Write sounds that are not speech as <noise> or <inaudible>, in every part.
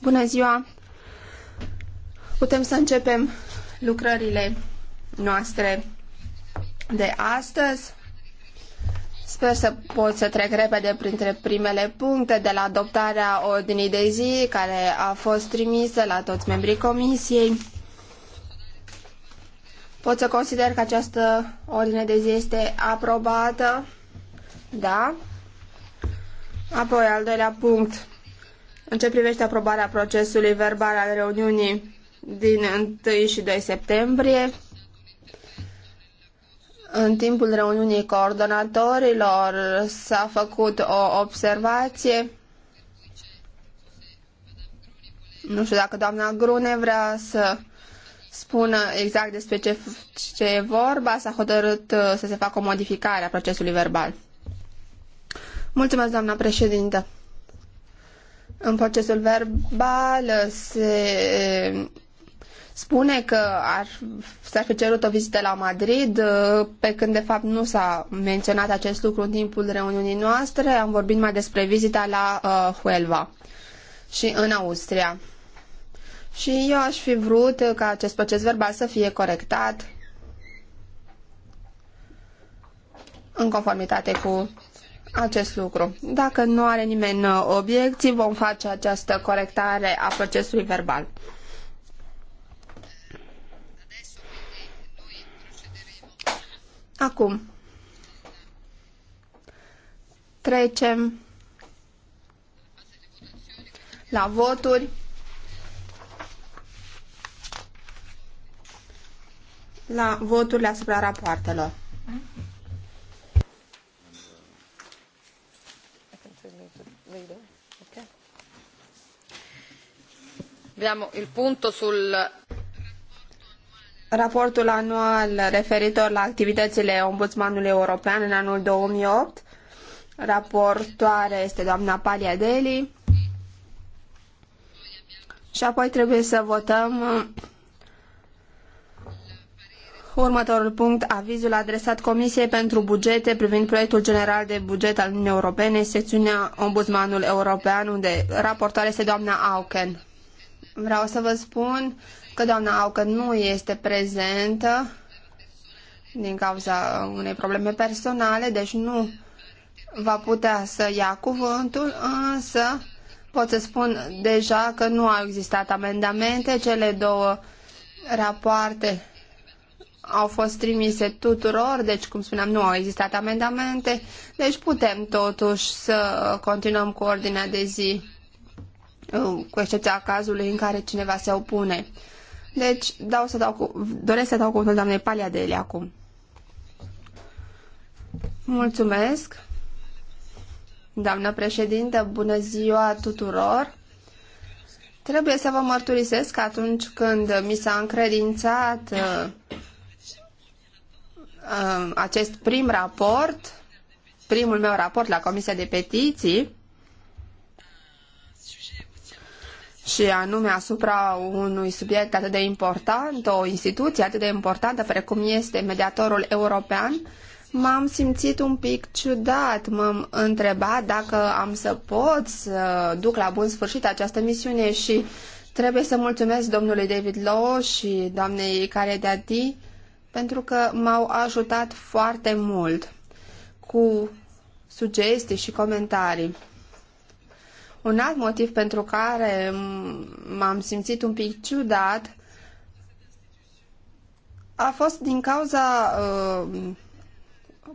Bună ziua! Putem să începem lucrările noastre de astăzi. Sper să pot să trec repede printre primele puncte de la adoptarea ordinii de zi care a fost trimisă la toți membrii comisiei. Pot să consider că această ordine de zi este aprobată? Da? Apoi, al doilea punct, în ce privește aprobarea procesului verbal al reuniunii din 1 și 2 septembrie, în timpul reuniunii coordonatorilor s-a făcut o observație. Nu știu dacă doamna Grune vrea să spună exact despre ce, ce e vorba. S-a hotărât uh, să se facă o modificare a procesului verbal. Mulțumesc, doamna președintă. În procesul verbal se spune că ar, s-ar fi cerut o vizită la Madrid, pe când de fapt nu s-a menționat acest lucru în timpul reuniunii noastre. Am vorbit mai despre vizita la uh, Huelva și în Austria. Și eu aș fi vrut ca acest proces verbal să fie corectat în conformitate cu acest lucru. Dacă nu are nimeni uh, obiecții, vom face această corectare a procesului verbal. Acum, trecem la voturi. la voturile asupra rapoartelor. raportul anual referitor la activitățile Ombudsmanului European în anul 2008. Raportoare este doamna Paliadeli. Și apoi trebuie să votăm următorul punct, avizul adresat Comisiei pentru Bugete privind proiectul general de buget al Uniunii Europene, secțiunea Ombudsmanul European, unde raportoare este doamna Auken. Vreau să vă spun că doamna Aucă nu este prezentă din cauza unei probleme personale, deci nu va putea să ia cuvântul, însă pot să spun deja că nu au existat amendamente. Cele două rapoarte au fost trimise tuturor, deci, cum spuneam, nu au existat amendamente, deci putem totuși să continuăm cu ordinea de zi. Uh, cu excepția cazului în care cineva se opune. Deci, dau să dau cu, doresc să dau cuvântul doamnei Paliadeli acum. Mulțumesc. Doamnă președintă, bună ziua tuturor. Trebuie să vă mărturisesc că atunci când mi s-a încredințat uh, uh, acest prim raport, primul meu raport la Comisia de Petiții, și anume asupra unui subiect atât de important, o instituție atât de importantă precum este mediatorul european, m-am simțit un pic ciudat. M-am întrebat dacă am să pot să duc la bun sfârșit această misiune și trebuie să mulțumesc domnului David Law și doamnei Caredeati pentru că m-au ajutat foarte mult cu sugestii și comentarii. Un alt motiv pentru care m-am simțit un pic ciudat a fost din cauza uh,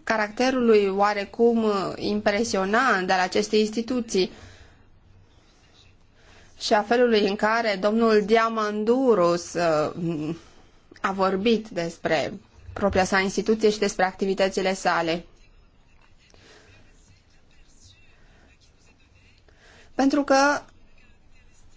caracterului oarecum uh, impresionant al acestei instituții și a felului în care domnul Diamandurus uh, a vorbit despre propria sa instituție și despre activitățile sale. Pentru că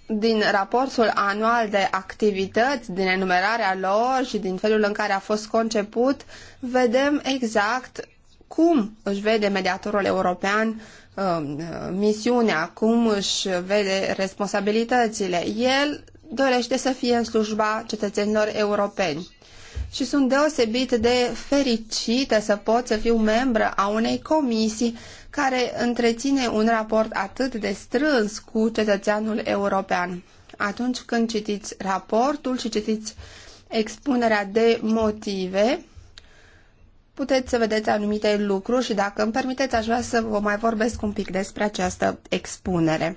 din raportul anual de activități, din enumerarea lor și din felul în care a fost conceput, vedem exact cum își vede mediatorul european uh, misiunea, cum își vede responsabilitățile. El dorește să fie în slujba cetățenilor europeni și sunt deosebit de fericită să pot să fiu membră a unei comisii care întreține un raport atât de strâns cu cetățeanul european. Atunci când citiți raportul și citiți expunerea de motive, puteți să vedeți anumite lucruri și dacă îmi permiteți, aș vrea să vă mai vorbesc un pic despre această expunere.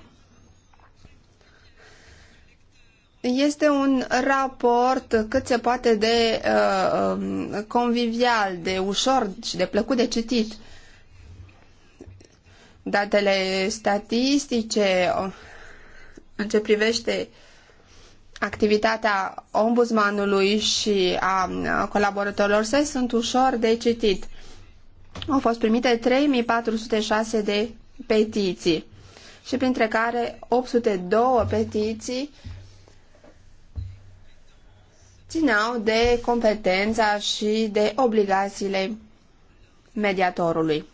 Este un raport cât se poate de uh, um, convivial, de ușor și de plăcut de citit. Datele statistice uh, în ce privește activitatea ombudsmanului și a colaboratorilor săi sunt ușor de citit. Au fost primite 3406 de petiții și printre care 802 petiții țineau de competența și de obligațiile mediatorului.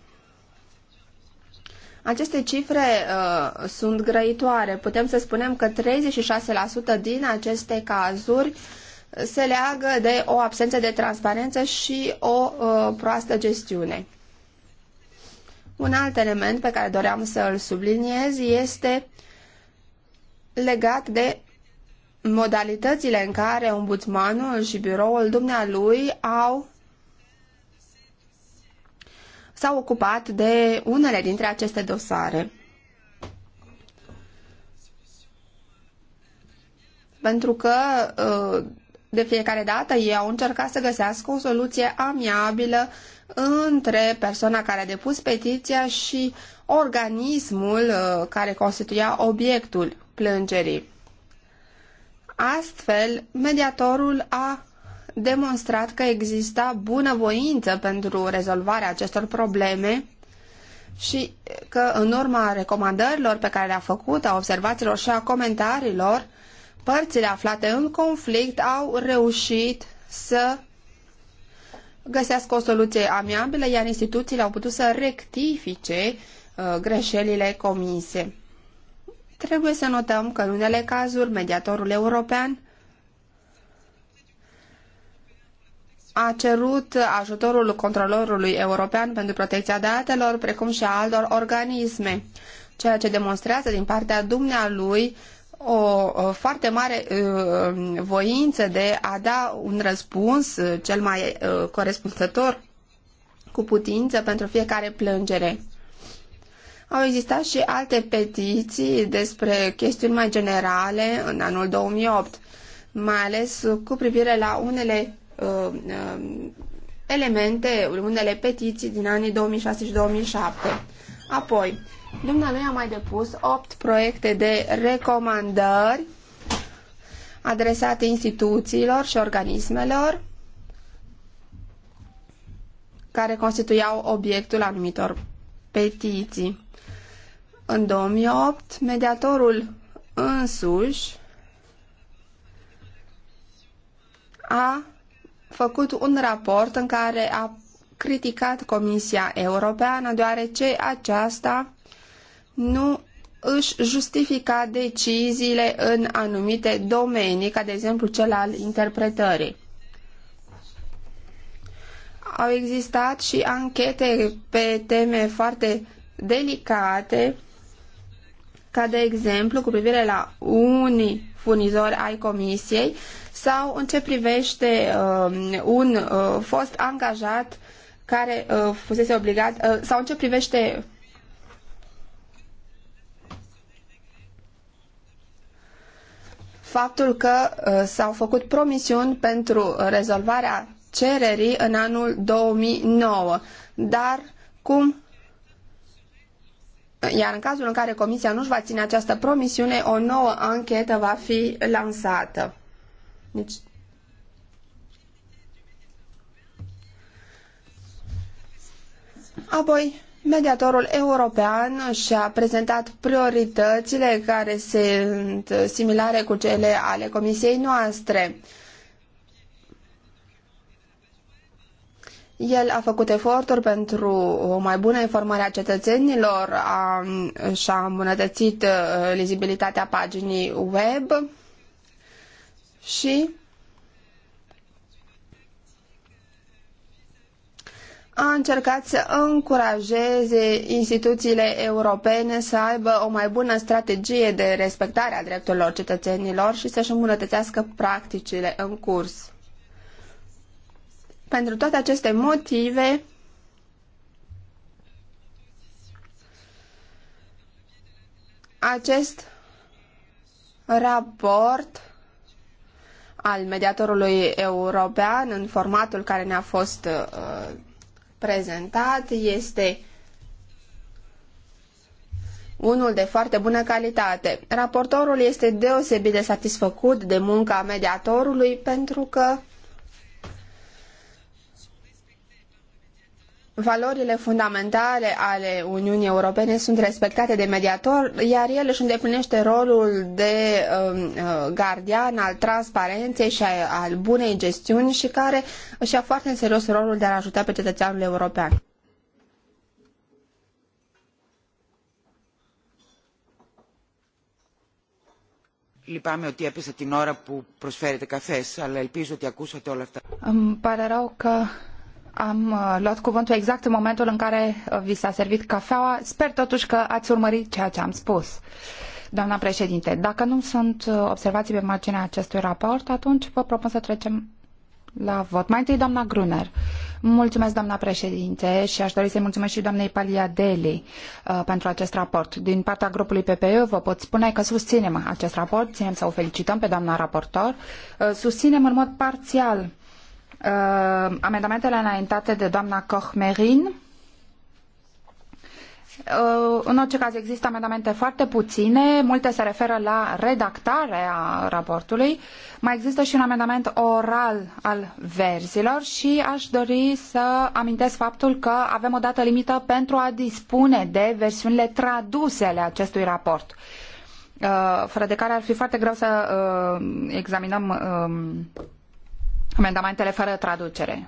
Aceste cifre uh, sunt grăitoare. Putem să spunem că 36% din aceste cazuri se leagă de o absență de transparență și o uh, proastă gestiune. Un alt element pe care doream să îl subliniez este legat de modalitățile în care ombudsmanul și biroul dumnealui au s-au ocupat de unele dintre aceste dosare. Pentru că uh, de fiecare dată ei au încercat să găsească o soluție amiabilă între persoana care a depus petiția și organismul uh, care constituia obiectul plângerii. Astfel, mediatorul a demonstrat că exista bunăvoință pentru rezolvarea acestor probleme și că în urma recomandărilor pe care le-a făcut, a observațiilor și a comentariilor, părțile aflate în conflict au reușit să găsească o soluție amiabilă, iar instituțiile au putut să rectifice uh, greșelile comise. Trebuie să notăm că în unele cazuri mediatorul european a cerut ajutorul controlorului european pentru protecția datelor, precum și a altor organisme, ceea ce demonstrează din partea dumnealui o, o foarte mare uh, voință de a da un răspuns uh, cel mai uh, corespunzător cu putință pentru fiecare plângere. Au existat și alte petiții despre chestiuni mai generale în anul 2008, mai ales cu privire la unele uh, uh elemente, unele petiții din anii 2006 și 2007. Apoi, dumneavoastră a mai depus 8 proiecte de recomandări adresate instituțiilor și organismelor care constituiau obiectul anumitor petiții. În 2008, mediatorul însuși a făcut un raport în care a criticat Comisia Europeană deoarece aceasta nu își justifica deciziile în anumite domenii, ca de exemplu cel al interpretării. Au existat și anchete pe teme foarte delicate ca de exemplu cu privire la unii furnizori ai comisiei sau în ce privește uh, un uh, fost angajat care uh, fusese obligat uh, sau în ce privește faptul că uh, s-au făcut promisiuni pentru rezolvarea cererii în anul 2009, dar cum iar în cazul în care Comisia nu-și va ține această promisiune, o nouă anchetă va fi lansată. Deci... Apoi, mediatorul european și-a prezentat prioritățile care sunt similare cu cele ale Comisiei noastre. El a făcut eforturi pentru o mai bună informare a cetățenilor, a, și-a îmbunătățit uh, lizibilitatea paginii web și a încercat să încurajeze instituțiile europene să aibă o mai bună strategie de respectare a drepturilor cetățenilor și să-și îmbunătățească practicile în curs. Pentru toate aceste motive, acest raport al mediatorului european în formatul care ne-a fost uh, prezentat este unul de foarte bună calitate. Raportorul este deosebit de satisfăcut de munca mediatorului pentru că valorile fundamentale ale Uniunii Europene sunt respectate de mediator, iar el își îndeplinește rolul de um, uh, gardian al transparenței și al bunei gestiuni și care își ia foarte în serios rolul de a ajuta pe cetățeanul european. Λυπάμαι ότι έπεσα την ώρα που προσφέρετε καφές, αλλά ελπίζω ότι ακούσατε όλα αυτά. Îmi pare rău că am uh, luat cuvântul exact în momentul în care uh, vi s-a servit cafeaua. Sper totuși că ați urmărit ceea ce am spus. Doamna președinte, dacă nu sunt uh, observații pe marginea acestui raport, atunci vă propun să trecem la vot. Mai întâi, doamna Gruner. Mulțumesc, doamna președinte, și aș dori să-i mulțumesc și doamnei Paliadeli uh, pentru acest raport. Din partea grupului PPE vă pot spune că susținem acest raport, ținem să o felicităm pe doamna raportor, uh, susținem în mod parțial uh, amendamentele înaintate de doamna Koch-Merin. Uh, în orice caz există amendamente foarte puține, multe se referă la redactarea raportului. Mai există și un amendament oral al verzilor și aș dori să amintesc faptul că avem o dată limită pentru a dispune de versiunile traduse ale acestui raport uh, fără de care ar fi foarte greu să uh, examinăm um, Amendamentele fără traducere.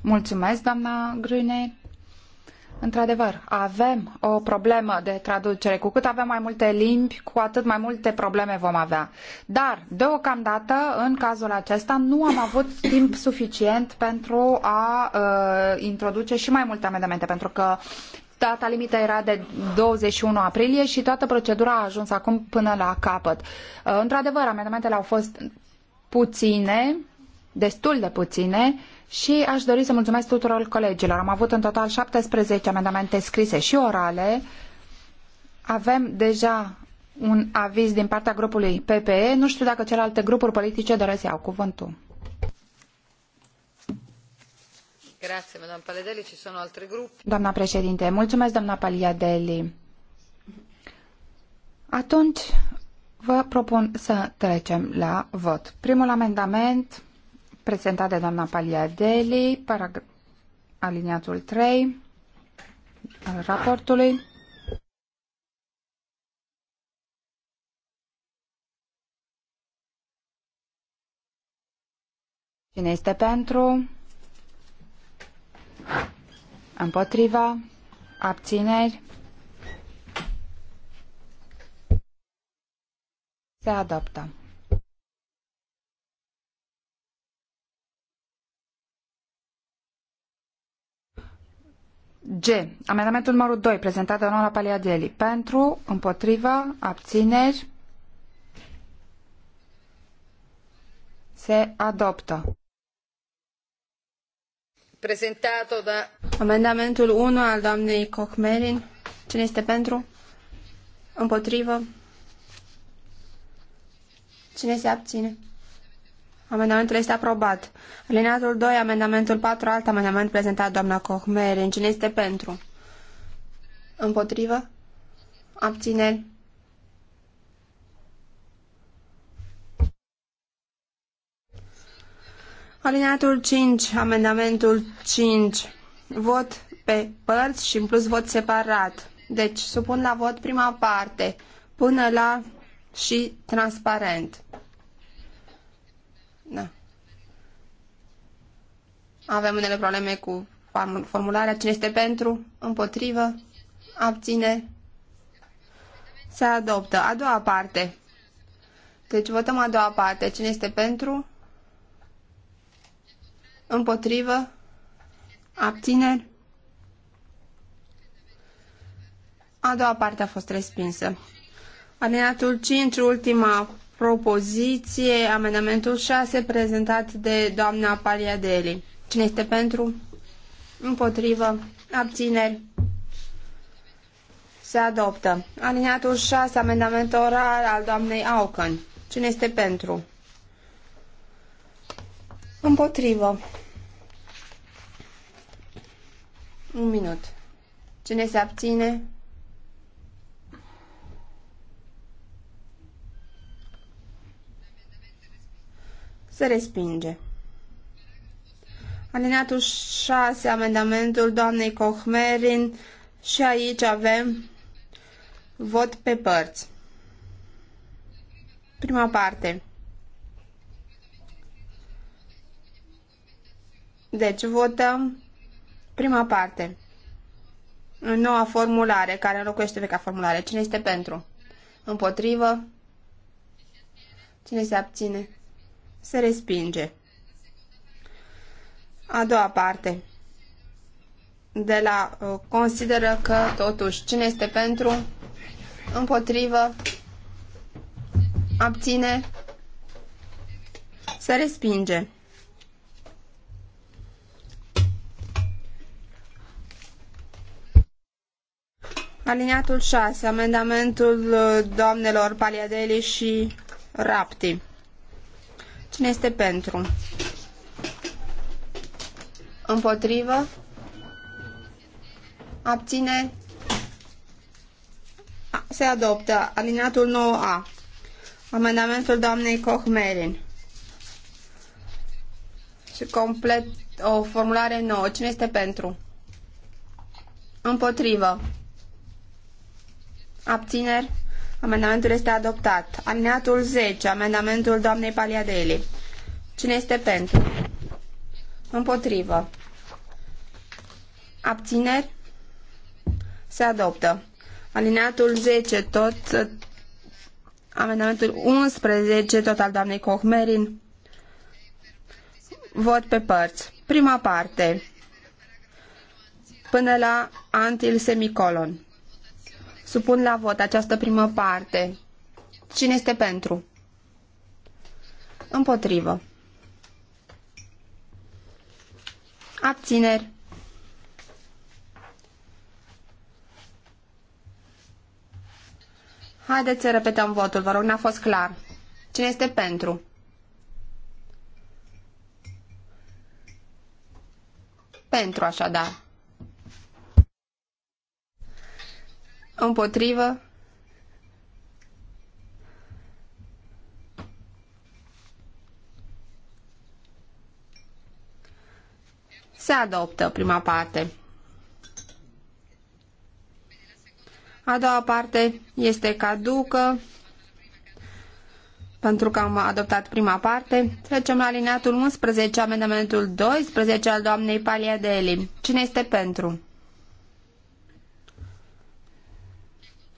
Mulțumesc, doamna Într-adevăr, avem o problemă de traducere. Cu cât avem mai multe limbi, cu atât mai multe probleme vom avea. Dar, deocamdată, în cazul acesta, nu am avut <coughs> timp suficient pentru a uh, introduce și mai multe amendamente, pentru că Data limită era de 21 aprilie și toată procedura a ajuns acum până la capăt. Uh, într-adevăr, amendamentele au fost puține, destul de puține, și aș dori să mulțumesc tuturor colegilor. Am avut în total 17 amendamente scrise și orale. Avem deja un aviz din partea grupului PPE. Nu știu dacă celelalte grupuri politice doresc să iau cuvântul. Doamna președinte, mulțumesc, doamna Paliadeli. Atunci vă propun să trecem la vot. Primul amendament prezentat de doamna Paliadeli, parag... aliniatul 3 al raportului. Cine este pentru? Împotriva? Abțineri? Se adoptă. G. Amendamentul numărul 2, prezentat de onoarea Paliadeli. Pentru, împotriva, abțineri, se adoptă da... Amendamentul 1 al doamnei Kochmerin. Cine este pentru? Împotrivă? Cine se abține? Amendamentul este aprobat. Alineatul 2, amendamentul 4, alt amendament prezentat doamna Kochmerin. Cine este pentru? Împotrivă? Abțineri? Alineatul 5, amendamentul 5, vot pe părți și în plus vot separat. Deci, supun la vot prima parte, până la și transparent. Da. Avem unele probleme cu formularea. Cine este pentru? Împotrivă? Abține? Se adoptă. A doua parte. Deci votăm a doua parte. Cine este pentru? Împotrivă? Abțineri? A doua parte a fost respinsă. Alineatul 5, ultima propoziție, amendamentul 6, prezentat de doamna deli. Cine este pentru? Împotrivă? Abțineri? Se adoptă. Aliniatul 6, amendament oral al doamnei Aucan. Cine este pentru? Împotrivă. Un minut. Cine se abține? Se respinge. Alineatul 6, amendamentul doamnei Cohmerin și aici avem vot pe părți. Prima parte. Deci votăm prima parte. În noua formulare, care înlocuiește vechea formulare. Cine este pentru? Împotrivă? Cine se abține? Se respinge. A doua parte. De la uh, consideră că, totuși, cine este pentru? Împotrivă? Abține? Se respinge. Aliniatul 6, amendamentul uh, doamnelor Paliadeli și Rapti. Cine este pentru? Împotrivă? Abține? Se adoptă. Aliniatul 9A. Amendamentul doamnei Koch-Merin. Și complet o formulare nouă. Cine este pentru? Împotrivă. Abțineri? Amendamentul este adoptat. Alineatul 10, amendamentul doamnei Paliadeli. Cine este pentru? Împotrivă. Abțineri? Se adoptă. Alineatul 10, tot amendamentul 11, tot al doamnei Cochmerin. Vot pe părți. Prima parte. Până la antil semicolon. Supun la vot această primă parte. Cine este pentru? Împotrivă. Abțineri. Haideți să repetăm votul, vă rog, n-a fost clar. Cine este pentru? Pentru, așadar. Împotrivă. Se adoptă prima parte. A doua parte este caducă pentru că am adoptat prima parte. Trecem la alineatul 11, amendamentul 12 al doamnei Paliadeli. Cine este pentru?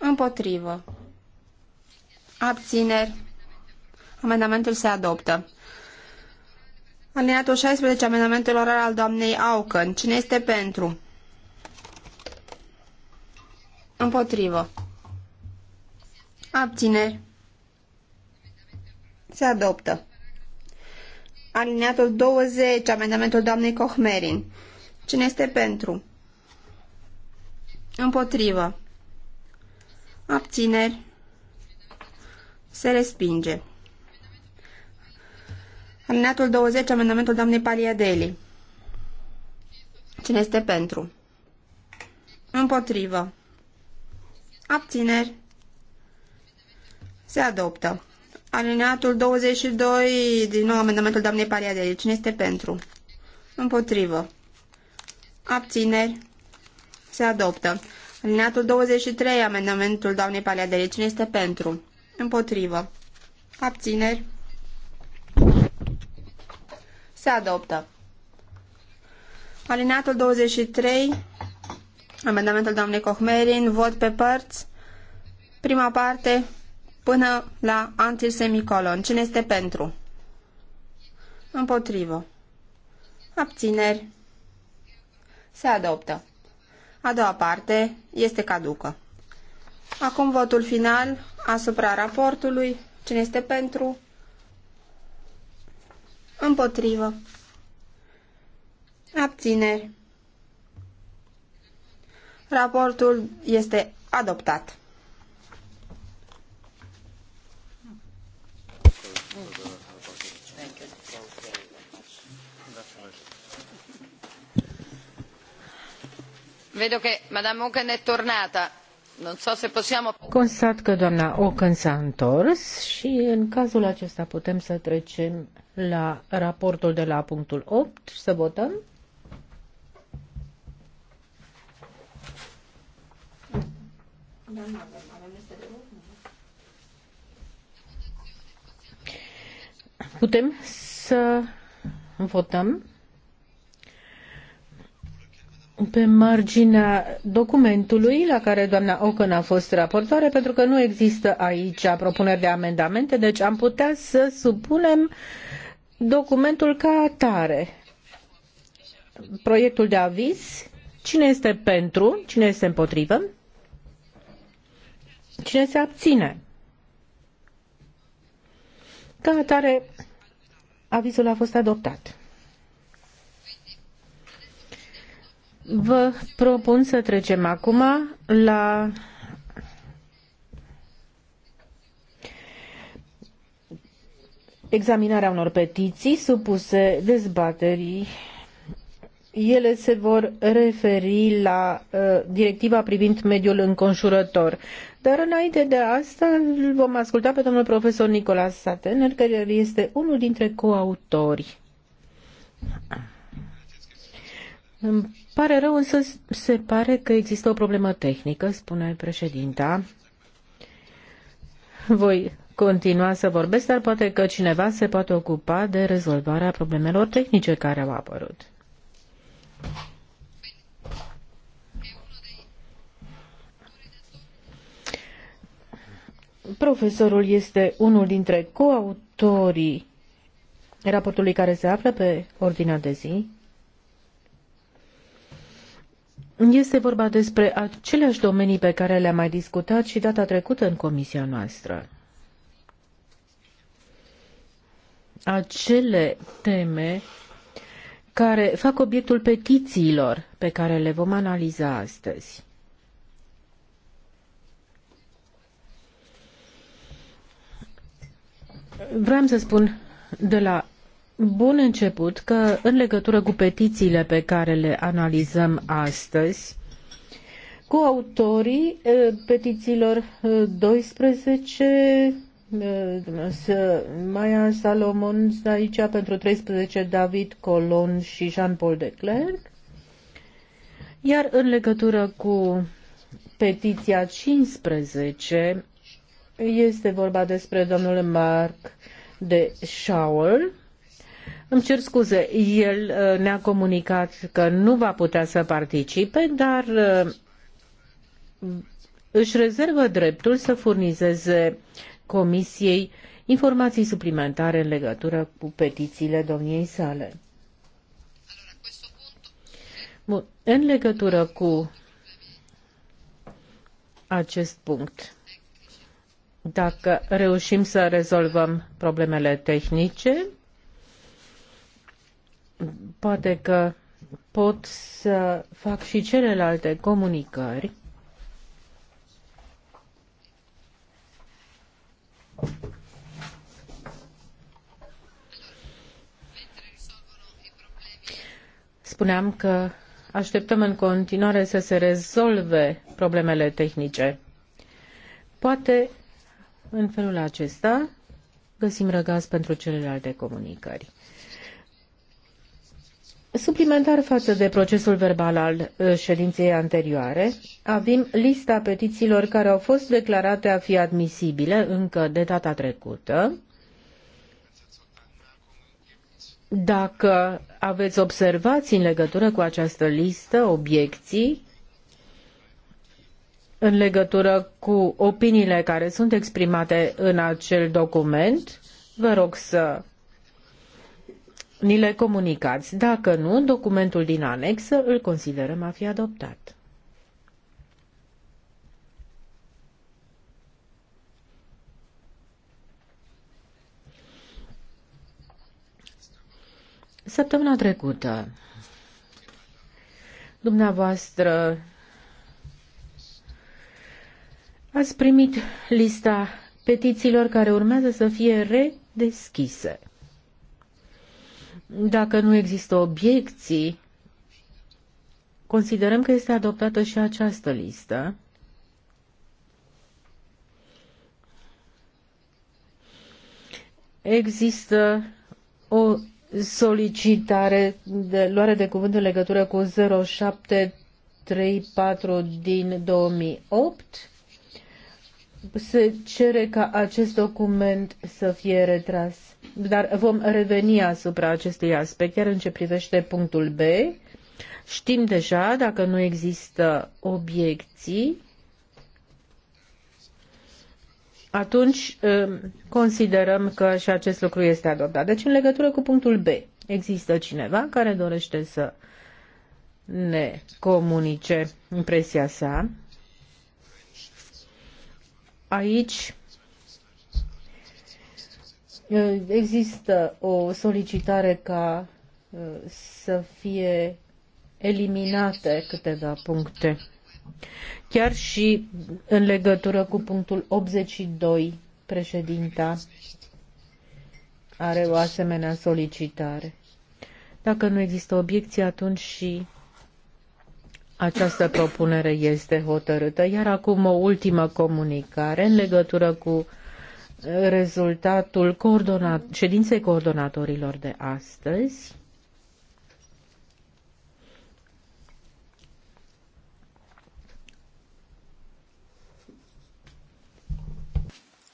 Împotrivă. Abțineri. Amendamentul se adoptă. Alineatul 16, amendamentul orar al doamnei Aucăn. Cine este pentru? Împotrivă. Abțineri. Se adoptă. Alineatul 20, amendamentul doamnei Cohmerin. Cine este pentru? Împotrivă. Abțineri. Se respinge. Alineatul 20, amendamentul doamnei Paliadeli. Cine este pentru? Împotrivă. Abțineri. Se adoptă. Alineatul 22, din nou amendamentul doamnei Paliadeli. Cine este pentru? Împotrivă. Abțineri. Se adoptă. Alineatul 23, amendamentul doamnei Paliadele. Cine este pentru? Împotrivă. Abțineri. Se adoptă. Alineatul 23, amendamentul doamnei Cohmerin, vot pe părți. Prima parte până la antisemicolon. Cine este pentru? Împotrivă. Abțineri. Se adoptă. A doua parte este caducă. Acum votul final asupra raportului. Cine este pentru? Împotrivă. Abțineri. Raportul este adoptat. Oken Constat că doamna Oken s-a întors și în cazul acesta putem să trecem la raportul de la punctul 8 și să votăm. Putem să votăm pe marginea documentului la care doamna Ocon a fost raportoare, pentru că nu există aici propuneri de amendamente, deci am putea să supunem documentul ca atare. Proiectul de aviz, cine este pentru, cine este împotrivă, cine se abține. Ca atare, avizul a fost adoptat. Vă propun să trecem acum la examinarea unor petiții supuse dezbaterii. Ele se vor referi la uh, directiva privind mediul înconjurător. Dar înainte de asta îl vom asculta pe domnul profesor Nicolae Satener, care este unul dintre coautori. Îmi pare rău, însă se pare că există o problemă tehnică, spune președinta. Voi continua să vorbesc, dar poate că cineva se poate ocupa de rezolvarea problemelor tehnice care au apărut. Profesorul este unul dintre coautorii raportului care se află pe ordinea de zi. Este vorba despre aceleași domenii pe care le-am mai discutat și data trecută în comisia noastră. Acele teme care fac obiectul petițiilor pe care le vom analiza astăzi. Vreau să spun de la bun început că în legătură cu petițiile pe care le analizăm astăzi, cu autorii petițiilor 12, Maia Salomon aici pentru 13, David Colon și Jean-Paul de Clerc, iar în legătură cu petiția 15 este vorba despre domnul Marc de Schauer, îmi cer scuze, el uh, ne-a comunicat că nu va putea să participe, dar uh, își rezervă dreptul să furnizeze Comisiei informații suplimentare în legătură cu petițiile domniei sale. Bun. În legătură cu acest punct, dacă reușim să rezolvăm problemele tehnice, poate că pot să fac și celelalte comunicări. Spuneam că așteptăm în continuare să se rezolve problemele tehnice. Poate în felul acesta găsim răgaz pentru celelalte comunicări. Suplimentar față de procesul verbal al uh, ședinței anterioare, avem lista petițiilor care au fost declarate a fi admisibile încă de data trecută. Dacă aveți observații în legătură cu această listă, obiecții, în legătură cu opiniile care sunt exprimate în acel document, vă rog să ni le comunicați. Dacă nu, documentul din anexă îl considerăm a fi adoptat. Săptămâna trecută, dumneavoastră ați primit lista petițiilor care urmează să fie redeschise. Dacă nu există obiecții, considerăm că este adoptată și această listă. Există o solicitare de luare de cuvânt în legătură cu 0734 din 2008 se cere ca acest document să fie retras. Dar vom reveni asupra acestui aspect, iar în ce privește punctul B, știm deja, dacă nu există obiecții, atunci um, considerăm că și acest lucru este adoptat. Deci, în legătură cu punctul B, există cineva care dorește să ne comunice impresia sa aici uh, există o solicitare ca uh, să fie eliminate câteva puncte. Chiar și în legătură cu punctul 82, președinta are o asemenea solicitare. Dacă nu există obiecții, atunci și această propunere este hotărâtă, iar acum o ultimă comunicare în legătură cu uh, rezultatul coordonat, ședinței coordonatorilor de astăzi.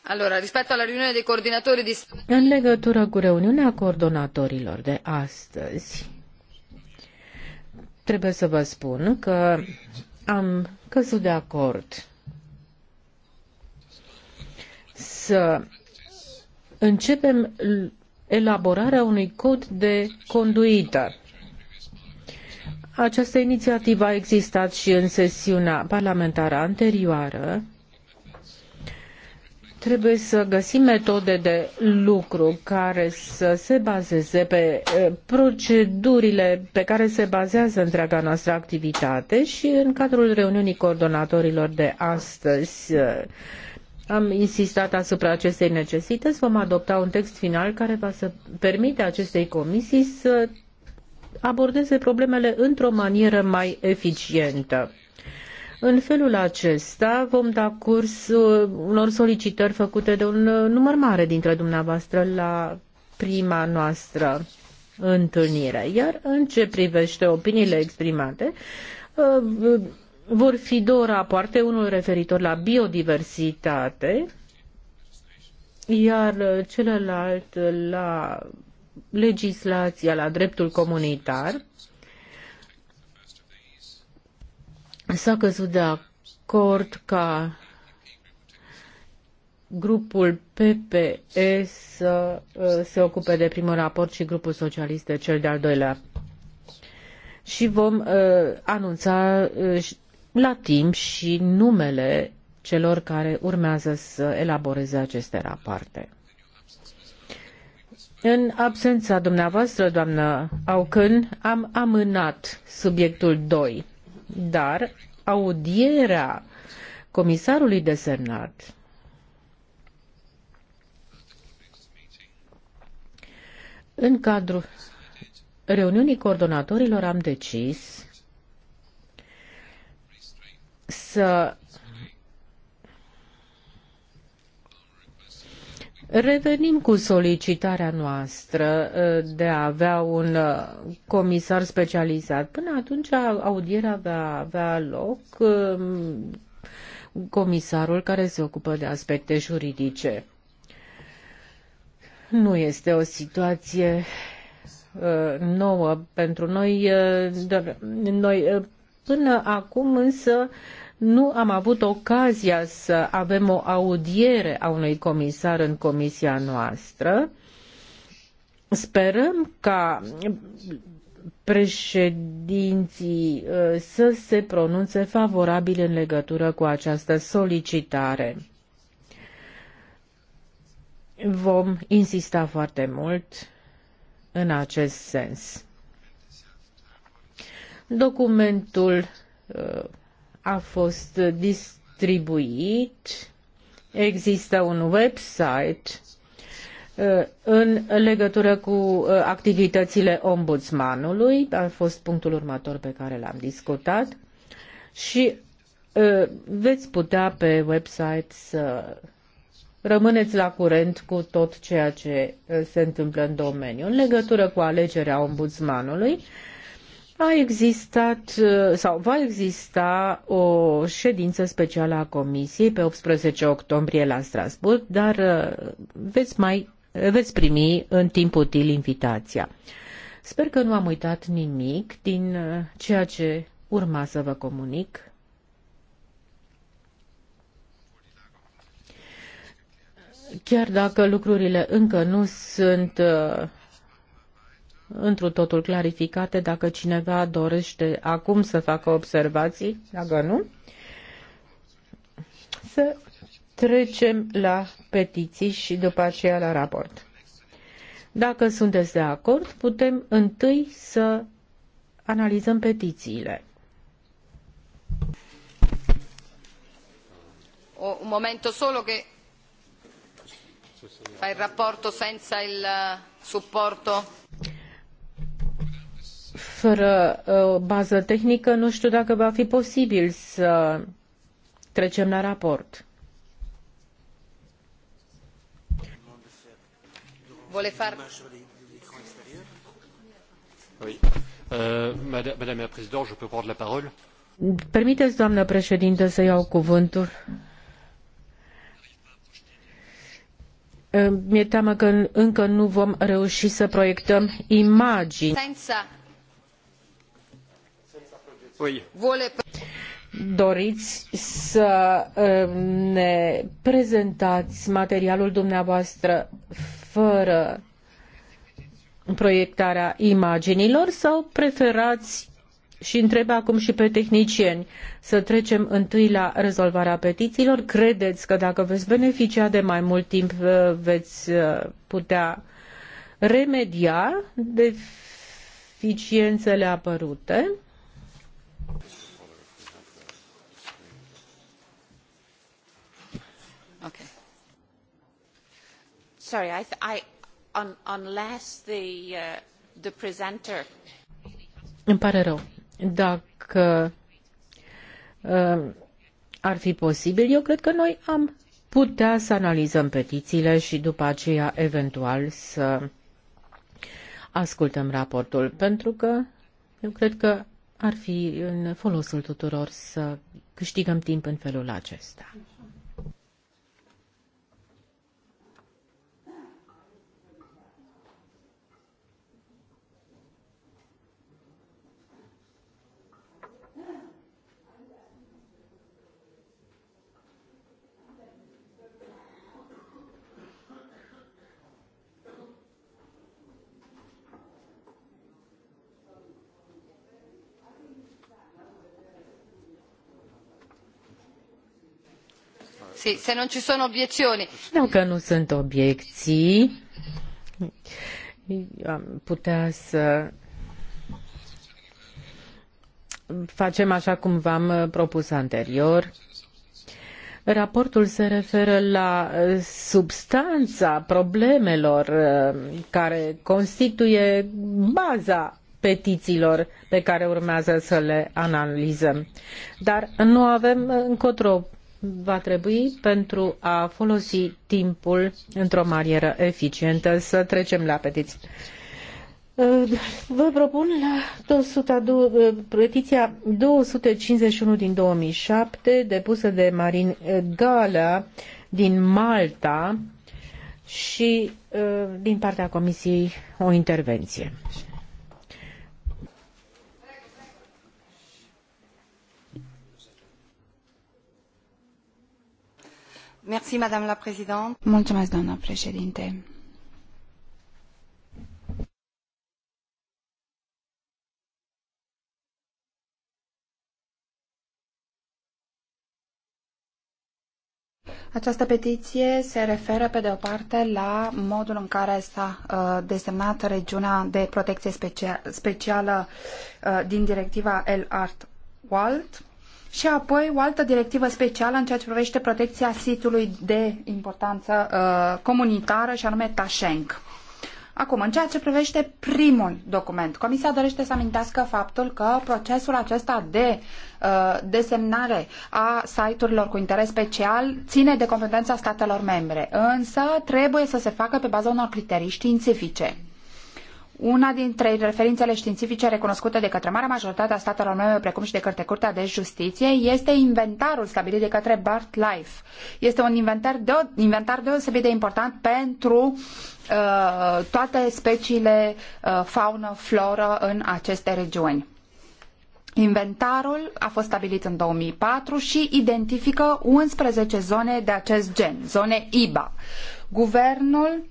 Allora, rispetto alla riunione dei coordinatori di... În legătură cu reuniunea coordonatorilor de astăzi, trebuie să vă spun că am căzut de acord să începem elaborarea unui cod de conduită. Această inițiativă a existat și în sesiunea parlamentară anterioară Trebuie să găsim metode de lucru care să se bazeze pe eh, procedurile pe care se bazează întreaga noastră activitate și în cadrul reuniunii coordonatorilor de astăzi eh, am insistat asupra acestei necesități. Vom adopta un text final care va să permite acestei comisii să abordeze problemele într-o manieră mai eficientă. În felul acesta vom da curs uh, unor solicitări făcute de un uh, număr mare dintre dumneavoastră la prima noastră întâlnire. Iar în ce privește opiniile exprimate, uh, vor fi două rapoarte, unul referitor la biodiversitate, iar celălalt la legislația, la dreptul comunitar. s-a căzut de acord ca grupul PPE să uh, se ocupe de primul raport și grupul socialist de cel de-al doilea. Și vom uh, anunța uh, la timp și numele celor care urmează să elaboreze aceste rapoarte. În absența dumneavoastră, doamnă Aucân, am amânat subiectul 2 dar audierea comisarului desemnat în cadrul reuniunii coordonatorilor am decis să Revenim cu solicitarea noastră uh, de a avea un uh, comisar specializat. Până atunci audierea va avea loc um, comisarul care se ocupă de aspecte juridice. Nu este o situație uh, nouă pentru noi. Noi până acum însă nu am avut ocazia să avem o audiere a unui comisar în comisia noastră. Sperăm ca președinții uh, să se pronunțe favorabil în legătură cu această solicitare. Vom insista foarte mult în acest sens. Documentul uh, a fost distribuit. Există un website uh, în legătură cu uh, activitățile ombudsmanului, a fost punctul următor pe care l-am discutat, și uh, veți putea pe website să rămâneți la curent cu tot ceea ce se întâmplă în domeniu. În legătură cu alegerea ombudsmanului, a existat sau va exista o ședință specială a Comisiei pe 18 octombrie la Strasburg, dar uh, veți, mai, veți primi în timp util invitația. Sper că nu am uitat nimic din uh, ceea ce urma să vă comunic. Chiar dacă lucrurile încă nu sunt uh, întru totul clarificate dacă cineva dorește acum să facă observații, dacă nu, să trecem la petiții și după aceea la raport. Dacă sunteți de acord, putem întâi să analizăm petițiile. O, un momento solo che fa il rapporto senza il eh, supporto. Fără uh, bază tehnică, nu știu dacă va fi posibil să trecem la raport. Vole far... Oui. Uh, Madame la Présidente, je peux prendre la parole? Permiteți, doamnă președinte, să iau cuvântul. Mi-e teamă că încă nu vom reuși să proiectăm imagini. Doriți să um, ne prezentați materialul dumneavoastră fără proiectarea imaginilor sau preferați și întreb acum și pe tehnicieni să trecem întâi la rezolvarea petițiilor. Credeți că dacă veți beneficia de mai mult timp uh, veți uh, putea remedia deficiențele apărute? Okay. Sorry, I, I un, unless the, uh, the presenter... Îmi pare rău. Dacă uh, ar fi posibil, eu cred că noi am putea să analizăm petițiile și după aceea eventual să ascultăm raportul, pentru că eu cred că ar fi în folosul tuturor să câștigăm timp în felul acesta. se non ci sono obiezioni. Dacă nu sunt obiecții, am putea să facem așa cum v-am propus anterior. Raportul se referă la substanța problemelor uh, care constituie baza petițiilor pe care urmează să le analizăm. Dar nu avem încotro va trebui pentru a folosi timpul într-o manieră eficientă să trecem la petiții. Vă propun la 200, petiția 251 din 2007, depusă de Marin Gala din Malta și uh, din partea Comisiei o intervenție. Mulțumesc, președinte. Această petiție se referă, pe de o parte, la modul în care s-a uh, desemnat regiunea de protecție specia specială uh, din directiva El Art Walt și apoi o altă directivă specială în ceea ce privește protecția sitului de importanță uh, comunitară și anume Tașenc. Acum, în ceea ce privește primul document, Comisia dorește să amintească faptul că procesul acesta de uh, desemnare a site-urilor cu interes special ține de competența statelor membre, însă trebuie să se facă pe baza unor criterii științifice una dintre referințele științifice recunoscute de către marea majoritate a statelor membre, precum și de către Curtea de Justiție, este inventarul stabilit de către Bart Life. Este un inventar, de, inventar deosebit de important pentru uh, toate speciile uh, faună, floră în aceste regiuni. Inventarul a fost stabilit în 2004 și identifică 11 zone de acest gen, zone IBA. Guvernul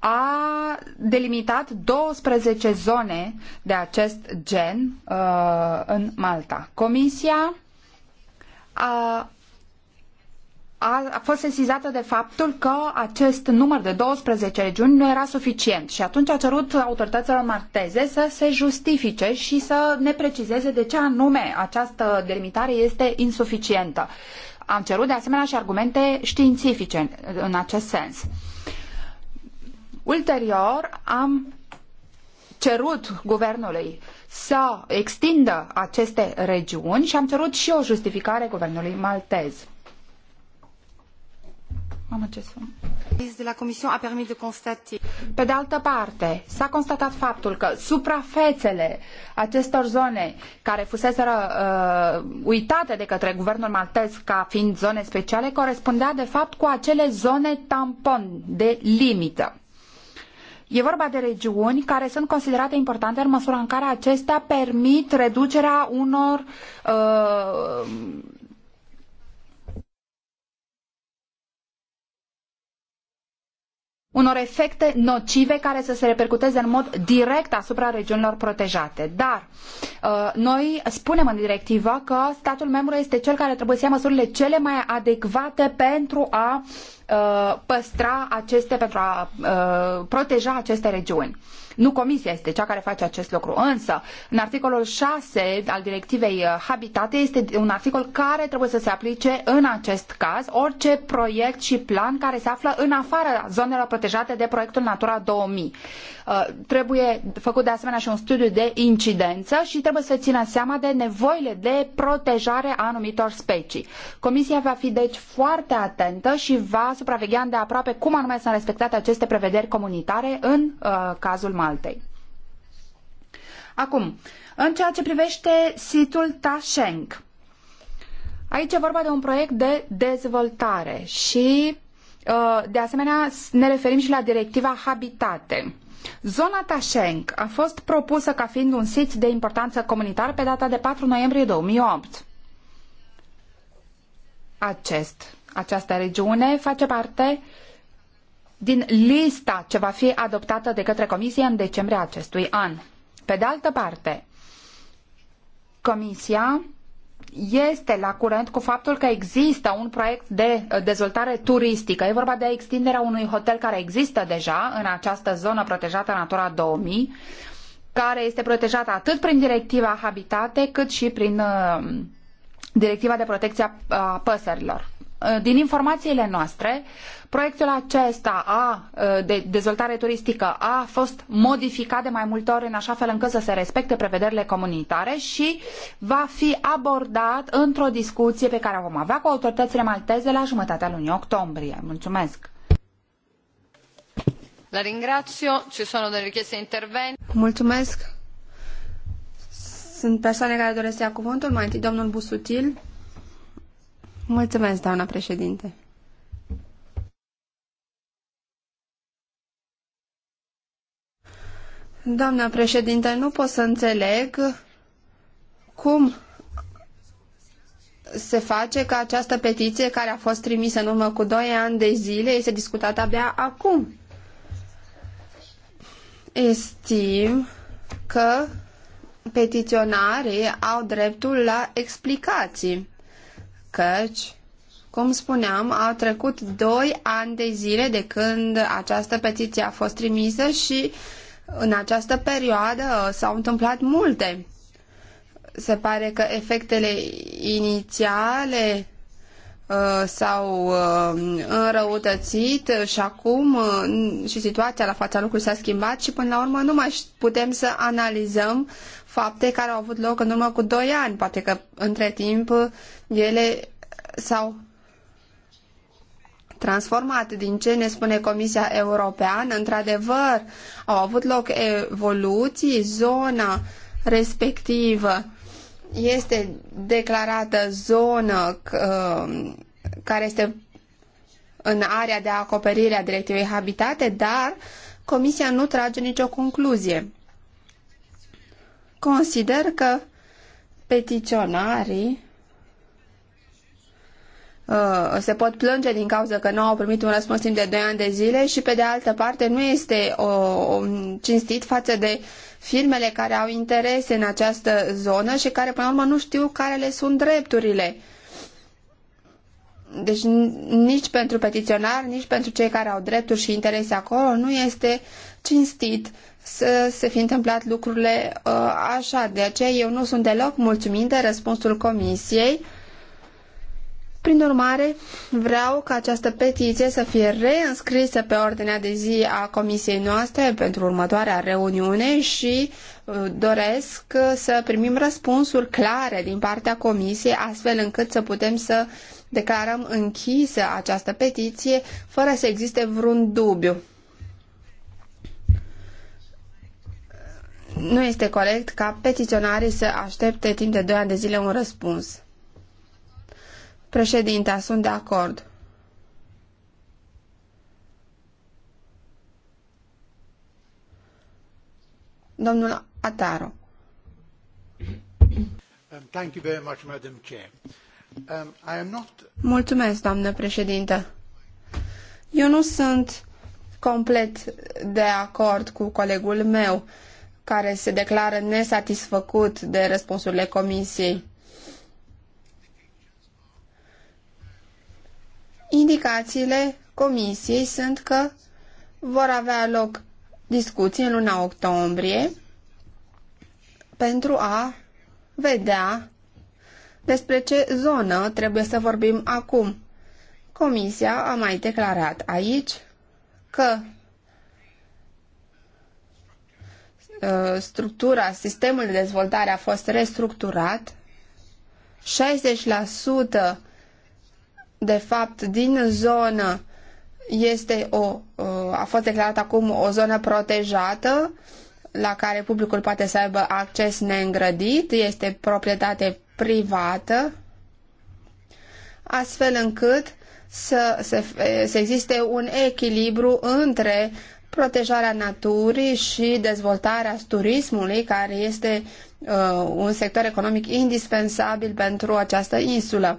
a delimitat 12 zone de acest gen uh, în Malta. Comisia a, a fost sesizată de faptul că acest număr de 12 regiuni nu era suficient și atunci a cerut autorităților malteze să se justifice și să ne precizeze de ce anume această delimitare este insuficientă. Am cerut de asemenea și argumente științifice în acest sens. Uh, Ulterior am cerut guvernului să extindă aceste regiuni și am cerut și o justificare guvernului maltez. Mamă, ce De la Comisie a permis de constater. Pe de altă parte, s-a constatat faptul că suprafețele acestor zone care fuseseră uh, uitate de către guvernul maltez ca fiind zone speciale corespundea de fapt cu acele zone tampon de limită. E vorba de regiuni care sunt considerate importante în măsura în care acestea permit reducerea unor uh, unor efecte nocive care să se repercuteze în mod direct asupra regiunilor protejate. Dar uh, noi spunem în directivă că statul membru este cel care trebuie să ia măsurile cele mai adecvate pentru a uh, păstra aceste, pentru a uh, proteja aceste regiuni. Nu comisia este cea care face acest lucru, însă în articolul 6 al directivei uh, Habitate este un articol care trebuie să se aplice în acest caz orice proiect și plan care se află în afara zonelor protejate de proiectul Natura 2000. Uh, trebuie făcut de asemenea și un studiu de incidență și trebuie să țină seama de nevoile de protejare a anumitor specii. Comisia va fi deci foarte atentă și va supraveghea de aproape cum anume sunt respectate aceste prevederi comunitare în uh, cazul Maltei. Acum, în ceea ce privește situl Tasheng, aici e vorba de un proiect de dezvoltare și, uh, de asemenea, ne referim și la directiva Habitate. Zona Tasheng a fost propusă ca fiind un sit de importanță comunitară pe data de 4 noiembrie 2008. Acest, această regiune face parte din lista ce va fi adoptată de către Comisie în decembrie acestui an. Pe de altă parte, Comisia este la curent cu faptul că există un proiect de uh, dezvoltare turistică. E vorba de extinderea unui hotel care există deja în această zonă protejată Natura 2000, care este protejată atât prin directiva Habitate, cât și prin uh, directiva de protecție a păsărilor. Eh, din informațiile noastre, proiectul acesta a, eh, de dezvoltare turistică a fost modificat de mai multe ori în așa fel încât să se respecte prevederile comunitare și va fi abordat într-o discuție pe care o vom avea cu autoritățile malteze la jumătatea lunii octombrie. Mulțumesc! La ringrazio, ci sono delle richieste interventi. Mulțumesc! Sunt persoane care doresc să ia cuvântul, mai întâi domnul Busutil. Mulțumesc, doamna președinte. Doamna președinte, nu pot să înțeleg cum se face că această petiție care a fost trimisă în urmă cu doi ani de zile este discutată abia acum. Estim că petiționarii au dreptul la explicații căci, cum spuneam, au trecut doi ani de zile de când această petiție a fost trimisă și în această perioadă uh, s-au întâmplat multe. Se pare că efectele inițiale uh, s-au uh, înrăutățit și acum și situația la fața lucrurilor s-a schimbat și până la urmă nu mai putem să analizăm fapte care au avut loc în urmă cu doi ani. Poate că între timp ele s-au transformat. Din ce ne spune Comisia Europeană, într-adevăr, au avut loc evoluții, zona respectivă este declarată zonă uh, care este în area de acoperire a directivei Habitate, dar Comisia nu trage nicio concluzie. Consider că petiționarii uh, se pot plânge din cauza că nu au primit un răspuns timp de 2 ani de zile și pe de altă parte nu este o, cinstit față de firmele care au interese în această zonă și care până la urmă nu știu care le sunt drepturile. Deci nici pentru petiționar, nici pentru cei care au drepturi și interese acolo nu este cinstit să se fi întâmplat lucrurile uh, așa. De aceea eu nu sunt deloc mulțumit de răspunsul comisiei. Prin urmare, vreau ca această petiție să fie reînscrisă pe ordinea de zi a comisiei noastre pentru următoarea reuniune și uh, doresc uh, să primim răspunsuri clare din partea comisiei, astfel încât să putem să declarăm închisă această petiție fără să existe vreun dubiu. nu este corect ca petiționarii să aștepte timp de 2 ani de zile un răspuns. Președinte, sunt de acord. Domnul Ataro. Um, thank you very much, Madam Chair. Um, I am not... Mulțumesc, doamnă președintă. Eu nu sunt complet de acord cu colegul meu. Uh, care se declară nesatisfăcut de răspunsurile comisiei. Indicațiile comisiei sunt că vor avea loc discuții în luna octombrie pentru a vedea despre ce zonă trebuie să vorbim acum. Comisia a mai declarat aici că Uh, structura, sistemul de dezvoltare a fost restructurat, 60% de fapt din zonă este o, uh, a fost declarat acum o zonă protejată la care publicul poate să aibă acces neîngrădit, este proprietate privată, astfel încât să, să, să existe un echilibru între protejarea naturii și dezvoltarea turismului, care este uh, un sector economic indispensabil pentru această insulă.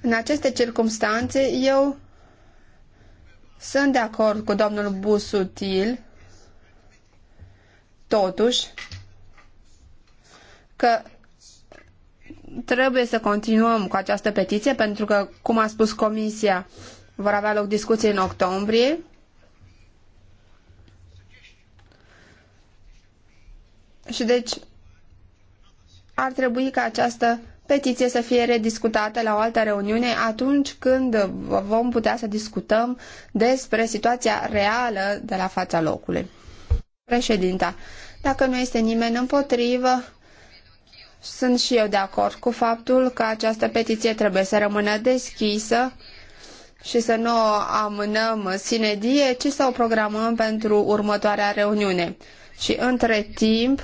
În aceste circumstanțe, eu sunt de acord cu domnul Busutil, totuși, că trebuie să continuăm cu această petiție, pentru că, cum a spus Comisia, vor avea loc discuții în octombrie Și deci ar trebui ca această petiție să fie rediscutată la o altă reuniune atunci când vom putea să discutăm despre situația reală de la fața locului. Președinta, dacă nu este nimeni împotrivă, sunt și eu de acord cu faptul că această petiție trebuie să rămână deschisă și să nu o amânăm sine die, ci să o programăm pentru următoarea reuniune. Și între timp,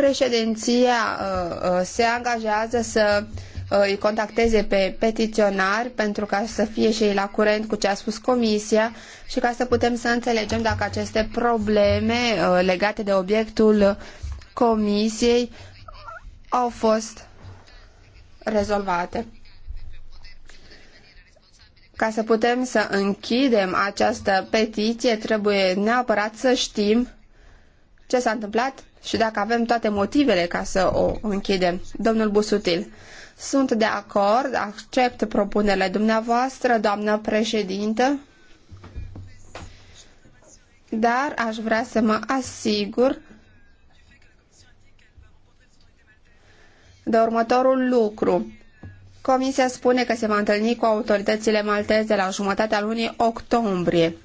președinția uh, uh, se angajează să uh, îi contacteze pe petiționari pentru ca să fie și ei la curent cu ce a spus comisia și ca să putem să înțelegem dacă aceste probleme legate de obiectul comisiei au fost rezolvate. Ca să putem să închidem această petiție, trebuie neapărat să știm ce s-a întâmplat și dacă avem toate motivele ca să o închidem. Domnul Busutil, sunt de acord, accept propunerile dumneavoastră, doamnă președintă, dar aș vrea să mă asigur de următorul lucru. Comisia spune că se va întâlni cu autoritățile malteze la jumătatea lunii octombrie.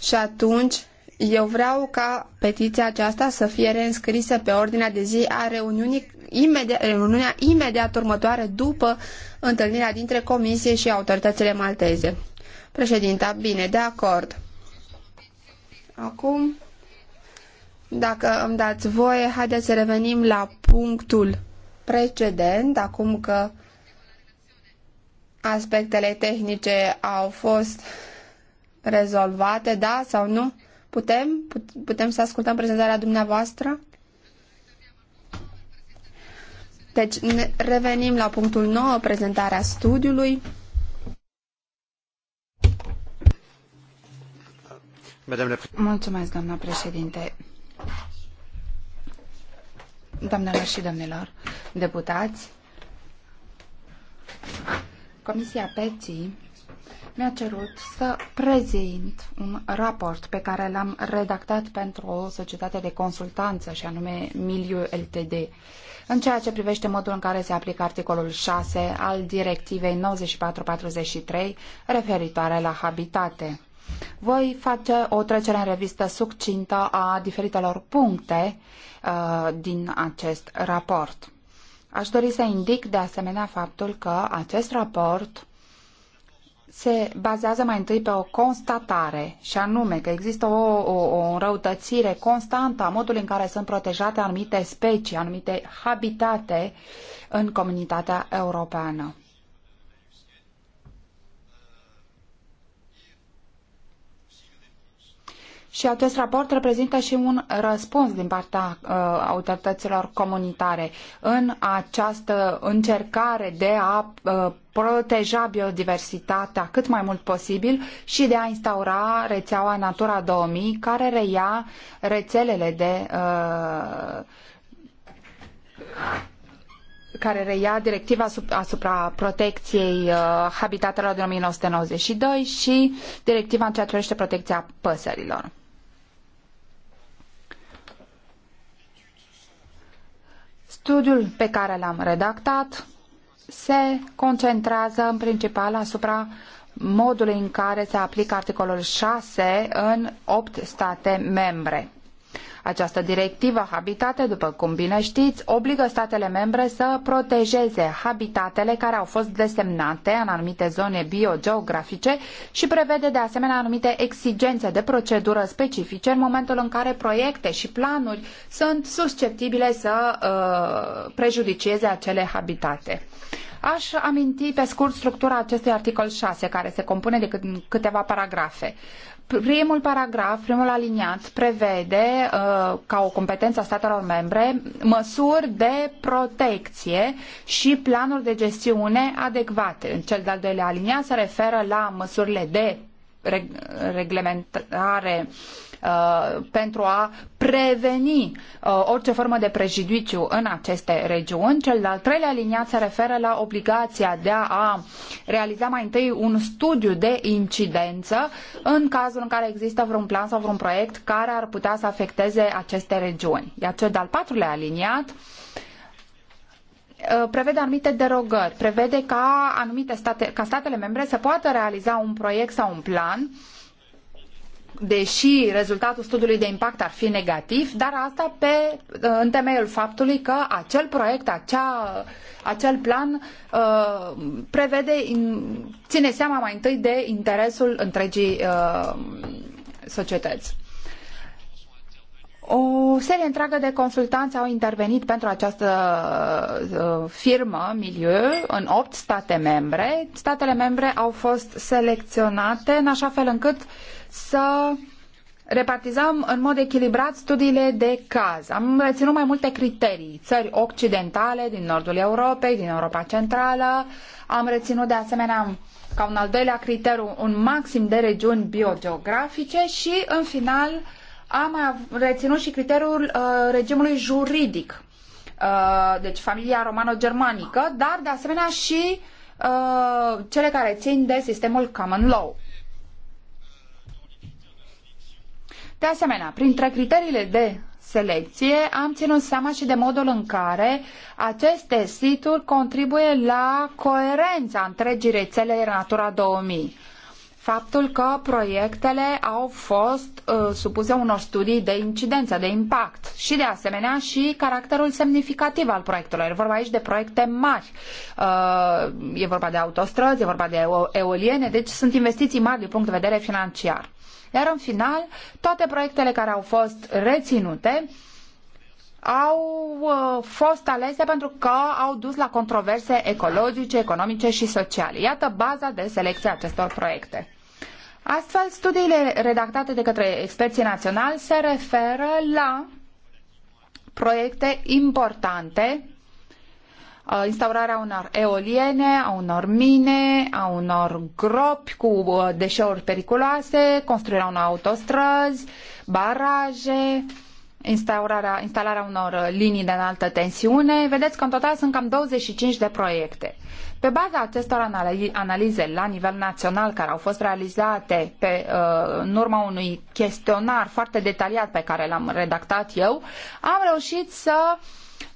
Și atunci eu vreau ca petiția aceasta să fie reînscrisă pe ordinea de zi a reuniunii imediat, reuniunea imediat următoare după întâlnirea dintre comisie și autoritățile malteze. Președinta, bine, de acord. Acum, dacă îmi dați voie, haideți să revenim la punctul precedent, acum că aspectele tehnice au fost rezolvate, da sau nu? Putem? Putem să ascultăm prezentarea dumneavoastră? Deci ne revenim la punctul 9, prezentarea studiului. Mulțumesc, doamna președinte. Doamnelor și domnilor deputați, Comisia PETI mi-a cerut să prezint un raport pe care l-am redactat pentru o societate de consultanță și anume Miliu LTD în ceea ce privește modul în care se aplică articolul 6 al directivei 9443 referitoare la habitate. Voi face o trecere în revistă succintă a diferitelor puncte uh, din acest raport. Aș dori să indic de asemenea faptul că acest raport se bazează mai întâi pe o constatare, și anume că există o, o, o înrăutățire constantă a modului în care sunt protejate anumite specii, anumite habitate în comunitatea europeană. și acest raport reprezintă și un răspuns din partea uh, autorităților comunitare în această încercare de a uh, proteja biodiversitatea cât mai mult posibil și de a instaura rețeaua Natura 2000 care reia rețelele de uh, care reia directiva asupra protecției uh, habitatelor din 1992 și directiva în ceea ce privește protecția păsărilor. Studiul pe care l-am redactat se concentrează în principal asupra modului în care se aplică articolul 6 în 8 state membre. Această directivă Habitate, după cum bine știți, obligă statele membre să protejeze habitatele care au fost desemnate în anumite zone biogeografice și prevede de asemenea anumite exigențe de procedură specifice în momentul în care proiecte și planuri sunt susceptibile să uh, prejudicieze acele habitate. Aș aminti pe scurt structura acestui articol 6, care se compune de câteva paragrafe. Primul paragraf, primul aliniat, prevede uh, ca o competență a statelor membre măsuri de protecție și planuri de gestiune adecvate. În cel de-al doilea aliniat se referă la măsurile de reglementare uh, Uh, pentru a preveni uh, orice formă de prejudiciu în aceste regiuni. Cel de-al treilea aliniat se referă la obligația de a realiza mai întâi un studiu de incidență în cazul în care există vreun plan sau vreun proiect care ar putea să afecteze aceste regiuni. Iar cel de-al patrulea aliniat uh, prevede anumite derogări, prevede ca anumite state, ca statele membre să poată realiza un proiect sau un plan uh, deși rezultatul studiului de impact ar fi negativ, dar asta pe, uh, în temeiul faptului că acel proiect, acea, acel plan uh, prevede, ține seama mai întâi de interesul întregii uh, societăți. O serie întreagă de consultanți au intervenit pentru această uh, uh, firmă Milieu în opt state membre. Statele membre au fost selecționate în așa fel încât să repartizăm în mod echilibrat studiile de caz. Am reținut mai multe criterii. Țări occidentale, din nordul Europei, din Europa Centrală. Am reținut de asemenea ca un al doilea criteriu un maxim de regiuni biogeografice și în final am reținut și criteriul uh, regimului juridic, uh, deci familia romano-germanică, dar de asemenea și uh, cele care țin de sistemul common law. De asemenea, printre criteriile de selecție, am ținut seama și de modul în care aceste situri contribuie la coerența întregii rețele Natura 2000 faptul că proiectele au fost uh, supuse unor studii de incidență, de impact și de asemenea și caracterul semnificativ al proiectelor. E vorba aici de proiecte mari. Uh, e vorba de autostrăzi, e vorba de eoliene, deci sunt investiții mari din punct de vedere financiar. Iar în final, toate proiectele care au fost reținute au uh, fost alese pentru că au dus la controverse ecologice, economice și sociale. Iată baza de selecție a acestor proiecte. Astfel, studiile redactate de către experții naționali se referă la proiecte importante, uh, instaurarea unor eoliene, a unor mine, a unor gropi cu uh, deșeuri periculoase, construirea unor autostrăzi, baraje, instaurarea, instalarea unor linii de înaltă tensiune. Vedeți că în total sunt cam 25 de proiecte. Pe baza acestor analize la nivel național care au fost realizate pe, uh, în urma unui chestionar foarte detaliat pe care l-am redactat eu, am reușit să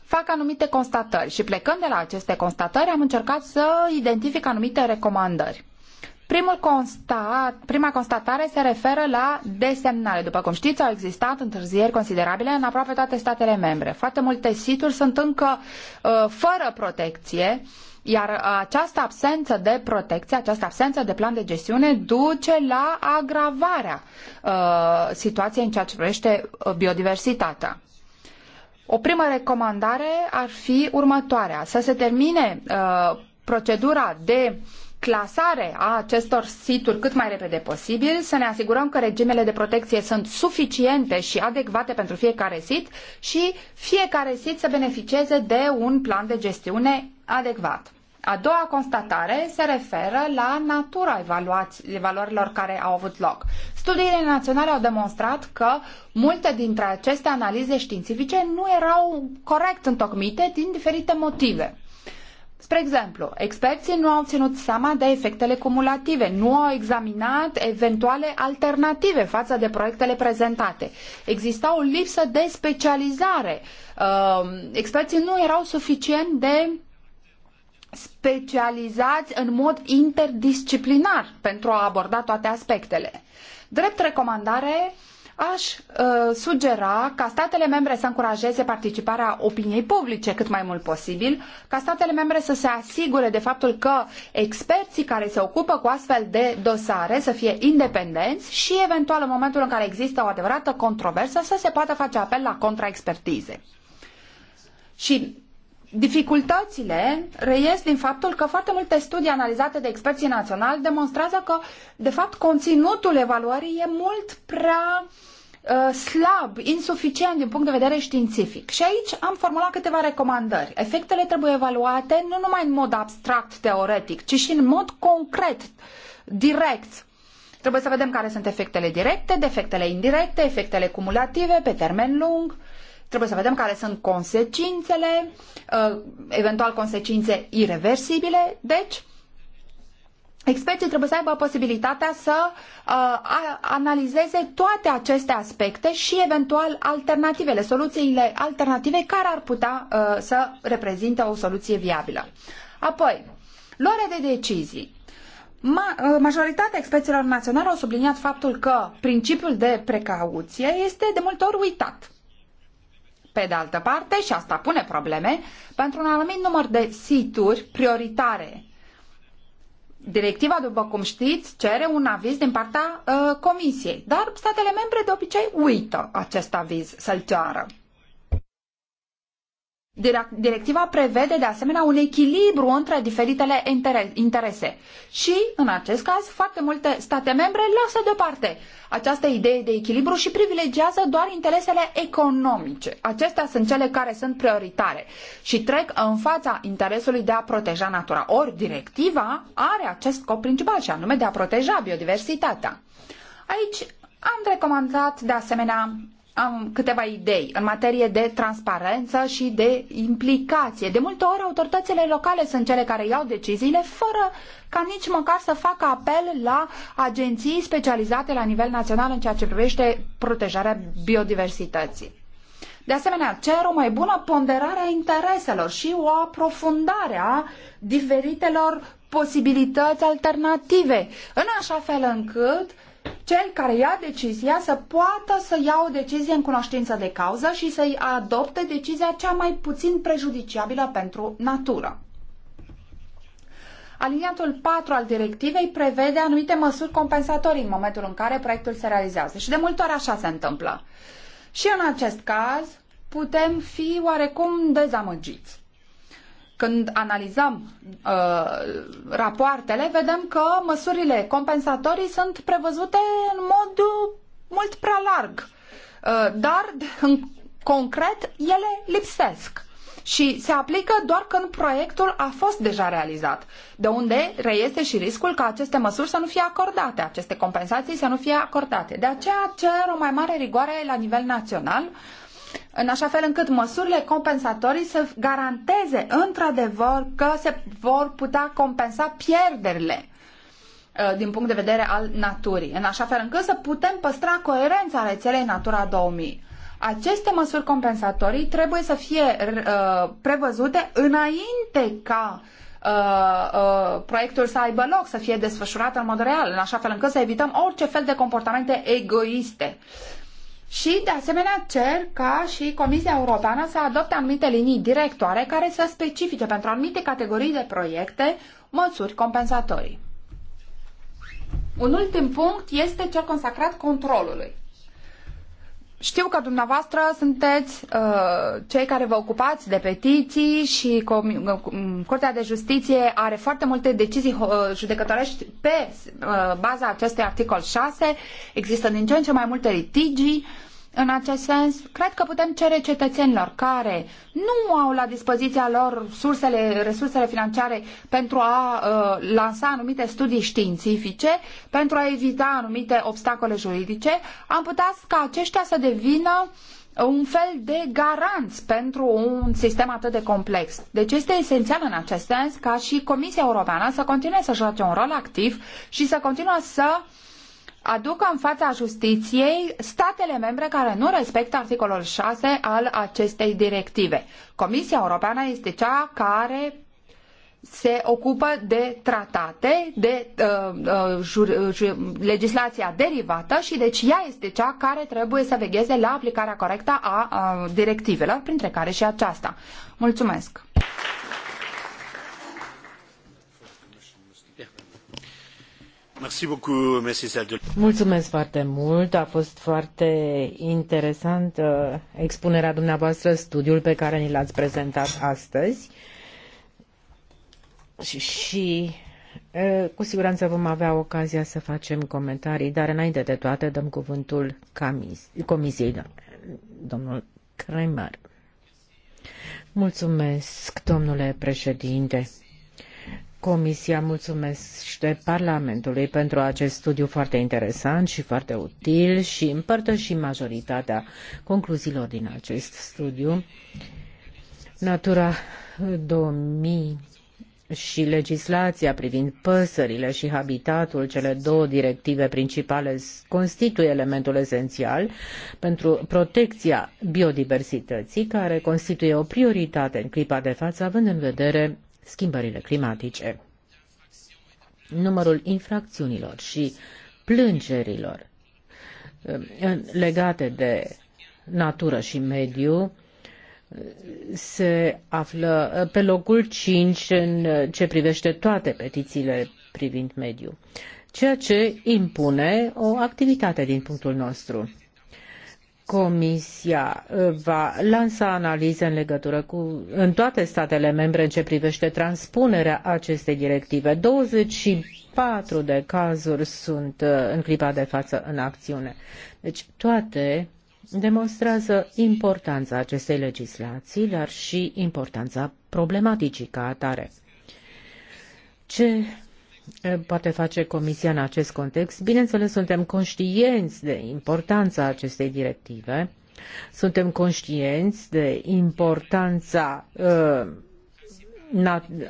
fac anumite constatări și plecând de la aceste constatări am încercat să identific anumite recomandări. Primul constat, prima constatare se referă la desemnare. După cum știți, au existat întârzieri considerabile în aproape toate statele membre. Foarte multe situri sunt încă uh, fără protecție uh, iar această absență de protecție, această absență de plan de gestiune duce la agravarea uh, situației în ceea ce privește uh, biodiversitatea. O primă recomandare ar fi următoarea, să se termine uh, procedura de clasare a acestor situri cât mai repede posibil, să ne asigurăm că regimele de protecție sunt suficiente și adecvate pentru fiecare sit și fiecare sit să beneficieze de un plan de gestiune adecvat. A doua constatare se referă la natura evaluărilor care au avut loc. Studiile naționale au demonstrat că multe dintre aceste analize științifice nu erau corect întocmite din diferite motive. Spre exemplu, experții nu au ținut seama de efectele cumulative, nu au examinat eventuale alternative față de proiectele prezentate. Exista o lipsă de specializare. Ehm, experții nu erau suficient de specializați în mod interdisciplinar pentru a aborda toate aspectele. Drept recomandare, aș uh, sugera ca statele membre să încurajeze participarea opiniei publice cât mai mult posibil, ca statele membre să se asigure de faptul că experții care se ocupă cu astfel de dosare să fie independenți și eventual în momentul în care există o adevărată controversă să se poată face apel la contraexpertize. Și Dificultățile reies din faptul că foarte multe studii analizate de experții naționali demonstrează că, de fapt, conținutul evaluării e mult prea uh, slab, insuficient din punct de vedere științific. Și aici am formulat câteva recomandări. Efectele trebuie evaluate nu numai în mod abstract, teoretic, ci și în mod concret, direct, Trebuie să vedem care sunt efectele directe, defectele indirecte, efectele cumulative pe termen lung Trebuie să vedem care sunt consecințele, uh, eventual consecințe irreversibile. Deci, Experții trebuie să aibă posibilitatea să uh, analizeze toate aceste aspecte și eventual alternativele, soluțiile alternative care ar putea uh, să reprezinte o soluție viabilă. Apoi, luarea de decizii. majoritatea experților naționali au subliniat faptul că principiul de precauție este de multe ori uitat. Pe de altă parte, și asta pune probleme, pentru un anumit număr de situri prioritare. Directiva, după cum știți, cere un aviz din partea uh, Comisiei, dar statele membre de obicei uită acest aviz să-l ceară. Directiva prevede de asemenea un echilibru între diferitele interese și, în acest caz, foarte multe state membre lasă deoparte această idee de echilibru și privilegiază doar interesele economice. Acestea sunt cele care sunt prioritare și trec în fața interesului de a proteja natura. Ori directiva are acest scop principal și anume de a proteja biodiversitatea. Aici am recomandat de asemenea am câteva idei în materie de transparență și de implicație. De multe ori autoritățile locale sunt cele care iau deciziile fără ca nici măcar să facă apel la agenții specializate la nivel național în ceea ce privește protejarea biodiversității. De asemenea, cer o mai bună ponderare a intereselor și o aprofundare a diferitelor posibilități alternative, în așa fel încât cel care ia decizia să poată să ia o decizie în cunoștință de cauză și să-i adopte decizia cea mai puțin prejudiciabilă pentru natură. Aliniatul 4 al directivei prevede anumite măsuri compensatorii în momentul în care proiectul se realizează și de multe ori așa se întâmplă. Și în acest caz putem fi oarecum dezamăgiți. Când analizăm uh, rapoartele, vedem că măsurile compensatorii sunt prevăzute în mod mult prea larg, uh, dar în concret ele lipsesc și se aplică doar când proiectul a fost deja realizat, de unde reiese și riscul ca aceste măsuri să nu fie acordate, aceste compensații să nu fie acordate. De aceea cer o mai mare rigoare la nivel național uh, în așa fel încât măsurile compensatorii să garanteze într-adevăr că se vor putea compensa pierderile uh, din punct de vedere al naturii, în așa fel încât să putem păstra coerența rețelei Natura 2000. Aceste măsuri compensatorii trebuie să fie uh, prevăzute înainte ca uh, uh, proiectul să aibă loc, să fie desfășurat în mod real, în așa fel încât să evităm orice fel de comportamente egoiste. Uh, și, de asemenea, cer ca și Comisia Europeană să adopte anumite linii directoare care să specifice pentru anumite categorii de proiecte măsuri compensatorii. Un ultim punct este cel consacrat controlului. Știu că dumneavoastră sunteți uh, cei care vă ocupați de petiții și Com uh, mm, Curtea de Justiție are foarte multe decizii uh, judecătorești pe uh, baza acestui articol 6. Există din ce în ce mai multe litigii. Uh, în acest sens, cred că putem cere cetățenilor care nu au la dispoziția lor sursele, resursele financiare pentru a uh, lansa anumite studii științifice, pentru a evita anumite obstacole juridice, am putea ca aceștia să devină un fel de garanți pentru un sistem atât de complex. Deci este esențial în acest sens ca și Comisia Europeană să continue să joace un rol activ și să continue să uh, aducă în fața justiției statele membre care nu respectă articolul 6 al acestei directive. Comisia Europeană este cea care se ocupă de tratate, de uh, uh, jur, jur, legislația derivată și deci ea este cea care trebuie să vegheze la aplicarea corectă a uh, directivelor, printre care și aceasta. Mulțumesc! Mulțumesc foarte mult, a fost foarte interesantă uh, expunerea dumneavoastră, studiul pe care ni l-ați prezentat astăzi și, uh, cu siguranță vom avea ocazia să facem comentarii, dar înainte de toate dăm cuvântul comisiei, domnul Kramer. Mulțumesc, domnule președinte. Comisia mulțumește Parlamentului pentru acest studiu foarte interesant și foarte util și împărtășim majoritatea concluziilor din acest studiu. Natura 2000 și legislația privind păsările și habitatul, cele două directive principale, constituie elementul esențial pentru protecția biodiversității, care constituie o prioritate în clipa de față, având în vedere schimbările climatice. Numărul infracțiunilor și plângerilor um, legate de natură și mediu um, se află uh, pe locul 5 în uh, ce privește toate petițiile privind mediu, ceea ce impune o activitate din punctul nostru. Comisia uh, va lansa analize în legătură cu în toate statele membre în ce privește transpunerea acestei directive. 24 de cazuri sunt uh, în clipa de față în acțiune. Deci toate demonstrează importanța acestei legislații, dar și importanța problematicii ca atare. Ce poate face Comisia în acest context? Bineînțeles, suntem conștienți de importanța acestei directive, suntem conștienți de importanța uh,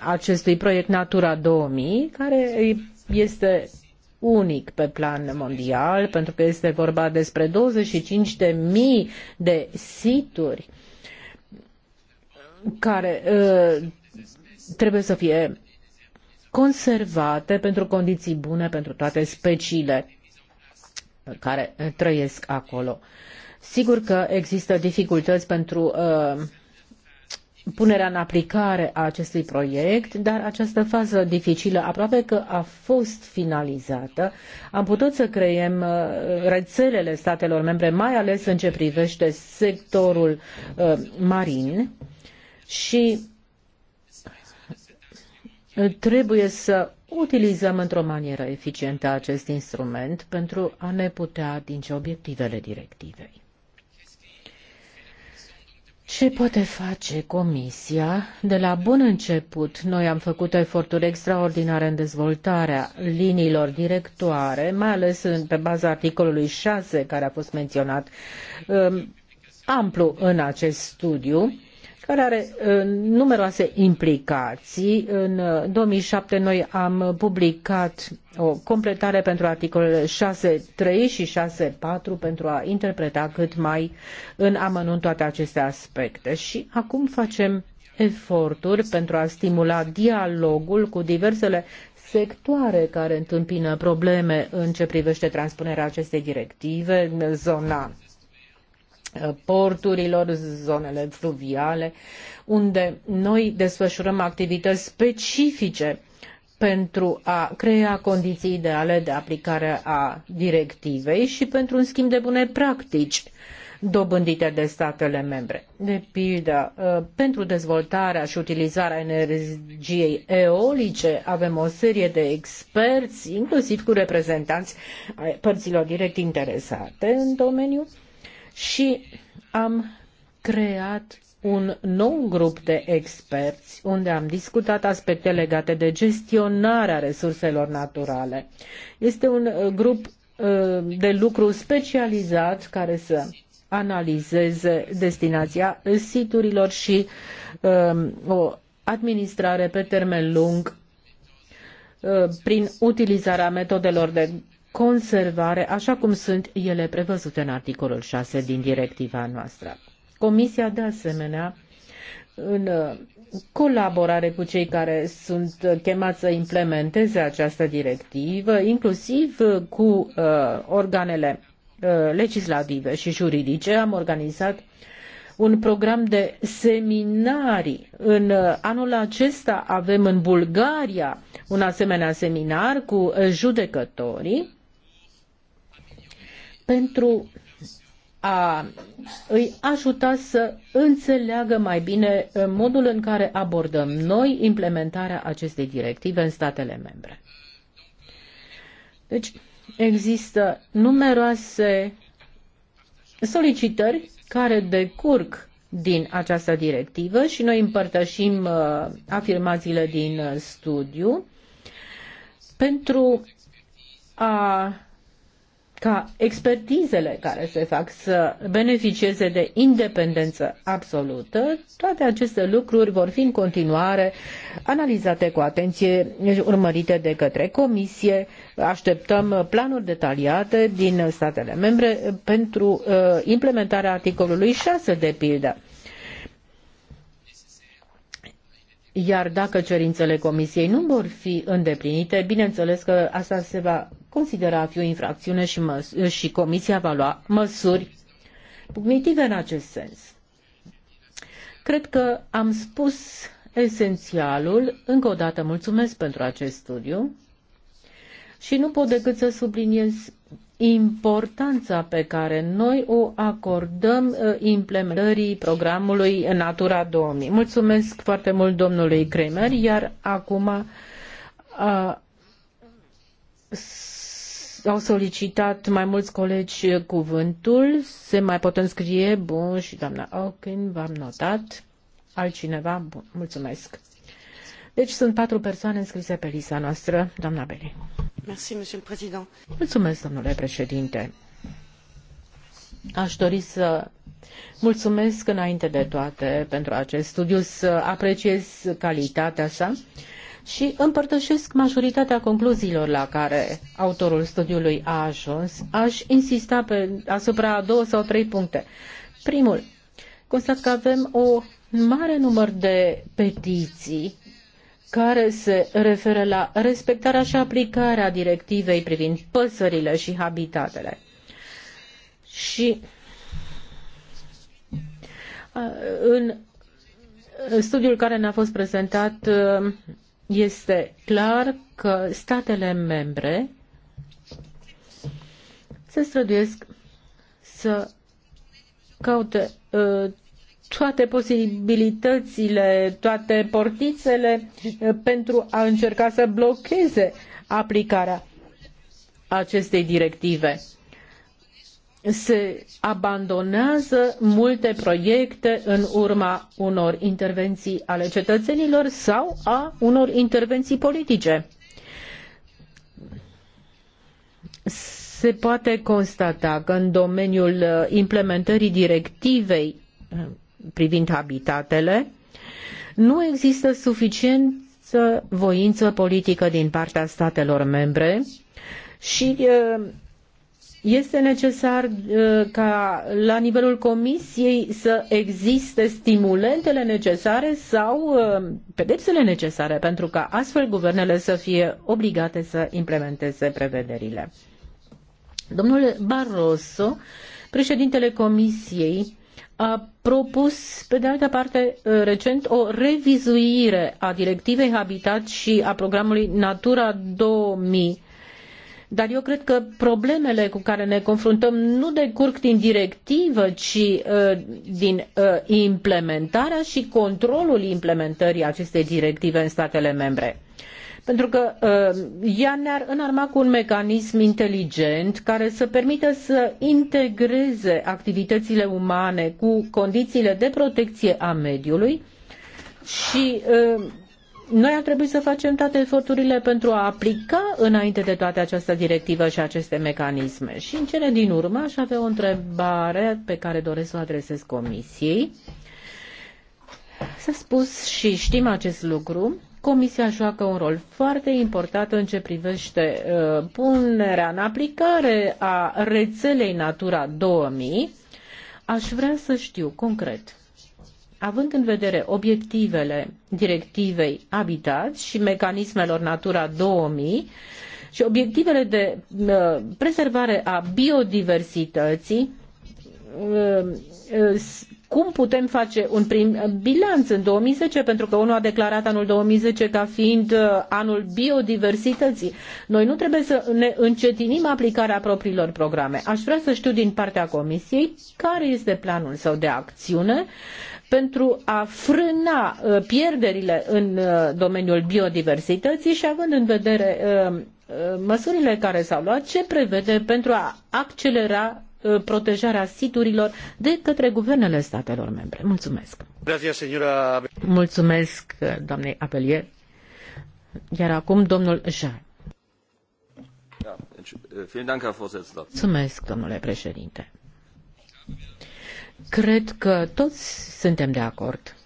acestui proiect Natura 2000, care este unic pe plan mondial, pentru că este vorba despre 25 de mii de situri care uh, trebuie să fie conservate pentru condiții bune pentru toate speciile care trăiesc acolo. Sigur că există dificultăți pentru uh, punerea în aplicare a acestui proiect, dar această fază dificilă aproape că a fost finalizată. Am putut să creiem uh, rețelele statelor membre, mai ales în ce privește sectorul uh, marin și Trebuie să utilizăm într-o manieră eficientă acest instrument pentru a ne putea atinge obiectivele directivei. Ce poate face Comisia? De la bun început, noi am făcut eforturi extraordinare în dezvoltarea liniilor directoare, mai ales pe baza articolului 6 care a fost menționat um, amplu în acest studiu care are uh, numeroase implicații. În 2007 uh, noi am publicat o completare pentru articolele 6.3 și 6.4 pentru a interpreta cât mai în amănunt toate aceste aspecte. Și acum facem eforturi pentru a stimula dialogul cu diversele sectoare care întâmpină probleme în ce privește transpunerea acestei directive, în zona Eh, porturilor, zonele fluviale, unde noi desfășurăm activități specifice pentru a crea condiții ideale de aplicare a directivei și pentru un schimb de bune practici dobândite de statele membre. De pildă, eh, pentru dezvoltarea și utilizarea energiei eolice avem o serie de experți, inclusiv cu reprezentanți ai părților direct interesate în domeniu, și am creat un nou grup de experți unde am discutat aspecte legate de gestionarea resurselor naturale. Este un uh, grup uh, de lucru specializat care să analizeze destinația siturilor și um, o administrare pe termen lung uh, prin utilizarea metodelor de conservare, așa cum sunt ele prevăzute în articolul 6 din directiva noastră. Comisia, de asemenea, în uh, colaborare cu cei care sunt uh, chemați să implementeze această directivă, inclusiv uh, cu uh, organele uh, legislative și juridice, am organizat un program de seminarii. În uh, anul acesta avem în Bulgaria un asemenea seminar cu judecătorii pentru a îi ajuta să înțeleagă mai bine uh, modul în care abordăm noi implementarea acestei directive în statele membre. Deci, există numeroase solicitări care decurg din această directivă și noi împărtășim uh, afirmațiile din uh, studiu pentru a ca expertizele care se fac să beneficieze de independență absolută, toate aceste lucruri vor fi în continuare analizate cu atenție, urmărite de către comisie. Așteptăm planuri detaliate din statele membre pentru uh, implementarea articolului 6 de pildă. Iar dacă cerințele Comisiei nu vor fi îndeplinite, bineînțeles că asta se va considera a fi o infracțiune și, și Comisia va lua măsuri cognitive în acest sens. Cred că am spus esențialul. Încă o dată mulțumesc pentru acest studiu și nu pot decât să subliniez importanța pe care noi o acordăm uh, implementării programului Natura 2000. Mulțumesc foarte mult domnului Kramer, iar acum a, uh, au solicitat mai mulți colegi cuvântul. Se mai pot înscrie. Bun, și doamna Aukin, v-am notat. Altcineva? Bun, mulțumesc. Deci sunt patru persoane înscrise pe lista noastră. Doamna Beli. Mulțumesc, domnule președinte. Aș dori să mulțumesc înainte de toate pentru acest studiu, să apreciez calitatea sa și împărtășesc majoritatea concluziilor la care autorul studiului a ajuns. Aș insista pe, asupra două sau trei puncte. Primul, constat că avem o mare număr de petiții care se referă la respectarea și aplicarea directivei privind păsările și habitatele. Și în studiul care ne-a fost prezentat este clar că statele membre se străduiesc să caute uh, toate posibilitățile, toate portițele uh, pentru a încerca să blocheze aplicarea acestei directive se abandonează multe proiecte în urma unor intervenții ale cetățenilor sau a unor intervenții politice. Se poate constata că în domeniul uh, implementării directivei uh, privind habitatele nu există suficientă voință politică din partea statelor membre și uh, este necesar uh, ca la nivelul comisiei să existe stimulentele necesare sau uh, pedepsele necesare pentru ca astfel guvernele să fie obligate să implementeze prevederile. Domnul Barroso, președintele comisiei, a propus, pe de altă parte, uh, recent o revizuire a directivei Habitat și a programului Natura 2000 dar eu cred că problemele cu care ne confruntăm nu decurg din directivă, ci uh, din uh, implementarea și controlul implementării acestei directive în statele membre pentru că uh, ea ne-ar înarma cu un mecanism inteligent care să permită să integreze activitățile umane cu condițiile de protecție a mediului și uh, noi ar trebui să facem toate eforturile pentru a aplica înainte de toate această directivă și aceste mecanisme. Și în cele din urmă aș avea o întrebare pe care doresc să o adresez Comisiei. S-a spus și știm acest lucru, Comisia joacă un rol foarte important în ce privește uh, punerea în aplicare a rețelei Natura 2000. Aș vrea să știu concret având în vedere obiectivele directivei Habitat și mecanismelor Natura 2000 și obiectivele de uh, preservare a biodiversității, uh, uh, cum putem face un prim bilanț în 2010, pentru că unul a declarat anul 2010 ca fiind anul biodiversității. Noi nu trebuie să ne încetinim aplicarea propriilor programe. Aș vrea să știu din partea Comisiei care este planul său de acțiune pentru a frâna uh, pierderile în uh, domeniul biodiversității și având în vedere uh, măsurile care s-au luat, ce prevede pentru a accelera protejarea siturilor de către guvernele statelor membre. Mulțumesc. Mulțumesc, doamnei Apelier. Iar acum, domnul jean. Da, deci, Mulțumesc, domnule președinte. Cred că toți suntem de acord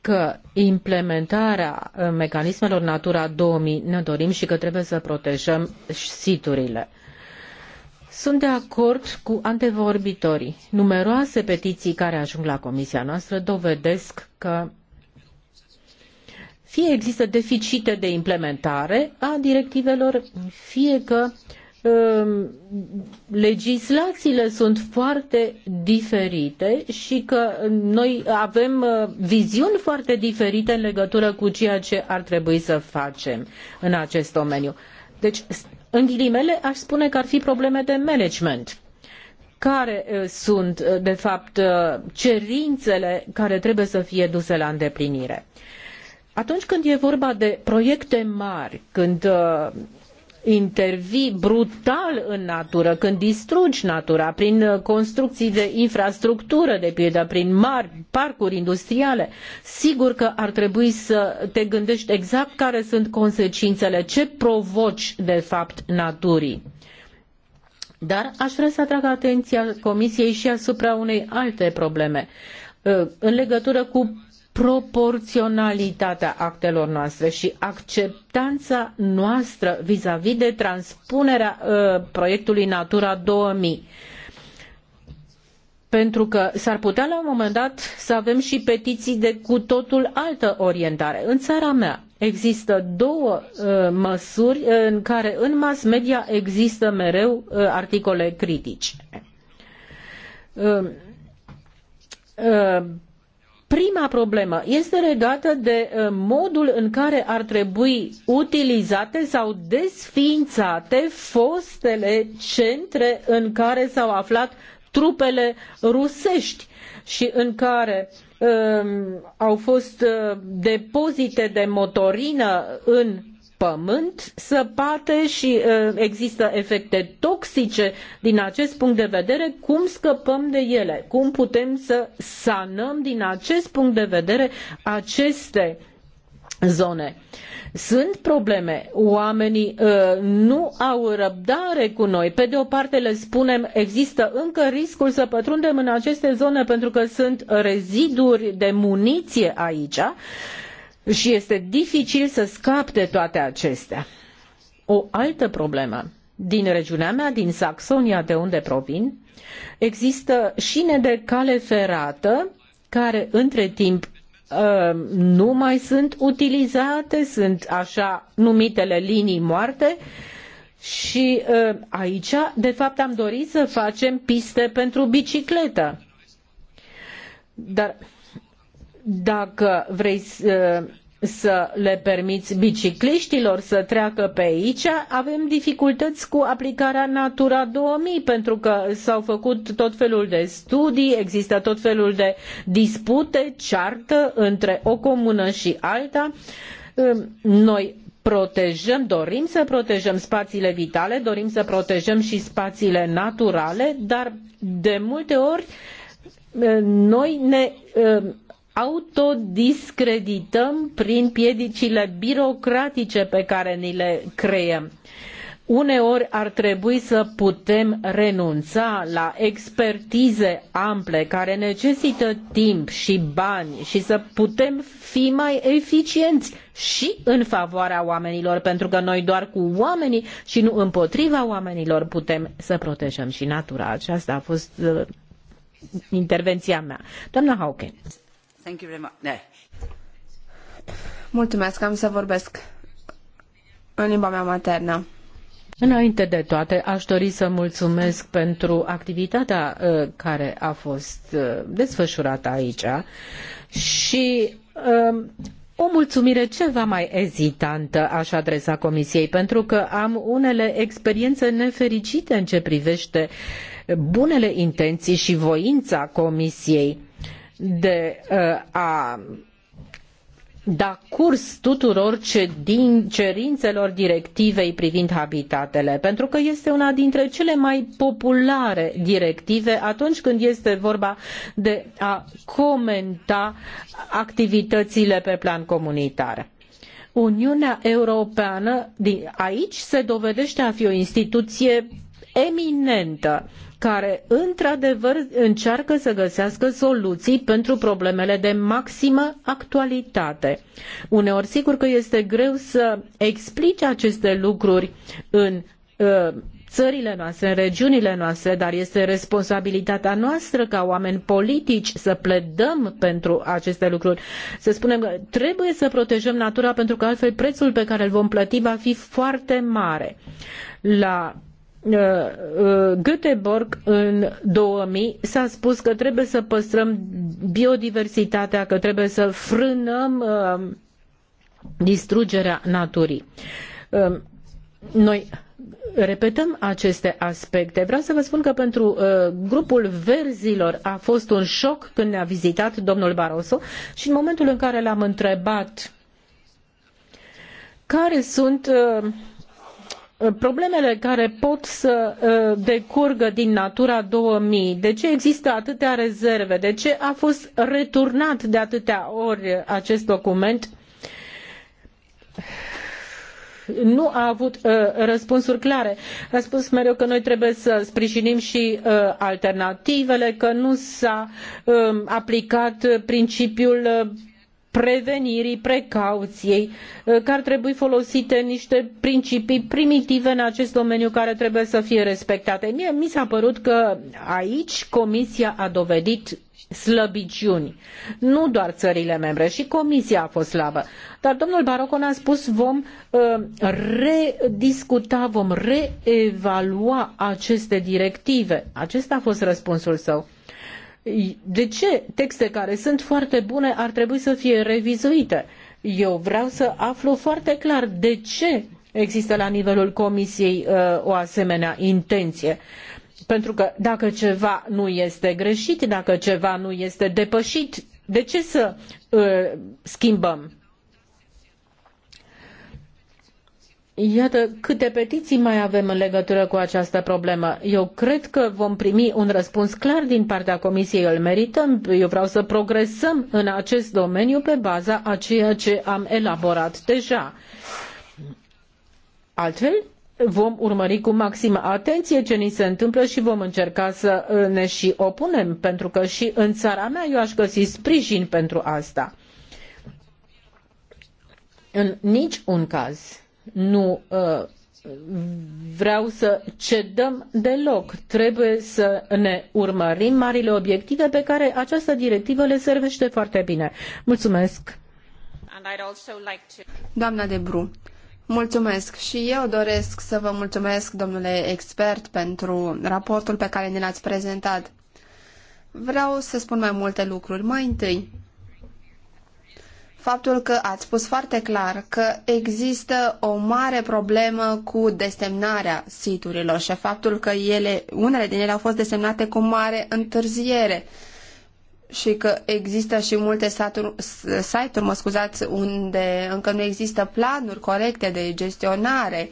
că implementarea uh, mecanismelor Natura 2000 ne dorim și că trebuie să protejăm siturile. Sunt de acord cu antevorbitorii. Numeroase petiții care ajung la comisia noastră dovedesc că fie există deficite de implementare a directivelor, fie că Ehm, legislațiile sunt foarte diferite și că noi avem uh, viziuni foarte diferite în legătură cu ceea ce ar trebui să facem în acest domeniu. Deci, în ghilimele, aș spune că ar fi probleme de management. Care uh, sunt, uh, de fapt, cerințele care trebuie să fie duse la îndeplinire? Atunci când e vorba de proiecte mari, când intervii brutal în natură, când distrugi natura prin uh, construcții de infrastructură, de pildă, prin mari parcuri industriale, sigur că ar trebui să te gândești exact care sunt consecințele, ce provoci de fapt naturii. Dar aș vrea să atrag atenția Comisiei și asupra unei alte probleme uh, în legătură cu proporționalitatea actelor noastre și acceptanța noastră vis-a-vis -vis de transpunerea uh, proiectului Natura 2000. Pentru că s-ar putea la un moment dat să avem și petiții de cu totul altă orientare. În țara mea există două uh, măsuri în care în mass media există mereu uh, articole critice uh, uh, Prima problemă este legată de uh, modul în care ar trebui utilizate sau desființate fostele centre în care s-au aflat trupele rusești și în care um, au fost uh, depozite de motorină în pământ săpate și uh, există efecte toxice din acest punct de vedere, cum scăpăm de ele? Cum putem să sanăm din acest punct de vedere aceste zone. Sunt probleme. Oamenii uh, nu au răbdare cu noi. Pe de o parte le spunem există încă riscul să pătrundem în aceste zone pentru că sunt reziduri de muniție aici și este dificil să scap de toate acestea. O altă problemă. Din regiunea mea, din Saxonia, de unde provin, există șine de cale ferată care între timp ă, nu mai sunt utilizate, sunt așa numitele linii moarte și ă, aici, de fapt, am dorit să facem piste pentru bicicletă. Dar dacă vrei uh, să le permiți bicicliștilor să treacă pe aici, avem dificultăți cu aplicarea Natura 2000 pentru că s-au făcut tot felul de studii, există tot felul de dispute, ceartă între o comună și alta. Um, noi protejăm, dorim să protejăm spațiile vitale, dorim să protejăm și spațiile naturale, dar de multe ori uh, noi ne um, autodiscredităm prin piedicile birocratice pe care ni le creăm. Uneori ar trebui să putem renunța la expertize ample care necesită timp și bani și să putem fi mai eficienți și în favoarea oamenilor, pentru că noi doar cu oamenii și nu împotriva oamenilor putem să protejăm și natura. Aceasta a fost uh, intervenția mea. Doamna Hawkins. Mulțumesc, am să vorbesc în limba mea maternă. Înainte de toate, aș dori să mulțumesc pentru activitatea uh, care a fost uh, desfășurată aici și um, o mulțumire ceva mai ezitantă aș adresa Comisiei, pentru că am unele experiențe nefericite în ce privește bunele intenții și voința Comisiei de uh, a da curs tuturor cerințelor directivei privind habitatele, pentru că este una dintre cele mai populare directive atunci când este vorba de a comenta activitățile pe plan comunitar. Uniunea Europeană aici se dovedește a fi o instituție eminentă care într-adevăr încearcă să găsească soluții pentru problemele de maximă actualitate. Uneori sigur că este greu să explici aceste lucruri în uh, țările noastre, în regiunile noastre, dar este responsabilitatea noastră ca oameni politici să pledăm pentru aceste lucruri. Să spunem că trebuie să protejăm natura pentru că altfel prețul pe care îl vom plăti va fi foarte mare. La Ă, ă, Göteborg în 2000 s-a spus că trebuie să păstrăm biodiversitatea, că trebuie să frânăm ă, distrugerea naturii. Noi repetăm aceste aspecte. Vreau să vă spun că pentru grupul verzilor a fost un șoc când ne-a vizitat domnul Barroso și în momentul în care l-am întrebat care sunt uh, Uh, problemele care pot să uh, decurgă din Natura 2000, de ce există atâtea rezerve, de ce a fost returnat de atâtea ori acest document, nu a avut uh, răspunsuri clare. A spus mereu că noi trebuie să sprijinim și uh, alternativele, că nu s-a uh, aplicat principiul uh, prevenirii, precauției, uh, că ar trebui folosite niște principii primitive în acest domeniu care trebuie să fie respectate. Mie mi s-a părut că aici Comisia a dovedit slăbiciuni. Nu doar țările membre, și Comisia a fost slabă. Dar domnul Barocon a spus vom uh, rediscuta, vom reevalua aceste directive. Acesta a fost răspunsul său de ce texte care sunt foarte bune ar trebui să fie revizuite? Eu vreau să aflu foarte clar de ce există la nivelul Comisiei uh, o asemenea intenție. Pentru că dacă ceva nu este greșit, dacă ceva nu este depășit, de ce să uh, schimbăm? Iată câte petiții mai avem în legătură cu această problemă. Eu cred că vom primi un răspuns clar din partea Comisiei, îl merităm. Eu vreau să progresăm în acest domeniu pe baza a ceea ce am elaborat deja. Altfel, vom urmări cu maximă atenție ce ni se întâmplă și vom încerca să uh, ne și opunem, pentru că și în țara mea eu aș găsi sprijin pentru asta. În niciun caz nu ă, vreau să cedăm deloc. Trebuie să ne urmărim marile obiective pe care această directivă le servește foarte bine. Mulțumesc! Doamna de Bru, mulțumesc și eu doresc să vă mulțumesc, domnule expert, pentru raportul pe care ne l-ați prezentat. Vreau să spun mai multe lucruri. Mai întâi, faptul că ați spus foarte clar că există o mare problemă cu desemnarea siturilor și faptul că ele, unele din ele au fost desemnate cu mare întârziere și că există și multe site-uri, mă scuzați, unde încă nu există planuri corecte de gestionare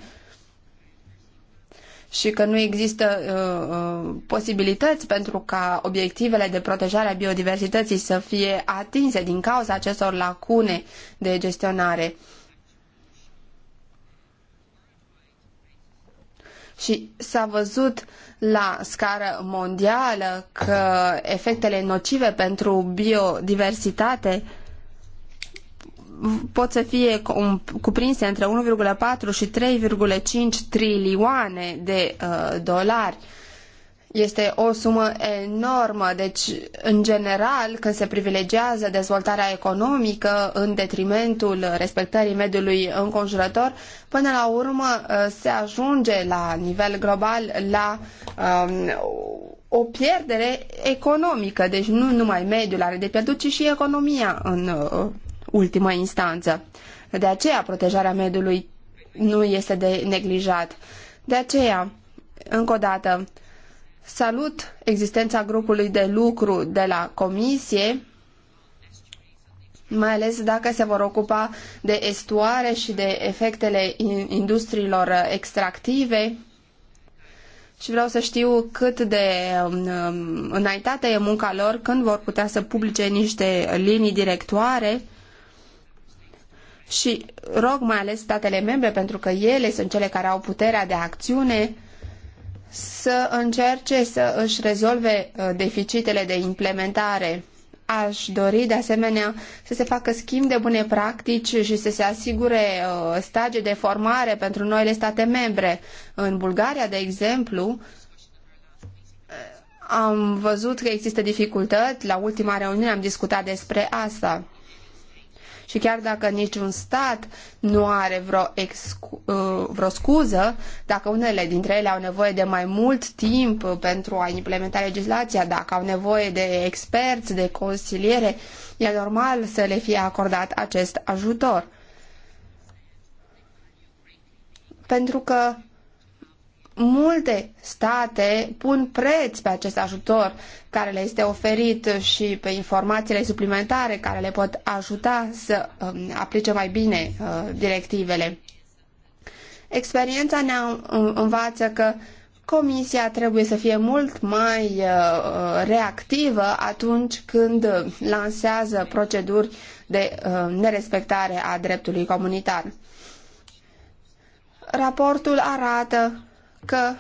și că nu există uh, uh, posibilități pentru ca obiectivele de protejare a biodiversității să fie atinse din cauza acestor lacune de gestionare. Și s-a văzut la scară mondială că efectele nocive pentru biodiversitate uh, pot să fie cuprinse între 1,4 și 3,5 trilioane de uh, dolari. Este o sumă enormă, deci, în general, când se privilegiază dezvoltarea economică în detrimentul respectării mediului înconjurător, până la urmă uh, se ajunge la nivel global la um, o pierdere economică, deci nu numai mediul are de pierdut, ci și economia în uh, ultimă instanță. De aceea protejarea mediului nu este de neglijat. De aceea, încă o dată, salut existența grupului de lucru de la comisie, mai ales dacă se vor ocupa de estuare și de efectele industriilor extractive. Și vreau să știu cât de um, um, înaintată e munca lor, când vor putea să publice niște linii directoare și rog mai ales statele membre, pentru că ele sunt cele care au puterea de acțiune, să încerce să își rezolve uh, deficitele de implementare. Aș dori de asemenea să se facă schimb de bune practici și să se asigure uh, stagii de formare pentru noile state membre. În Bulgaria, de exemplu, uh, am văzut că există dificultăți. La ultima reuniune am discutat despre asta. Și chiar dacă niciun stat nu are vreo, excu- uh, vreo scuză, dacă unele dintre ele au nevoie de mai mult timp uh, pentru a implementa legislația, dacă au nevoie de experți, de consiliere, e normal să le fie acordat acest ajutor. Pentru că multe state pun preț pe acest ajutor care le este oferit și pe informațiile suplimentare care le pot ajuta să um, aplice mai bine uh, directivele. Experiența ne um, învață că Comisia trebuie să fie mult mai uh, reactivă atunci când lansează proceduri de uh, nerespectare a dreptului comunitar. Raportul arată că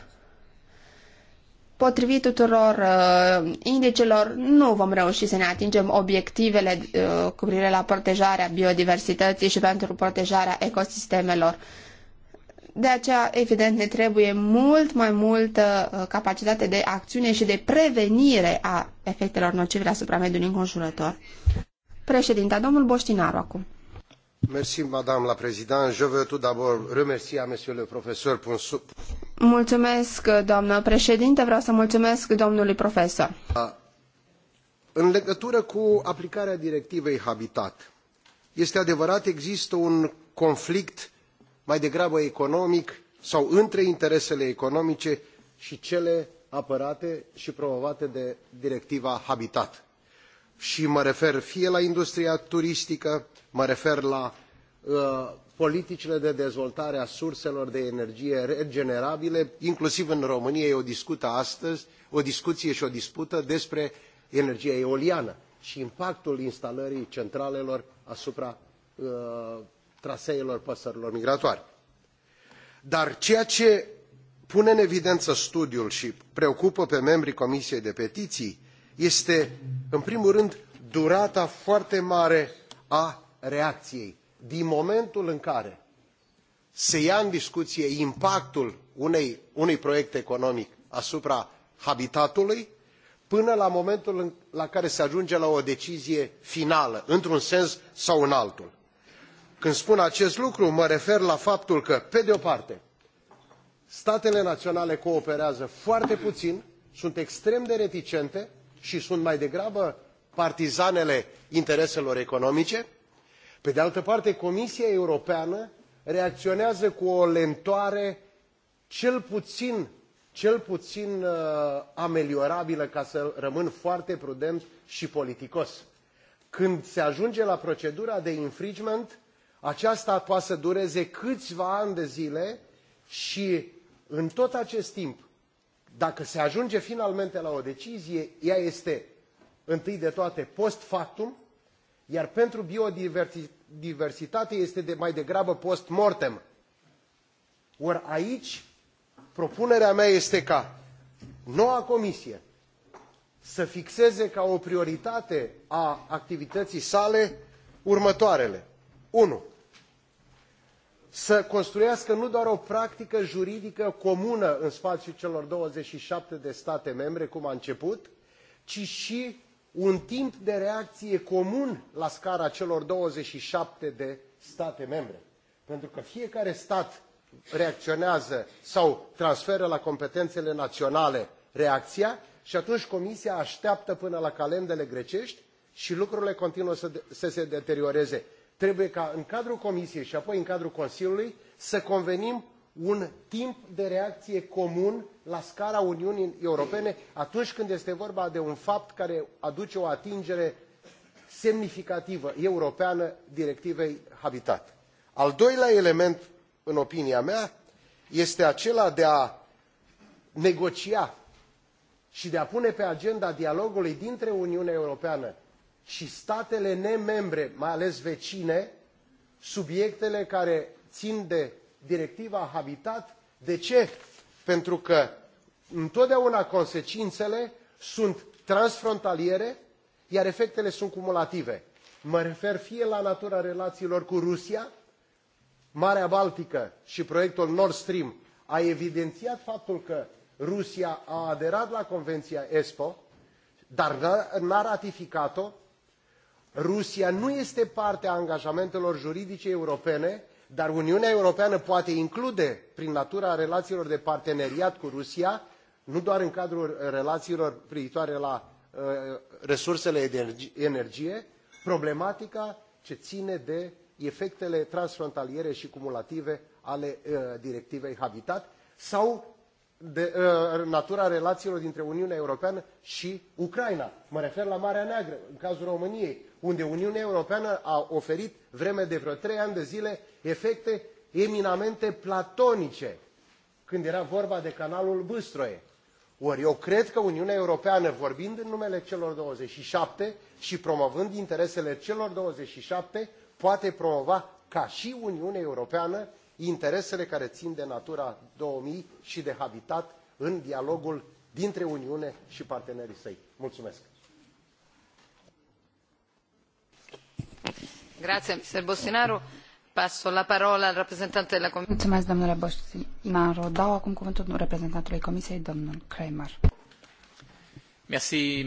potrivit tuturor uh, indicelor, nu vom reuși să ne atingem obiectivele uh, cu privire la protejarea biodiversității și pentru protejarea ecosistemelor. De aceea, evident, ne trebuie mult mai multă uh, capacitate de acțiune și de prevenire a efectelor nocive asupra mediului înconjurător. Președinta, domnul Boștinaru acum madame la présidente je veux tout d'abord remercier monsieur le professeur pour Mulțumesc, doamnă președinte, vreau să mulțumesc domnului profesor. În legătură cu aplicarea directivei Habitat, este adevărat, există un conflict mai degrabă economic sau între interesele economice și cele apărate și promovate de directiva Habitat și mă refer fie la industria turistică mă refer la uh, politicile de dezvoltare a surselor de energie regenerabile inclusiv în românia e o, discută astăzi, o discuție și o dispută despre energia eoliană și impactul instalării centralelor asupra uh, traseelor păsărilor migratoare. Dar ceea ce pune în evidență studiul și preocupă pe membrii Comisiei de Petiții este, în primul rând, durata foarte mare a reacției. Din momentul în care se ia în discuție impactul unei, unui proiect economic asupra habitatului, până la momentul în, la care se ajunge la o decizie finală, într-un sens sau în altul. Când spun acest lucru, mă refer la faptul că, pe de o parte, statele naționale cooperează foarte puțin, sunt extrem de reticente și sunt mai degrabă partizanele intereselor economice pe de altă parte comisia europeană reacionează cu o lentoare cel puin cel puțin uh, ameliorabilă ca să rămân foarte prudent i politicos. când se ajunge la procedura de infringement aceasta poate să dureze câiva ani de zile i în tot acest timp dacă se ajunge finalmente la o decizie, ea este întâi de toate post factum, iar pentru biodiversitate este de mai degrabă post mortem. Ori aici, propunerea mea este ca noua comisie să fixeze ca o prioritate a activității sale următoarele. 1 să construiască nu doar o practică juridică comună în spațiul celor 27 de state membre, cum a început, ci și un timp de reacție comun la scara celor 27 de state membre. Pentru că fiecare stat reacționează sau transferă la competențele naționale reacția și atunci Comisia așteaptă până la calendele grecești și lucrurile continuă să, de, să se deterioreze trebuie ca în cadrul Comisiei și apoi în cadrul Consiliului să convenim un timp de reacție comun la scara Uniunii Europene atunci când este vorba de un fapt care aduce o atingere semnificativă europeană directivei Habitat. Al doilea element, în opinia mea, este acela de a negocia și de a pune pe agenda dialogului dintre Uniunea Europeană și statele nemembre, mai ales vecine, subiectele care țin de directiva Habitat. De ce? Pentru că întotdeauna consecințele sunt transfrontaliere, iar efectele sunt cumulative. Mă refer fie la natura relațiilor cu Rusia, Marea Baltică și proiectul Nord Stream a evidențiat faptul că Rusia a aderat la Convenția ESPO, dar n-a ratificat-o Rusia nu este parte a angajamentelor juridice europene, dar Uniunea Europeană poate include, prin natura relațiilor de parteneriat cu Rusia, nu doar în cadrul relațiilor privitoare la uh, resursele de energie, problematica ce ține de efectele transfrontaliere și cumulative ale uh, directivei Habitat sau de uh, natura relațiilor dintre Uniunea Europeană și Ucraina. Mă refer la Marea Neagră, în cazul României, unde Uniunea Europeană a oferit vreme de vreo trei ani de zile efecte eminamente platonice când era vorba de canalul Băstroie. Ori eu cred că Uniunea Europeană, vorbind în numele celor 27 și promovând interesele celor 27, poate promova ca și Uniunea Europeană interesele care țin de Natura 2000 și de habitat în dialogul dintre Uniune și partenerii săi. Mulțumesc! Mulțumesc, domnule Bostinaru. Dau acum cuvântul reprezentantului Comisiei, domnul Kramer. Merci,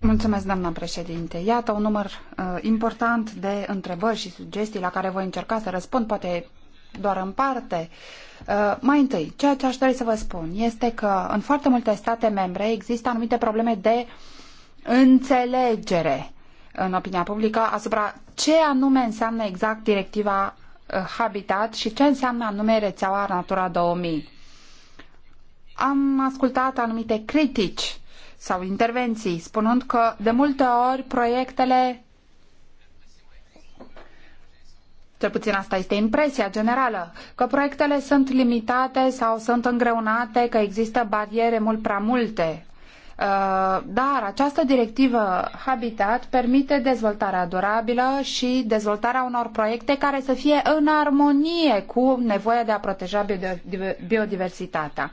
Mulțumesc, doamna președinte. Iată un număr uh, important de întrebări și sugestii la care voi încerca să răspund, poate doar în parte. Uh, mai întâi, ceea ce aș dori să vă spun este că în foarte multe state membre există anumite probleme de uh, înțelegere în opinia publică asupra ce anume înseamnă exact directiva uh, Habitat și ce înseamnă anume rețeaua Natura 2000. Am ascultat anumite critici sau intervenții, spunând că de multe ori proiectele cel puțin asta este impresia generală, că proiectele sunt limitate sau sunt îngreunate, că există bariere mult prea multe Uh, dar această directivă Habitat permite dezvoltarea durabilă și dezvoltarea unor proiecte care să fie în armonie cu nevoia de a proteja biodiversitatea.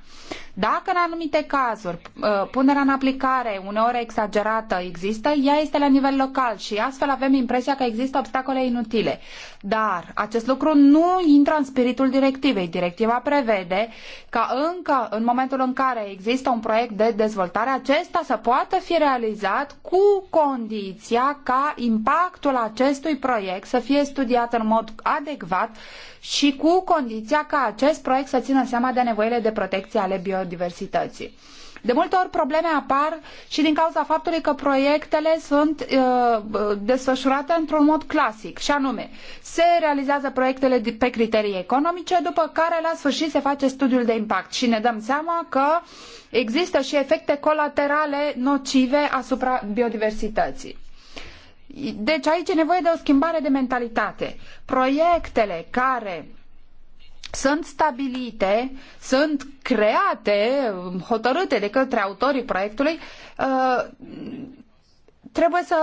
Dacă în anumite cazuri uh, punerea în aplicare uneori exagerată există, ea este la nivel local și astfel avem impresia că există obstacole inutile. Dar acest lucru nu intră în spiritul directivei. Directiva prevede că, încă în momentul în care există un proiect de dezvoltare, acesta să poată fi realizat cu condiția ca impactul acestui proiect să fie studiat în mod adecvat și cu condiția ca acest proiect să țină seama de nevoile de protecție ale biodiversității biodiversității. De multe ori probleme apar și din cauza faptului că proiectele sunt uh, uh desfășurate într-un mod clasic, și anume, se realizează proiectele pe criterii economice, după care la sfârșit se face studiul de impact și ne dăm seama că există și efecte colaterale nocive asupra biodiversității. Deci aici e nevoie de o schimbare de mentalitate. Proiectele care sunt stabilite, sunt create, hotărâte de către autorii proiectului, uh, trebuie să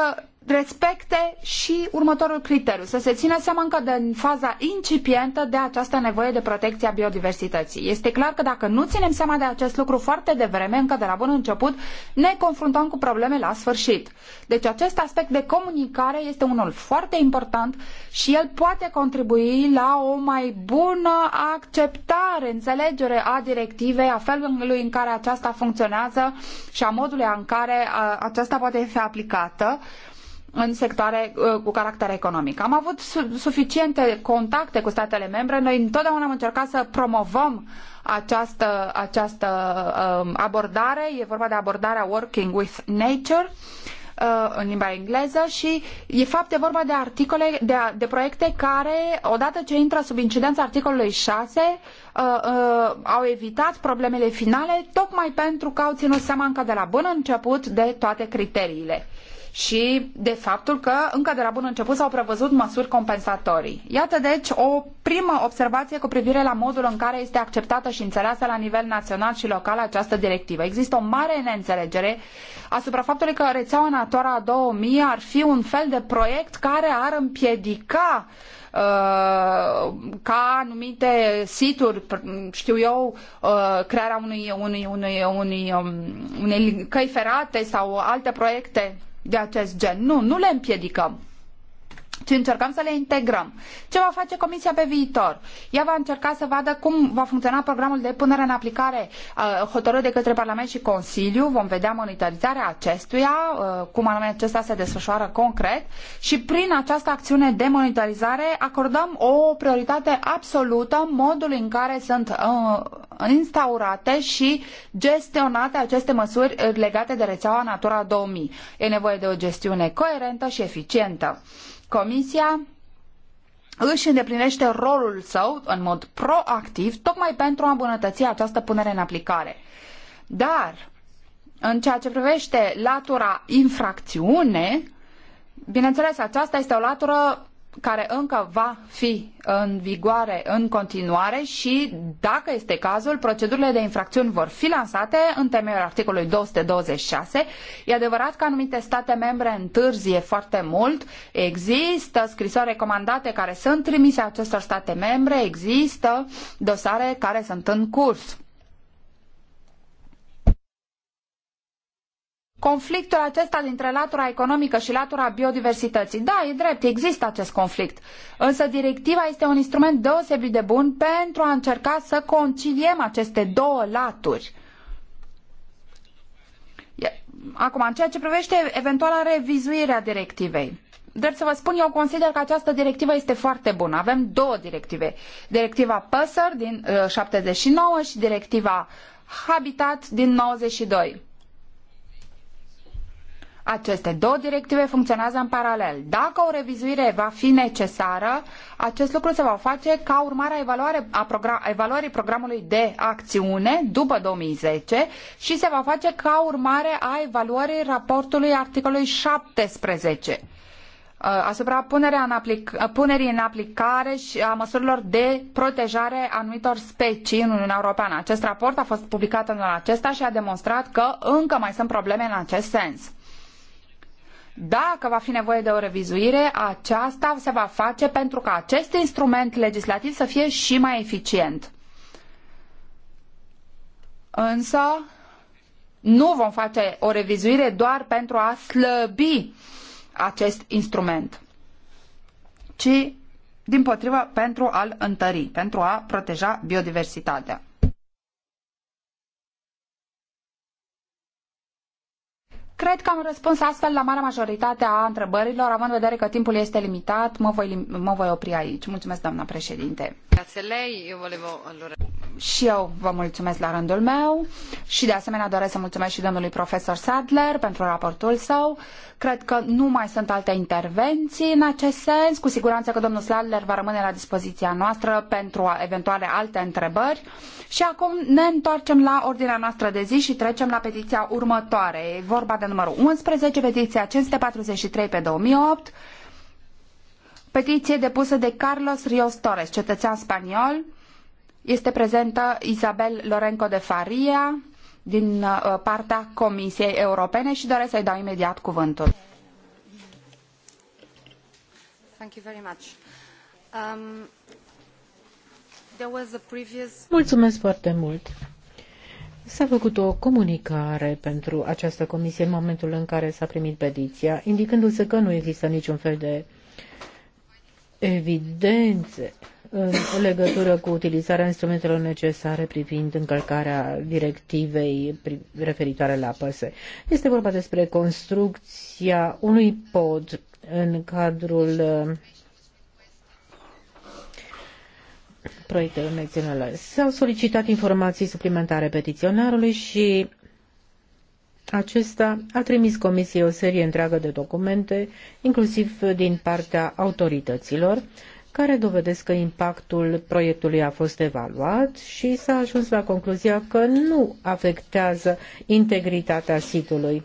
respecte și următorul criteriu, să se țină seama încă de în faza incipientă de această nevoie de protecție a biodiversității. Este clar că dacă nu ținem seama de acest lucru foarte devreme, încă de la bun început, ne confruntăm cu probleme la sfârșit. Deci acest aspect de comunicare este unul foarte important și el poate contribui la o mai bună acceptare, înțelegere a directivei, a felului în care aceasta funcționează și a modului în care aceasta poate fi aplicată în sectoare uh, cu caracter economic. Am avut suficiente contacte cu statele membre. Noi întotdeauna am încercat să promovăm această, această um, abordare. E vorba de abordarea Working with Nature uh, în limba engleză și e fapt e vorba de articole, de, de proiecte care, odată ce intră sub incidența articolului 6, uh, uh, au evitat problemele finale tocmai pentru că au ținut seama încă de la bun început de toate criteriile și de faptul că încă de la bun început s-au prevăzut măsuri compensatorii. Iată deci o primă observație cu privire la modul în care este acceptată și înțeleasă la nivel național și local această directivă. Există o mare neînțelegere asupra faptului că rețeaua Natura 2000 ar fi un fel de proiect care ar împiedica uh, ca anumite situri, știu eu, uh, crearea unui, unui, unui, um, unei căi ferate sau alte proiecte de acest gen. Nu, nu le împiedicăm ci încercăm să le integrăm. Ce va face Comisia pe viitor? Ea va încerca să vadă cum va funcționa programul de punere în aplicare uh, hotărât de către Parlament și Consiliu, vom vedea monitorizarea acestuia, uh, cum anume acesta se desfășoară concret și prin această acțiune de monitorizare acordăm o prioritate absolută modului în care sunt uh, instaurate și gestionate aceste măsuri legate de rețeaua Natura 2000. E nevoie de o gestiune coerentă și eficientă. Comisia își îndeplinește rolul său în mod proactiv tocmai pentru a îmbunătăți această punere în aplicare. Dar, în ceea ce privește latura infracțiune, bineînțeles, aceasta este o latură care încă va fi în vigoare în continuare și, dacă este cazul, procedurile de infracțiuni vor fi lansate în temeiul articolului 226. E adevărat că anumite state membre întârzie foarte mult. Există scrisori recomandate care sunt trimise acestor state membre, există dosare care sunt în curs. conflictul acesta dintre latura economică și latura biodiversității. Da, e drept, există acest conflict. Însă directiva este un instrument deosebit de bun pentru a încerca să conciliem aceste două laturi. Acum, în ceea ce privește eventuala revizuire a directivei, dar să vă spun, eu consider că această directivă este foarte bună. Avem două directive. Directiva păsări din uh, 79 și directiva Habitat din 92. Aceste două directive funcționează în paralel. Dacă o revizuire va fi necesară, acest lucru se va face ca urmare a, evaluare, a program, evaluării programului de acțiune după 2010 și se va face ca urmare a evaluării raportului articolului 17 uh, asupra punerea în aplic- punerii în aplicare și a măsurilor de protejare a anumitor specii în Uniunea Europeană. Acest raport a fost publicat în acesta și a demonstrat că încă mai sunt probleme în acest sens. Dacă va fi nevoie de o revizuire, aceasta se va face pentru ca acest instrument legislativ să fie și mai eficient. Însă, nu vom face o revizuire doar pentru a slăbi acest instrument, ci din potrivă pentru a-l întări, pentru a proteja biodiversitatea. Cred că am răspuns astfel la marea majoritate a întrebărilor, având în vedere că timpul este limitat, mă voi, mă voi opri aici. Mulțumesc, doamna președinte și eu vă mulțumesc la rândul meu și de asemenea doresc să mulțumesc și domnului profesor Sadler pentru raportul său. Cred că nu mai sunt alte intervenții în acest sens. Cu siguranță că domnul Sadler va rămâne la dispoziția noastră pentru eventuale alte întrebări. Și acum ne întoarcem la ordinea noastră de zi și trecem la petiția următoare. E vorba de numărul 11, petiția 543 pe 2008, petiție depusă de Carlos Rios Torres, cetățean spaniol, este prezentă Isabel Lorenco de Faria din uh, partea Comisiei Europene și doresc să-i dau imediat cuvântul. Um, Mulțumesc foarte mult. S-a făcut o comunicare pentru această comisie în momentul în care s-a primit petiția, indicându-se că nu există niciun fel de evidențe în legătură cu utilizarea instrumentelor necesare privind încălcarea directivei referitoare la păsări. Este vorba despre construcția unui pod în cadrul uh, proiectelor naționale. S-au solicitat informații suplimentare petiționarului și acesta a trimis comisiei o serie întreagă de documente, inclusiv din partea autorităților, care dovedesc că impactul proiectului a fost evaluat și s-a ajuns la concluzia că nu afectează integritatea sitului.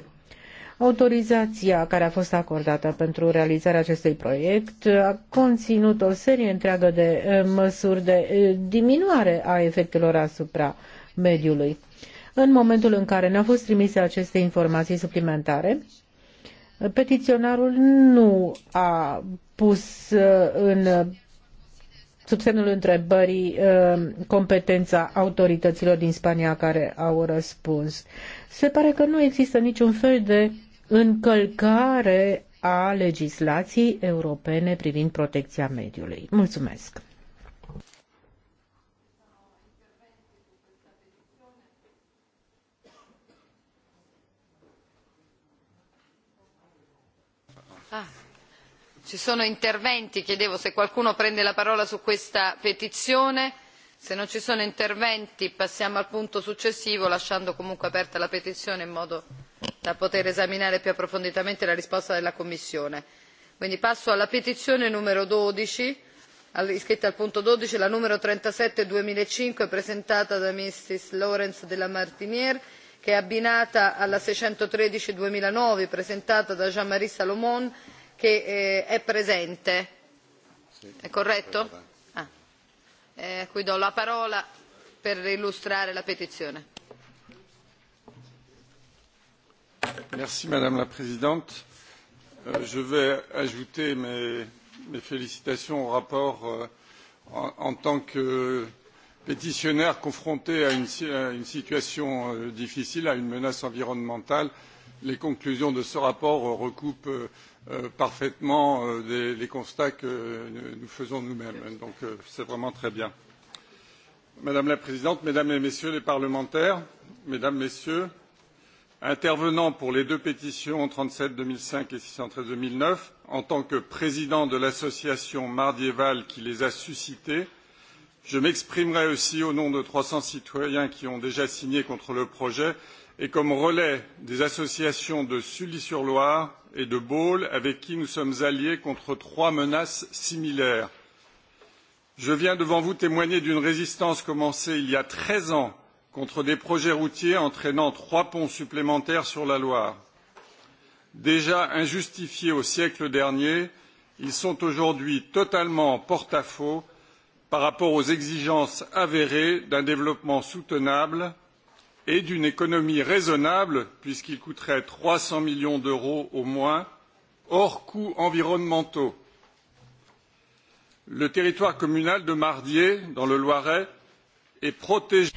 Autorizația care a fost acordată pentru realizarea acestui proiect a conținut o serie întreagă de eh, măsuri de eh, diminuare a efectelor asupra mediului. În momentul în care ne-au fost trimise aceste informații suplimentare, eh, petiționarul nu a pus în sub semnul întrebării uh, competența autorităților din Spania care au răspuns. Se pare că nu există niciun fel de încălcare a legislației europene privind protecția mediului. Mulțumesc! ci sono interventi chiedevo se qualcuno prende la parola su questa petizione se non ci sono interventi passiamo al punto successivo lasciando comunque aperta la petizione in modo da poter esaminare più approfonditamente la risposta della commissione. quindi passo alla petizione numero dodici iscritta al punto dodici la numero trentasette duemilacinque presentata da mrs lawrence de la martinière che è abbinata alla seicentotredici duemilanove presentata da jean marie salomon che eh, è presente. È corretto? Ah. Eh, cui do la parola per illustrare la petizione. Merci Madame la Présidente. Euh, je vais ajouter mes, mes félicitations au rapport euh, en, en tant que pétitionnaire confronté à une, à une situation euh, difficile, à une menace environnementale. Les conclusions de ce rapport euh, recoupent euh, Euh, parfaitement les, euh, les constats que nous faisons nous-mêmes. Donc euh, c'est vraiment très bien. Madame la Présidente, Mesdames et Messieurs les parlementaires, Mesdames, Messieurs, intervenant pour les deux pétitions trente sept deux mille cinq et six cent treize deux mille neuf en tant que président de l'association Mardieval qui les a suscitées, je m'exprimerai aussi au nom de trois cents citoyens qui ont déjà signé contre le projet et comme relais des associations de Sully-sur-Loire, et de Baule, avec qui nous sommes alliés contre trois menaces similaires. Je viens devant vous témoigner d'une résistance commencée il y a 13 ans contre des projets routiers entraînant trois ponts supplémentaires sur la Loire. Déjà injustifiés au siècle dernier, ils sont aujourd'hui totalement en porte-à-faux par rapport aux exigences avérées d'un développement soutenable et d'une économie raisonnable, puisqu'il coûterait trois cents millions d'euros au moins, hors coûts environnementaux. Le territoire communal de Mardier, dans le Loiret, est protégé.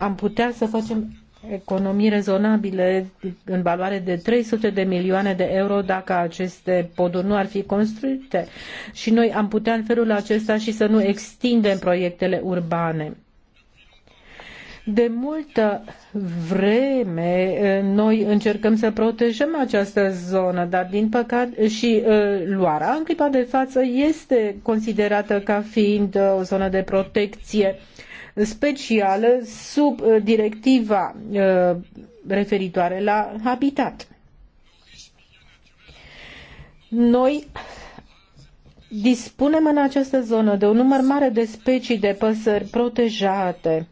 Am putea să facem economii rezonabile în valoare de 300 de milioane de euro dacă aceste poduri nu ar fi construite și noi am putea în felul acesta și să nu extindem proiectele urbane. De multă vreme eh, noi încercăm să protejăm această zonă, dar din păcate și eh, luarea în clipa de față este considerată ca fiind eh, o zonă de protecție specială sub directiva referitoare la habitat. Noi dispunem în această zonă de un număr mare de specii de păsări protejate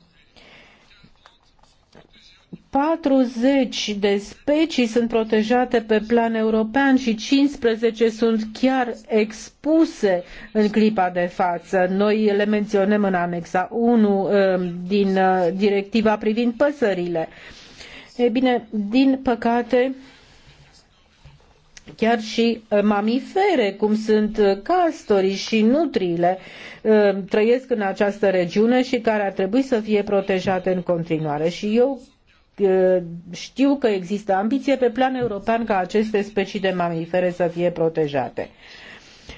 40 de specii sunt protejate pe plan european și 15 sunt chiar expuse în clipa de față. Noi le menționăm în anexa 1 um, din uh, directiva privind păsările. E bine, din păcate, chiar și uh, mamifere, cum sunt uh, castorii și nutriile, um, trăiesc în această regiune și care ar trebui să fie protejate în continuare. Și eu Uh, știu că există ambiție pe plan european ca aceste specii de mamifere să fie protejate.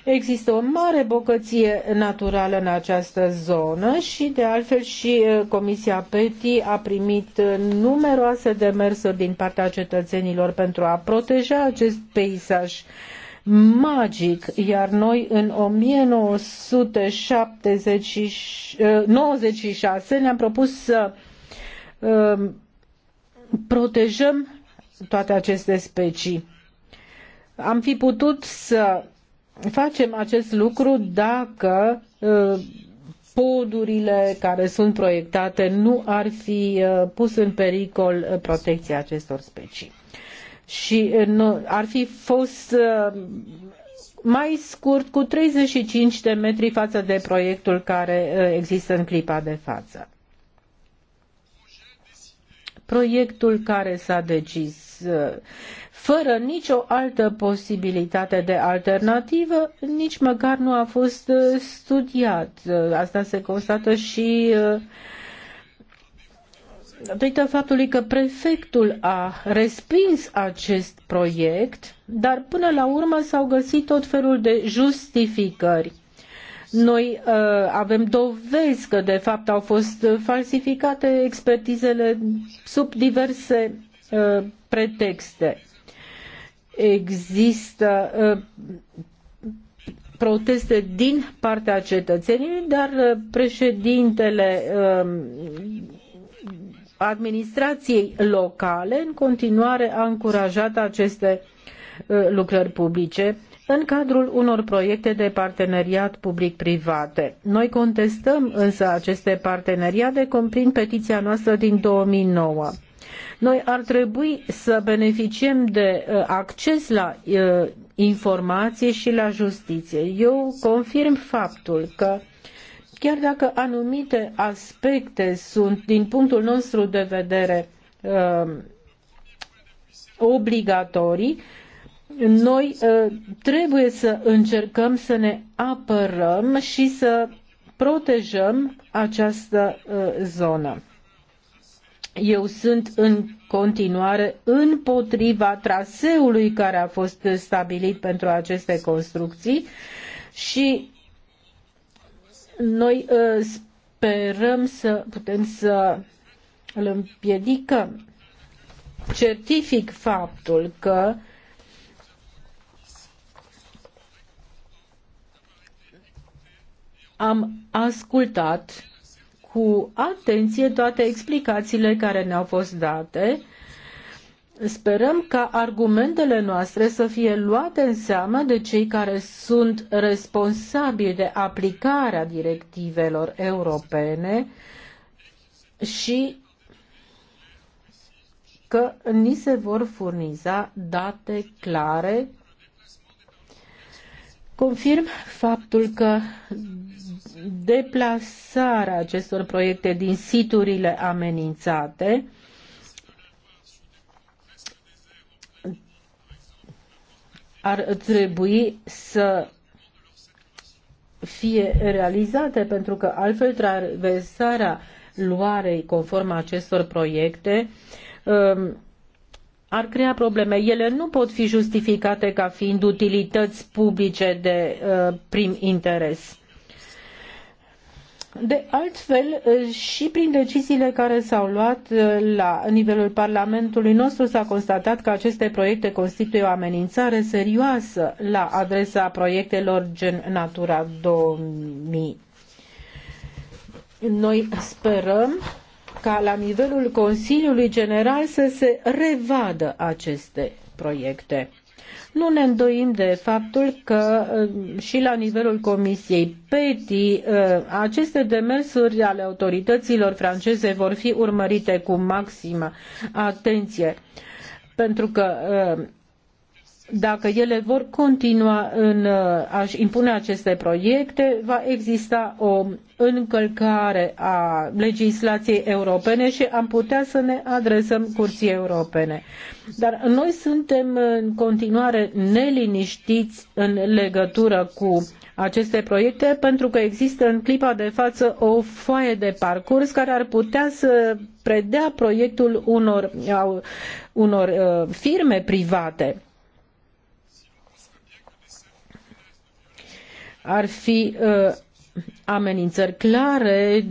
Există o mare bogăție naturală în această zonă și, de altfel, și uh, Comisia PETI a primit uh, numeroase demersuri din partea cetățenilor pentru a proteja acest peisaj magic, iar noi în 1996 ne-am propus să protejăm toate aceste specii. Am fi putut să facem acest lucru dacă uh, podurile care sunt proiectate nu ar fi uh, pus în pericol uh, protecția acestor specii. Și ar fi fost mai scurt cu 35 de metri față de proiectul care există în clipa de față proiectul care s-a decis, uh, fără nicio altă posibilitate de alternativă, nici măcar nu a fost uh, studiat. Uh, asta se constată și datorită faptului că prefectul a respins acest proiect, dar până la urmă s-au găsit tot felul de justificări noi uh, avem dovezi că de fapt au fost uh, falsificate expertizele sub diverse uh, pretexte. Există uh, proteste din partea cetățenilor, dar uh, președintele um, administrației locale în continuare a încurajat aceste uh, lucrări publice în cadrul unor proiecte de parteneriat public-private. Noi contestăm însă aceste parteneriate, comprind petiția noastră din 2009. Noi ar trebui să beneficiem de uh, acces la uh, informație și la justiție. Eu confirm faptul că chiar dacă anumite aspecte sunt, din punctul nostru de vedere, uh, obligatorii, noi uh, trebuie să încercăm să ne apărăm și să protejăm această uh, zonă. Eu sunt în continuare împotriva traseului care a fost stabilit pentru aceste construcții și noi uh, sperăm să putem să îl împiedicăm. Certific faptul că uh, am ascultat cu atenție toate explicațiile care ne-au fost date. Sperăm ca argumentele noastre să fie luate în seamă de cei care sunt responsabili de aplicarea directivelor europene și că ni se vor furniza date clare Confirm faptul că deplasarea acestor proiecte din siturile amenințate ar trebui să fie realizate, pentru că altfel traversarea luarei conform acestor proiecte um, ar crea probleme. Ele nu pot fi justificate ca fiind utilități publice de uh, prim interes. De altfel, uh, și prin deciziile care s-au luat uh, la nivelul Parlamentului nostru s-a constatat că aceste proiecte constituie o amenințare serioasă la adresa proiectelor gen Natura 2000. Noi sperăm ca la nivelul Consiliului General să se revadă aceste proiecte. Nu ne îndoim de faptul că uh, și la nivelul Comisiei PETI uh, aceste demersuri ale autorităților franceze vor fi urmărite cu maximă atenție pentru că uh, dacă ele vor continua în uh, a impune aceste proiecte, va exista o încălcare a legislației europene și am putea să ne adresăm curții europene. Dar noi suntem în continuare neliniștiți în legătură cu aceste proiecte pentru că există în clipa de față o foaie de parcurs care ar putea să predea proiectul unor, unor uh, firme private ar fi uh, amenințări clare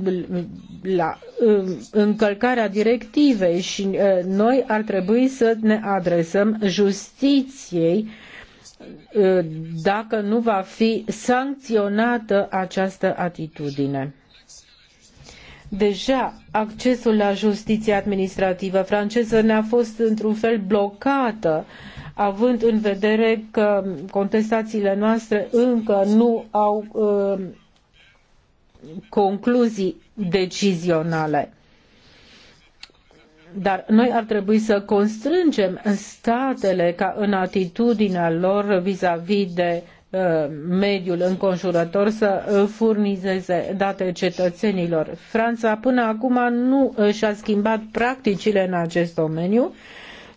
la uh, încălcarea directivei și uh, noi ar trebui să ne adresăm justiției dacă nu va fi sancționată această atitudine. Deja accesul la justiția administrativă franceză ne-a fost într-un fel blocată uh, având în vedere că contestațiile noastre încă nu au uh, concluzii decizionale. Dar noi ar trebui să constrângem statele ca în atitudinea lor vis-a-vis -vis de uh, mediul înconjurător să uh, furnizeze date cetățenilor. Franța până acum nu și-a schimbat practicile în acest domeniu, uh,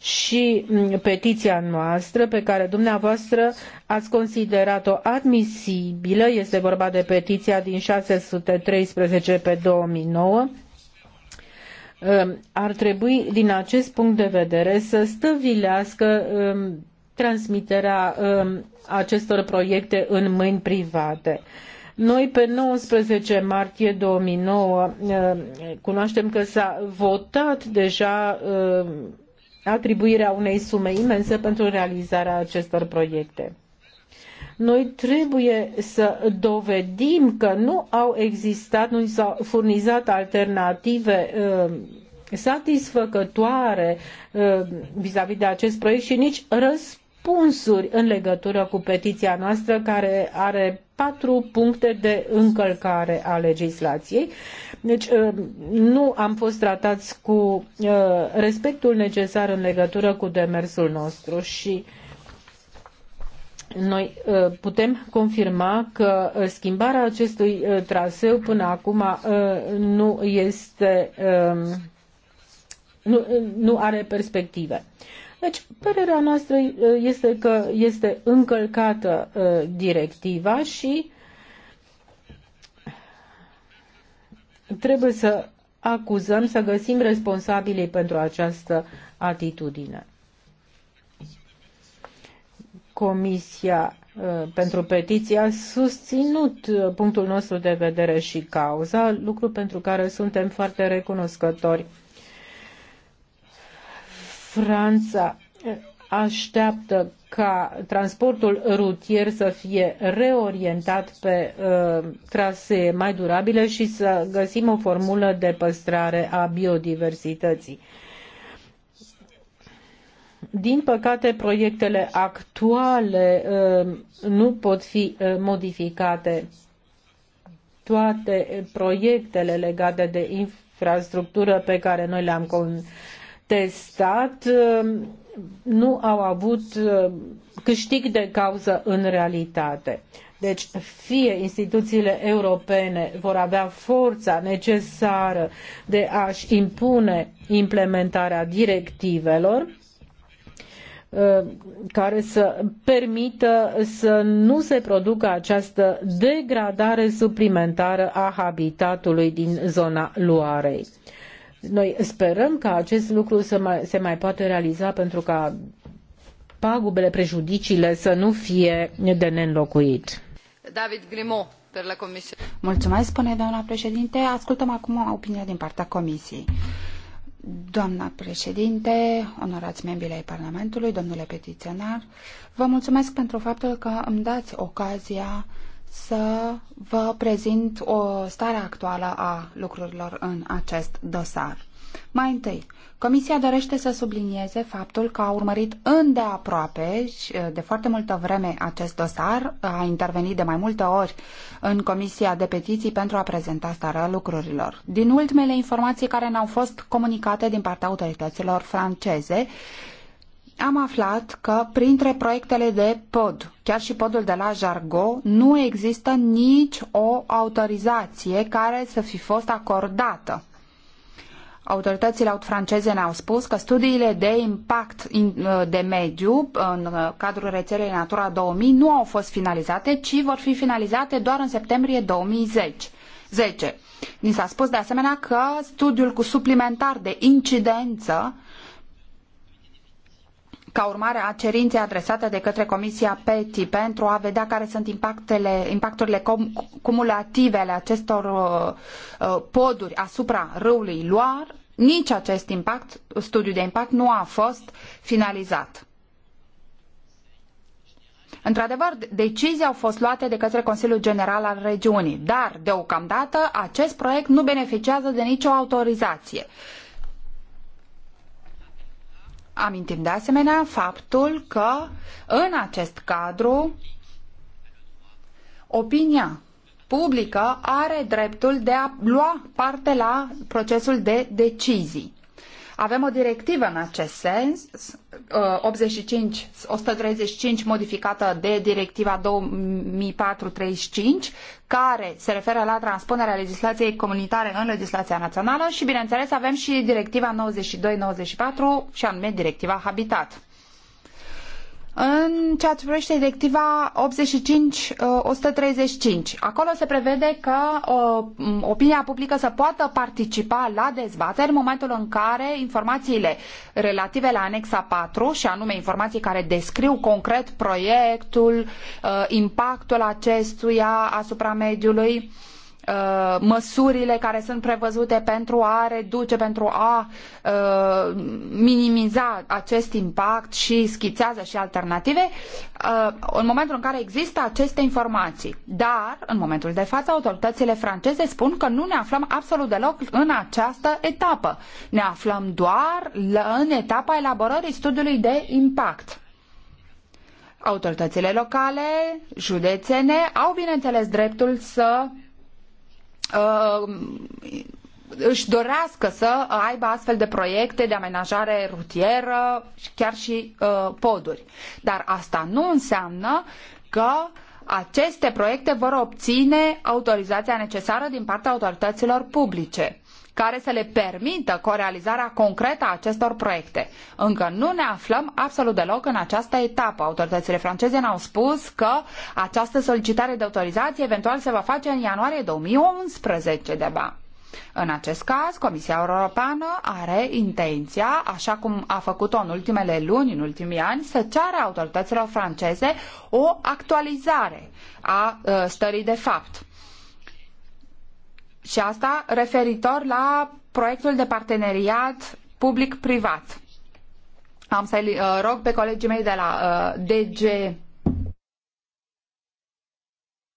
și petiția noastră pe care dumneavoastră ați considerat-o admisibilă, este vorba de petiția din 613 pe 2009, ar trebui din acest punct de vedere să stăvilească transmiterea acestor proiecte în mâini private. Noi pe 19 martie 2009 cunoaștem că s-a votat deja atribuirea unei sume imense pentru realizarea acestor proiecte. Noi trebuie să dovedim că nu au existat, nu s-au furnizat alternative uh, satisfăcătoare uh, vis-a-vis -vis de acest proiect și nici răspunsuri în legătură cu petiția noastră care are patru puncte de încălcare a legislației deci uh, nu am fost tratați cu uh, respectul necesar în legătură cu demersul nostru și noi uh, putem confirma că schimbarea acestui traseu până acum nu este um, nu, nu are perspective. Deci, părerea noastră este că este încălcată directiva și trebuie să acuzăm, să găsim responsabilii pentru această atitudine. Comisia uh, pentru petiție a susținut uh, punctul nostru de vedere și cauza, lucru pentru care suntem foarte recunoscători. Franța uh, așteaptă ca transportul rutier să fie reorientat pe uh, trasee mai durabile și să găsim o formulă de păstrare a biodiversității. Din păcate, proiectele actuale uh, nu pot fi uh, modificate. Toate proiectele legate de infrastructură pe care noi le-am contestat uh, nu au avut uh, câștig de cauză în realitate. Deci fie instituțiile europene vor avea forța necesară de a-și impune implementarea directivelor, uh, care să permită să nu se producă această degradare suplimentară a habitatului din zona Luarei. Noi sperăm că acest lucru să mai, se mai poate realiza pentru ca pagubele, prejudiciile să nu fie de neînlocuit. David Grimont, per la Comisie. Mulțumesc, spune doamna președinte. Ascultăm acum opinia din partea Comisiei. Doamna președinte, onorați membrii ai Parlamentului, domnule petiționar, vă mulțumesc pentru faptul că îmi dați ocazia să vă prezint o stare actuală a lucrurilor în acest dosar. Mai întâi, Comisia dorește să sublinieze faptul că a urmărit îndeaproape și de foarte multă vreme acest dosar, a intervenit de mai multe ori în Comisia de Petiții pentru a prezenta starea lucrurilor. Din ultimele informații care ne-au fost comunicate din partea autorităților franceze, am aflat că printre proiectele de pod, chiar și podul de la Jargo, nu există nici o autorizație care să fi fost acordată. Autoritățile franceze ne-au spus că studiile de impact uh, de mediu uh, în uh, cadrul rețelei Natura 2000 nu au fost finalizate, ci vor fi finalizate doar în septembrie 2010. 10. Ni s-a spus de asemenea că studiul cu suplimentar de incidență ca urmare a cerinței adresate de către Comisia PETI pentru a vedea care sunt impactele, impacturile cumulative ale acestor uh, uh poduri asupra râului Loar, nici acest impact, studiu de impact nu a fost finalizat. Într-adevăr, decizii au fost luate de către Consiliul General al Regiunii, dar, deocamdată, acest proiect nu beneficiază de nicio autorizație. Uh, amintim de asemenea faptul că în acest cadru opinia publică are dreptul de a lua parte la procesul de decizii. Avem o directivă în acest sens, 85, uh, 135 modificată de directiva 2435, care se referă la transpunerea legislației comunitare în legislația națională și, bineînțeles, avem și directiva 92-94 și anume directiva Habitat în ceea ce privește directiva 85-135. Uh, acolo se prevede că uh, opinia publică să poată participa la dezbateri în momentul în care informațiile relative la anexa 4, și anume informații care descriu concret proiectul, uh, impactul acestuia asupra mediului, Uh, măsurile care sunt prevăzute pentru a reduce, pentru a uh, minimiza acest impact și schițează și alternative, uh, în momentul în care există aceste informații. Dar, în momentul de față, autoritățile franceze spun că nu ne aflăm absolut deloc în această etapă. Ne aflăm doar în etapa elaborării studiului de impact. Autoritățile locale, județene, au bineînțeles dreptul să uh, își dorească să aibă astfel de proiecte de amenajare rutieră, chiar și uh, poduri. Dar asta nu înseamnă că aceste proiecte vor obține autorizația necesară din partea autorităților publice care să le permită corealizarea concretă a acestor proiecte. Încă nu ne aflăm absolut deloc în această etapă. Autoritățile franceze ne-au spus că această solicitare de autorizație eventual se va face în ianuarie 2011 de-abia. În acest caz, Comisia Europeană are intenția, așa cum a făcut-o în ultimele luni, în ultimii ani, să ceară autorităților franceze o actualizare a ă, stării de fapt și asta referitor la proiectul de parteneriat public-privat. Am să-i uh, rog pe colegii mei de la uh, DG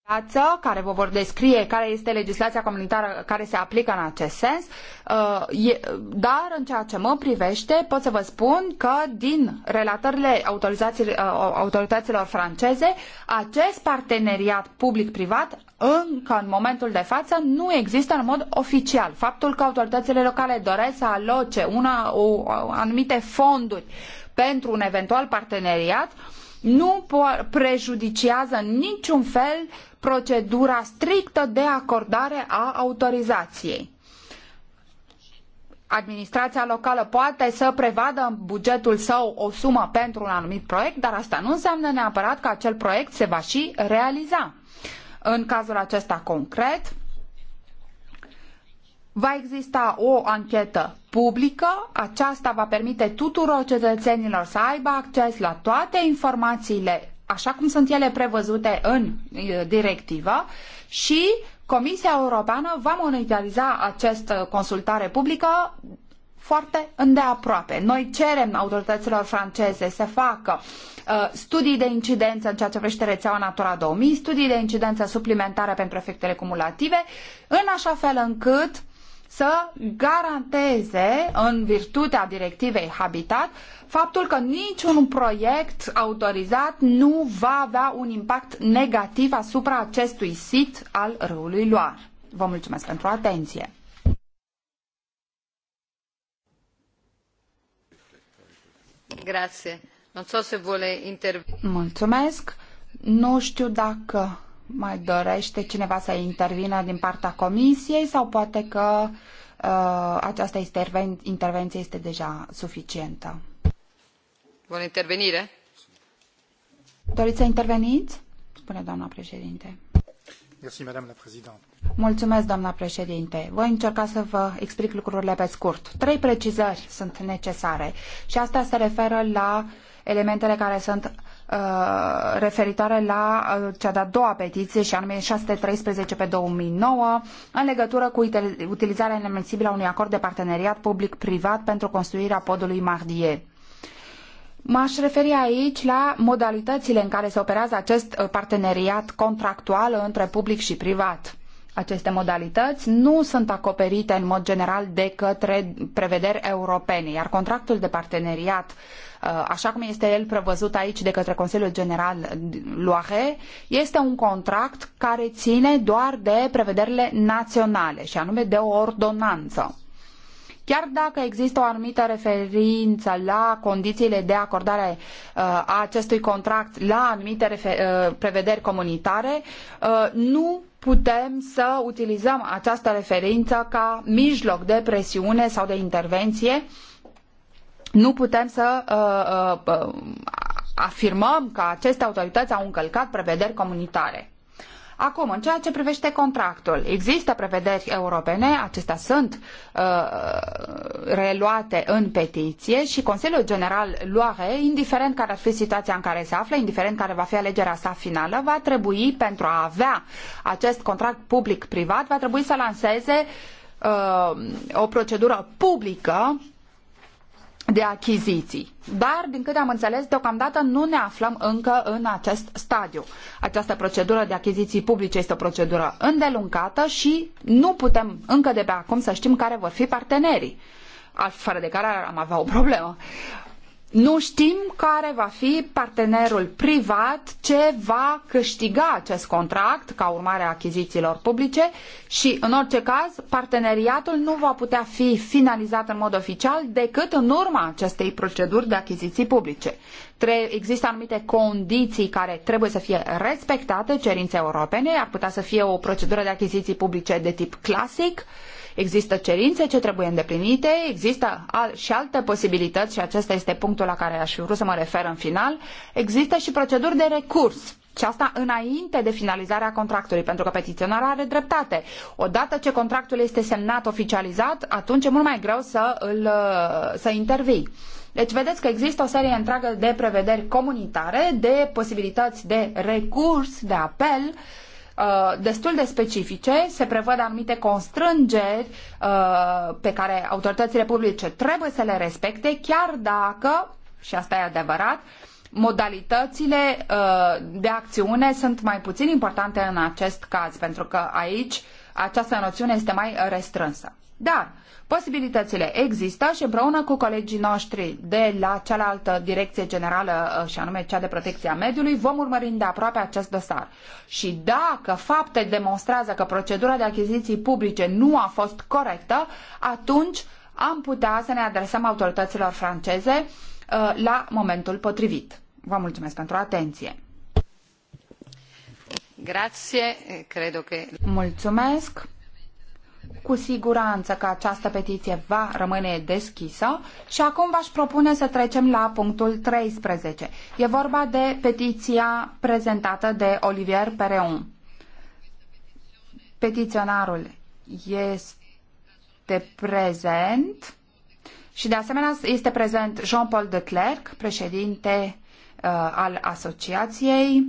piață, care vă vor descrie care este legislația comunitară care se aplică în acest sens, uh, dar în ceea ce mă privește pot să vă spun că din relatările uh, autorităților franceze, acest parteneriat public-privat încă în momentul de față nu există în mod oficial. Faptul că autoritățile locale doresc să aloce una, o, anumite fonduri pentru un eventual parteneriat nu prejudiciază în niciun fel procedura strictă de acordare a autorizației. Administrația locală poate să prevadă în bugetul său o sumă pentru un anumit proiect, dar asta nu înseamnă neapărat că acel proiect se va și realiza. În cazul acesta concret, Va exista o anchetă publică, aceasta va permite tuturor cetățenilor să aibă acces la toate informațiile așa cum sunt ele prevăzute în directivă și Comisia Europeană va monitoriza această consultare publică foarte îndeaproape. Noi cerem autorităților franceze să facă studii de incidență în ceea ce privește rețeaua Natura 2000, studii de incidență suplimentare pentru efectele cumulative, în așa fel încât uh, să garanteze, în virtutea directivei Habitat, faptul că niciun proiect autorizat nu va avea un impact negativ asupra acestui sit al râului Loar. Vă mulțumesc pentru atenție! Grazie. Non so se vuole Mulțumesc. Nu știu dacă mai dorește cineva să intervină din partea comisiei sau poate că uh, această interven- intervenție este deja suficientă? Bună intervenire! Doriți să interveniți? Spune doamna președinte. Mulțumesc, doamna președinte. Voi încerca să vă explic lucrurile pe scurt. Trei precizări sunt necesare și asta se referă la elementele care sunt Uh, referitoare la uh, cea de-a doua petiție și anume 613 pe 2009 în legătură cu utilizarea inadmisibilă a unui acord de parteneriat public-privat pentru construirea podului Mardie. M-aș referi aici la modalitățile în care se operează acest uh, parteneriat contractual între public și privat. Aceste modalități nu sunt acoperite în mod general de către prevederi europene, iar contractul de parteneriat, uh, așa cum este el prevăzut aici de către Consiliul General Loire, este un contract care ține doar de prevederile naționale, și anume de o ordonanță. Chiar dacă există o anumită referință la condițiile de acordare a uh, acestui contract la anumite uh, prevederi comunitare, uh, nu putem să utilizăm această referință ca mijloc de presiune sau de intervenție. Nu putem să afirmăm că aceste autorități au încălcat prevederi comunitare. Acum, în ceea ce privește contractul, există prevederi europene, acestea sunt uh, reluate în petiție și Consiliul General Loare, indiferent care ar fi situația în care se află, indiferent care va fi alegerea sa finală, va trebui, pentru a avea acest contract public-privat, va trebui să lanseze uh, o procedură publică de achiziții. Dar, din câte am înțeles, deocamdată nu ne aflăm încă în acest stadiu. Această procedură de achiziții publice este o procedură îndelungată și nu putem încă de pe acum să știm care vor fi partenerii fără de care am avea o problemă. Nu știm care va fi partenerul privat ce va câștiga acest contract ca urmare a achizițiilor publice și, în orice caz, parteneriatul nu va putea fi finalizat în mod oficial decât în urma acestei proceduri de achiziții publice. Tre- există anumite condiții care trebuie să fie respectate, cerințe europene, ar putea să fie o procedură de achiziții publice de tip clasic, uh, Există cerințe ce trebuie îndeplinite, există al- și alte posibilități și acesta este punctul la care aș fi vrut să mă refer în final. Există și proceduri de recurs. Și asta înainte de finalizarea contractului, pentru că petiționarea are dreptate. Odată ce contractul este semnat, oficializat, atunci e mult mai greu să, îl, uh, să intervii. Deci vedeți că există o serie întreagă de prevederi comunitare, de posibilități de recurs, de apel Uh, destul de specifice, se prevăd anumite constrângeri uh, pe care autoritățile publice trebuie să le respecte, chiar dacă, și asta e adevărat, modalitățile uh, de acțiune sunt mai puțin importante în acest caz, pentru că aici această noțiune este mai restrânsă. Dar Posibilitățile există și împreună cu colegii noștri de la cealaltă direcție generală uh, și anume cea de protecție a mediului vom urmări îndeaproape acest dosar. Și dacă fapte demonstrează că procedura de achiziții publice nu a fost corectă, atunci am putea să ne adresăm autorităților franceze uh, la momentul potrivit. Vă mulțumesc pentru atenție. Grazie, credo că... Mulțumesc. Cu siguranță că această petiție va rămâne deschisă și acum v-aș propune să trecem la punctul 13. E vorba de petiția prezentată de Olivier Pereon. Petiționarul este prezent și de asemenea este prezent Jean-Paul de Clerc, președinte uh, al asociației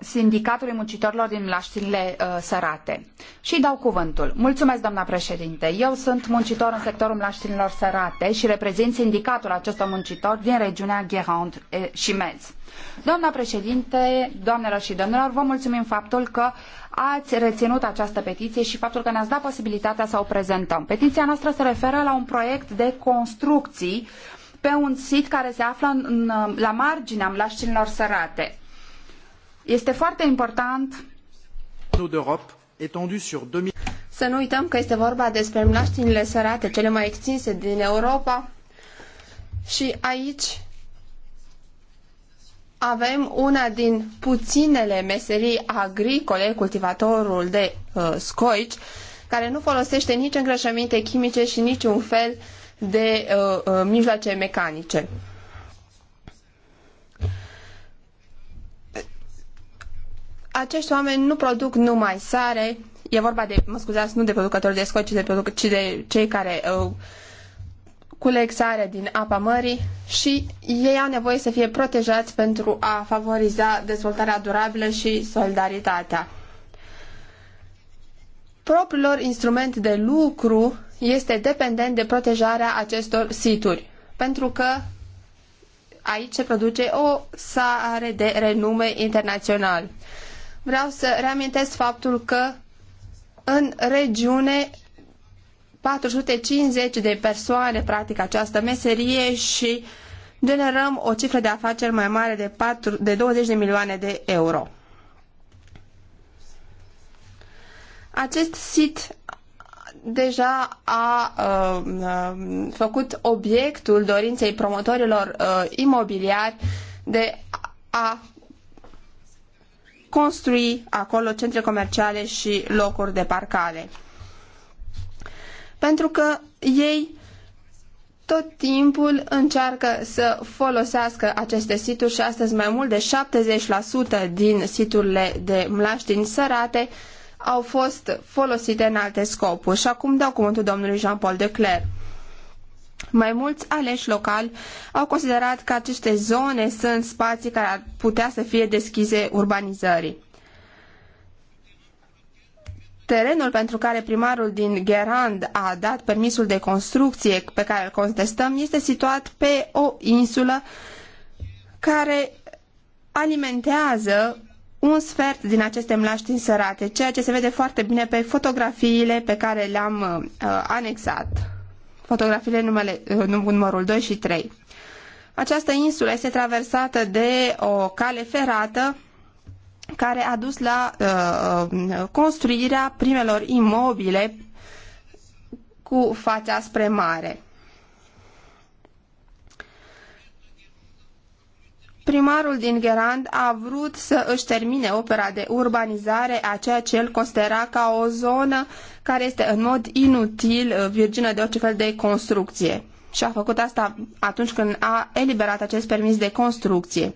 Sindicatului Muncitorilor din Mlaștinile uh, Sărate. Și dau cuvântul. Mulțumesc, doamna președinte. Eu sunt muncitor în sectorul Mlaștinilor Sărate și reprezint sindicatul acestor muncitori din regiunea Gherand și Metz. Doamna președinte, doamnelor și domnilor, vă mulțumim faptul că ați reținut această petiție și faptul că ne-ați dat posibilitatea să o prezentăm. Petiția noastră se referă la un proiect de construcții pe un sit care se află în, la marginea mlaștinilor sărate. Este foarte important să nu uităm că este vorba despre mlaștinile sărate, cele mai extinse din Europa și aici avem una din puținele meserii agricole, cultivatorul de uh, scoici, care nu folosește nici îngrășăminte chimice și niciun fel de uh, uh, mijloace mecanice. acești oameni nu produc numai sare, e vorba de, mă scuzați, nu de producători de scoci, de produc, ci de cei care uh, culeg sare din apa mării și ei au nevoie să fie protejați pentru a favoriza dezvoltarea durabilă și solidaritatea. Propriul lor instrument de lucru este dependent de protejarea acestor situri, pentru că aici se produce o sare de renume internațional vreau să reamintesc faptul că în regiune 450 de persoane practică această meserie și generăm o cifră de afaceri mai mare de, 4, de 20 de milioane de euro. Acest sit deja a uh, uh făcut obiectul dorinței promotorilor uh, imobiliari de a construi acolo centre comerciale și locuri de parcare. Pentru că ei tot timpul încearcă să folosească aceste situri și astăzi mai mult de 70% din siturile de mlaștini sărate au fost folosite în alte scopuri. Și acum dau cuvântul domnului Jean-Paul de Clare. Mai mulți aleși locali au considerat că aceste zone sunt spații care ar putea să fie deschise urbanizării. Terenul pentru care primarul din Gerand a dat permisul de construcție pe care îl contestăm este situat pe o insulă care alimentează un sfert din aceste mlaștini sărate, ceea ce se vede foarte bine pe fotografiile pe care le-am uh, anexat fotografiile numele, uh, numărul 2 și 3. Această insulă este traversată de o cale ferată care a dus la uh, uh construirea primelor imobile cu fața spre mare. primarul din Gerand a vrut să își termine opera de urbanizare a ceea ce el considera ca o zonă care este în mod inutil uh, virgină de orice fel de construcție. Și a făcut asta atunci când a eliberat acest permis de construcție.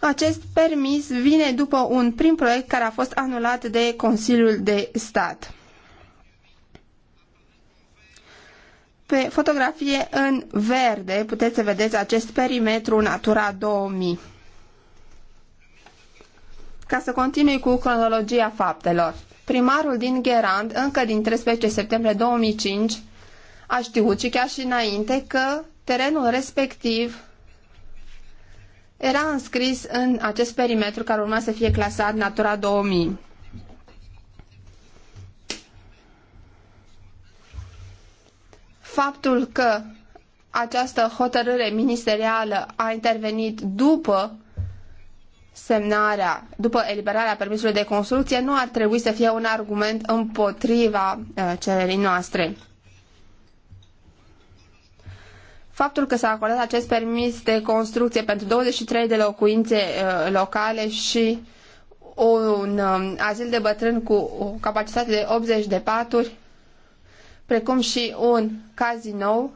Acest permis vine după un prim proiect care a fost anulat de Consiliul de Stat. Pe fotografie în verde puteți să vedeți acest perimetru Natura 2000. Ca să continui cu cronologia faptelor, primarul din Gerand, încă din 13 septembrie 2005, a știut și chiar și înainte că terenul respectiv era înscris în acest perimetru care urma să fie clasat Natura 2000. faptul că această hotărâre ministerială a intervenit după semnarea, după eliberarea permisului de construcție, nu ar trebui să fie un argument împotriva uh, cererii noastre. Faptul că s-a acordat acest permis de construcție pentru 23 de locuințe uh, locale și un um, azil de bătrân cu o capacitate de 80 de paturi precum și un cazinou,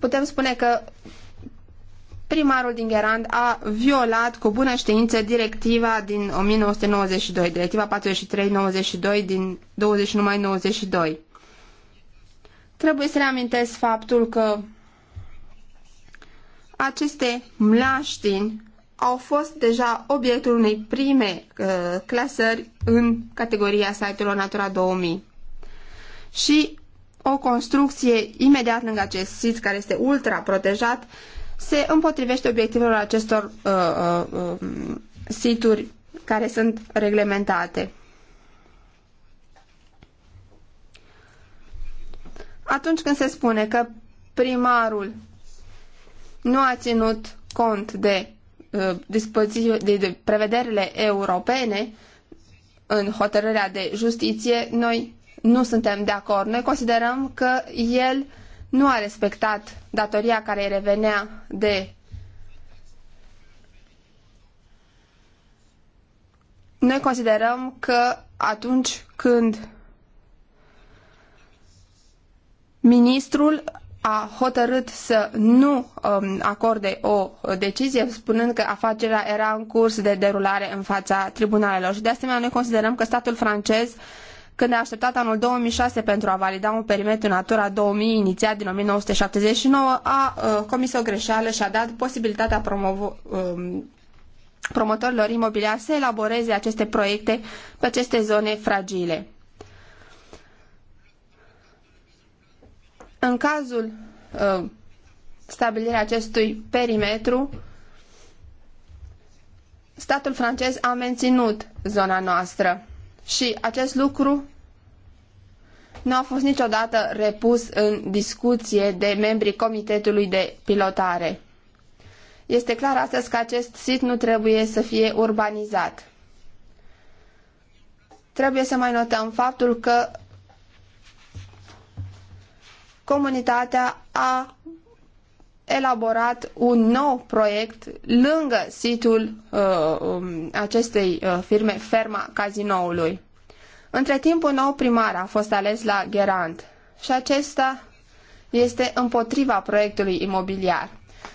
putem spune că primarul din Gherand a violat cu bună știință directiva din 1992, directiva 4392 din 21 mai 92. Trebuie să reamintesc faptul că aceste mlaștini au fost deja obiectul unei prime uh, clasări în categoria site-urilor Natura 2000. Și o construcție imediat lângă acest sit care este ultra protejat se împotrivește obiectivelor acestor uh, uh, uh, situri care sunt reglementate. Atunci când se spune că primarul nu a ținut cont de Uh, de, prevederile europene în hotărârea de justiție, noi nu suntem de acord. Noi considerăm că el nu a respectat datoria care îi revenea de Noi considerăm că atunci când ministrul a hotărât să nu um, acorde o decizie, spunând că afacerea era în curs de derulare în fața tribunalelor. Și de asemenea, noi considerăm că statul francez când a așteptat anul 2006 pentru a valida un perimetru Natura 2000 inițiat din 1979, a uh, comis o greșeală și a dat posibilitatea um, promotorilor imobiliari să elaboreze aceste proiecte pe aceste zone fragile. În cazul uh, stabilirea acestui perimetru, statul francez a menținut zona noastră și acest lucru nu a fost niciodată repus în discuție de membrii Comitetului de Pilotare. Este clar astăzi că acest sit nu trebuie să fie urbanizat. Trebuie să mai notăm faptul că comunitatea a elaborat un nou proiect lângă situl uh, um, acestei uh, firme, ferma cazinoului. Între timp, un nou primar a fost ales la Gerant și acesta este împotriva proiectului imobiliar.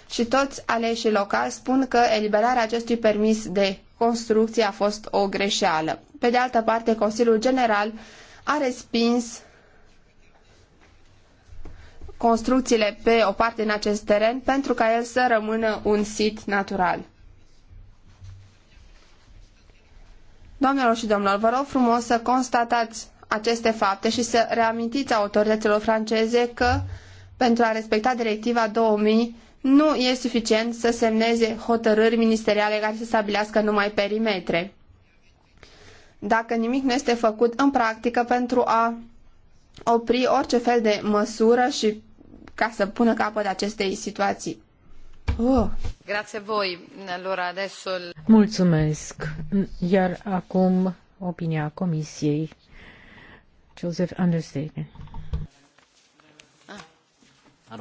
Și toți aleșii locali spun că eliberarea acestui permis de construcție a fost o greșeală. Pe de altă parte, Consiliul General a respins construcțiile pe o parte din acest teren pentru ca el să rămână un sit natural. Doamnelor și domnilor, vă rog frumos să constatați aceste fapte și să reamintiți autorităților franceze că pentru a respecta directiva 2000 nu e suficient să semneze hotărâri ministeriale care să stabilească numai perimetre. Dacă nimic nu este făcut în practică pentru a opri orice fel de măsură și ca să pună capăt acestei situații. Oh. Grazie voi. Allora adesso... Mulțumesc. Iar acum opinia Comisiei. Joseph Understatement. Ah.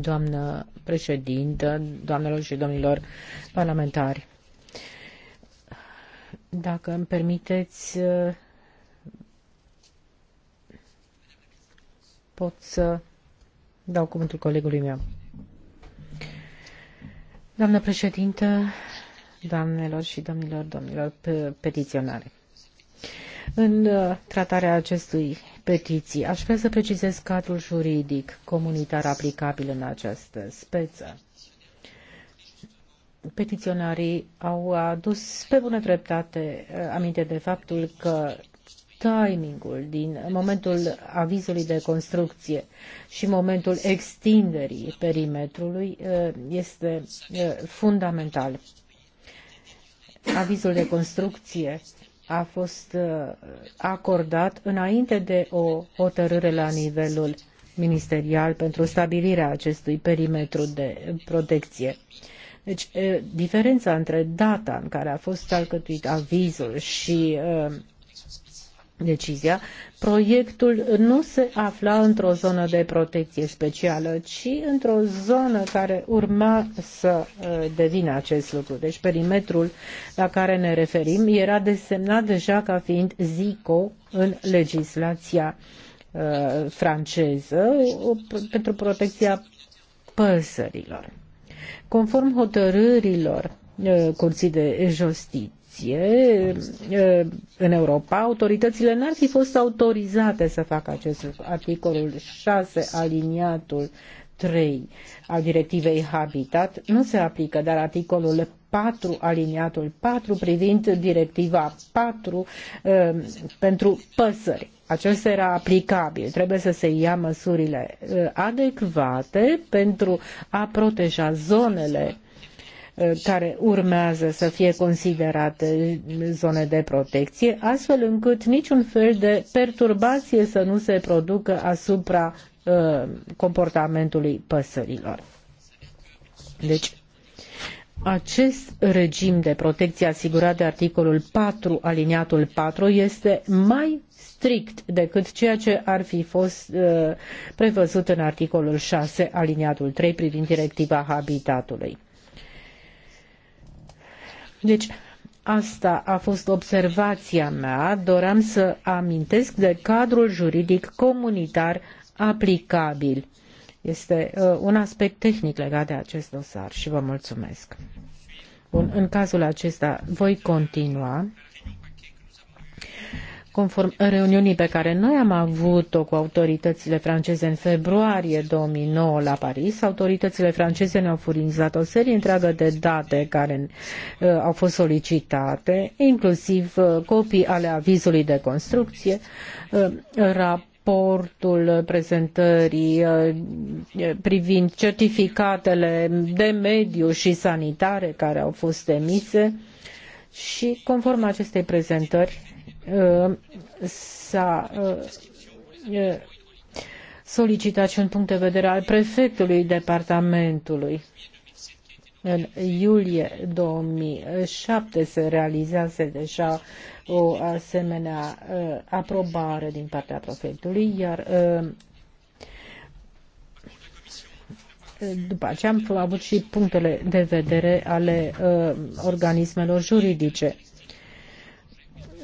Doamnă președintă, doamnelor și domnilor parlamentari, dacă îmi permiteți, pot să Dau cuvântul colegului meu. Doamnă președintă, doamnelor și domnilor, domnilor petiționare. În uh, tratarea acestui petiții, aș vrea să precizez cadrul juridic comunitar aplicabil în această speță. Petiționarii au adus pe bună dreptate uh, aminte de faptul că timingul din momentul avizului de construcție și momentul extinderii perimetrului uh, este uh, fundamental. Avizul de construcție a fost uh, acordat înainte de o hotărâre la nivelul ministerial pentru stabilirea acestui perimetru de protecție. Deci, diferența între data în care a fost alcătuit avizul și uh, decizia, proiectul nu se afla într-o zonă de protecție specială, ci într-o zonă care urma să uh, devină acest lucru. Deci perimetrul la care ne referim era desemnat deja ca fiind ZICO în legislația uh, franceză pentru protecția păsărilor. Conform hotărârilor uh, Curții de Justiție, corupție în Europa, autoritățile n-ar fi fost autorizate să facă acest lucru. Articolul 6, aliniatul 3 al directivei Habitat nu se aplică, dar articolul 4, aliniatul 4 privind directiva 4 pentru păsări. Acesta era aplicabil. Trebuie să se ia măsurile adecvate pentru a proteja zonele Uh, care urmează să fie considerate zone de protecție, astfel încât niciun fel de perturbație să nu se producă asupra uh, comportamentului păsărilor. Deci, acest regim de protecție asigurat de articolul 4, aliniatul 4, este mai strict decât ceea ce ar fi fost uh, prevăzut în articolul 6, aliniatul 3, privind directiva habitatului. Deci, asta a fost observația mea. Doream să amintesc de cadrul juridic comunitar aplicabil. Este uh, un aspect tehnic legat de acest dosar și vă mulțumesc. Bun, în cazul acesta voi continua. Conform reuniunii pe care noi am avut-o cu autoritățile franceze în februarie 2009 la Paris, autoritățile franceze ne-au furnizat o serie întreagă de date care uh, au fost solicitate, inclusiv uh, copii ale avizului de construcție, uh, rap raportul prezentării uh, privind certificatele de mediu și sanitare care au fost emise și conform acestei prezentări Uh, s-a uh, solicitat și un punct de vedere al prefectului departamentului. În iulie 2007 se realizase deja o asemenea uh, aprobare din partea prefectului, iar uh, după aceea am avut și punctele de vedere ale uh, organismelor juridice.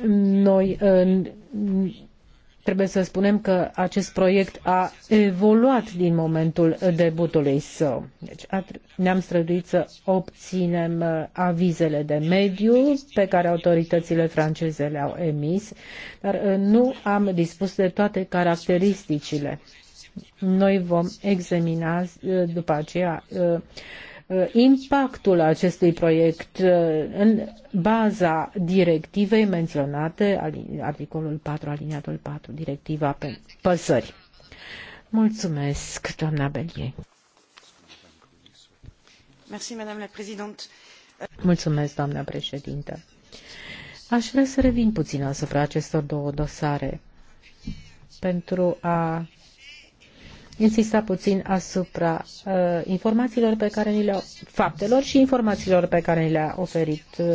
Noi uh, trebuie să spunem că acest proiect a evoluat din momentul debutului său. Deci ne-am străduit să obținem uh, avizele de mediu pe care autoritățile franceze le-au emis, dar uh, nu am dispus de toate caracteristicile. Noi vom examina după aceea Uh, impactul acestui proiect uh, în baza directivei menționate, articolul 4, aliniatul 4, directiva pe păsări. Mulțumesc, doamna Belie. Mulțumesc, doamna președintă. Aș vrea să revin puțin asupra acestor două dosare pentru a insista puțin asupra uh, informațiilor pe care ni le faptelor și informațiilor pe care ni le-a oferit uh,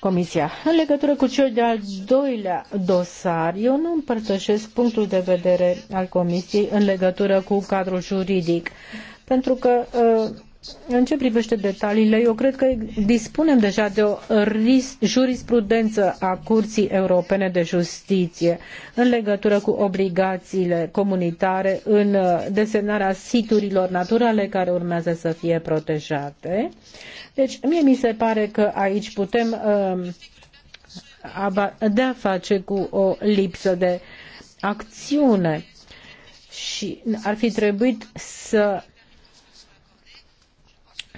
Comisia. În legătură cu cel de-al doilea dosar, eu nu împărtășesc punctul de vedere al Comisiei în legătură cu cadrul juridic, pentru că uh, în ce privește detaliile, eu cred că dispunem deja de o jurisprudență a Curții Europene de Justiție în legătură cu obligațiile comunitare în uh, desemnarea siturilor naturale care urmează să fie protejate. Deci, mie mi se pare că aici putem um, de-a face cu o lipsă de acțiune și ar fi trebuit să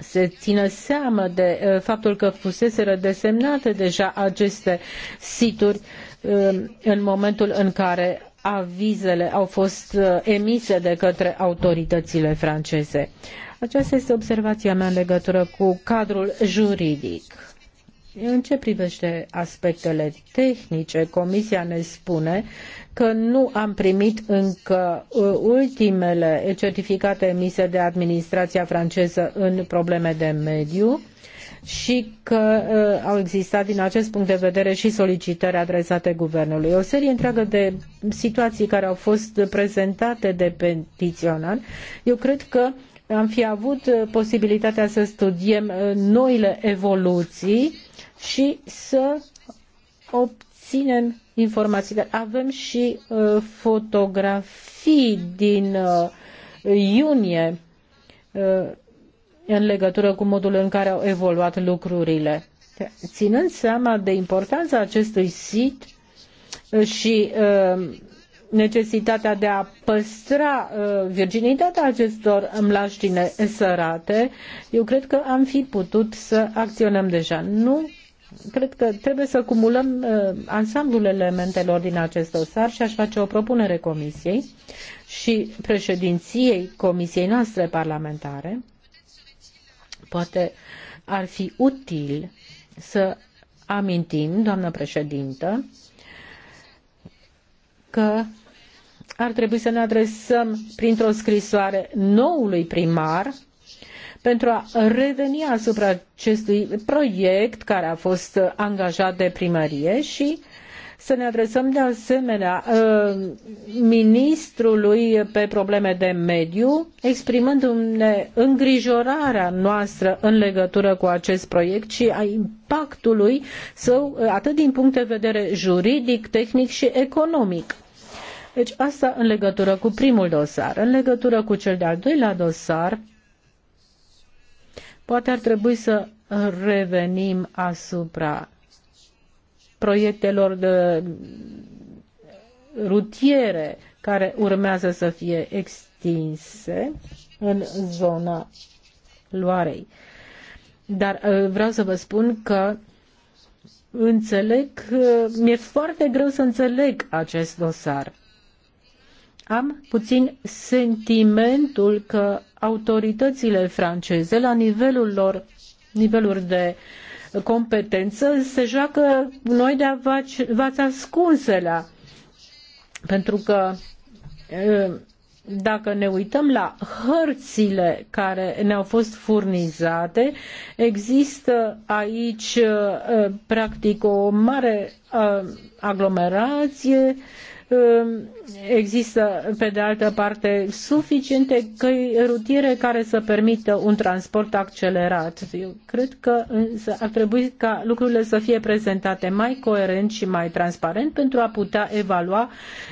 se țină seama de uh, faptul că fuseseră desemnate deja aceste situri um, în momentul în care avizele au fost uh, emise de către autoritățile franceze. Aceasta este observația mea în legătură cu cadrul juridic. În ce privește aspectele tehnice, Comisia ne spune că nu am primit încă uh, ultimele certificate emise de administrația franceză în probleme de mediu și că uh, au existat din acest punct de vedere și solicitări adresate guvernului. O serie întreagă de situații care au fost prezentate de petiționar. Eu cred că am fi avut uh, posibilitatea să studiem uh, noile evoluții și să obținem informații. avem și uh, fotografii din uh, iunie uh, în legătură cu modul în care au evoluat lucrurile. Ținând seama de importanța acestui sit uh, și uh, necesitatea de a păstra uh, virginitatea acestor mlaștine sărate, eu cred că am fi putut să acționăm deja. Nu Cred că trebuie să cumulăm uh, ansamblul elementelor din acest dosar și aș face o propunere Comisiei și președinției Comisiei noastre parlamentare. Poate ar fi util să amintim, doamnă președintă, că ar trebui să ne adresăm printr-o scrisoare noului primar pentru a reveni asupra acestui proiect care a fost angajat de primărie și să ne adresăm de asemenea uh, ministrului pe probleme de mediu, exprimându-ne îngrijorarea noastră în legătură cu acest proiect și a impactului său uh, atât din punct de vedere juridic, tehnic și economic. Deci asta în legătură cu primul dosar. În legătură cu cel de-al doilea dosar, Poate ar trebui să uh, revenim asupra proiectelor de uh, rutiere care urmează să fie extinse în zona luarei. Dar uh, vreau să vă spun că înțeleg, mi-e foarte greu să înțeleg acest dosar am puțin sentimentul că autoritățile franceze, la nivelul lor, niveluri de competență, se joacă noi de v-ați ascunselea. Pentru că dacă ne uităm la hărțile care ne-au fost furnizate, există aici practic o mare aglomerație Ehm, există, pe de altă parte, suficiente căi rutiere care să permită un transport accelerat. Eu cred că însă ar trebui ca lucrurile să fie prezentate mai coerent și mai transparent pentru a putea evalua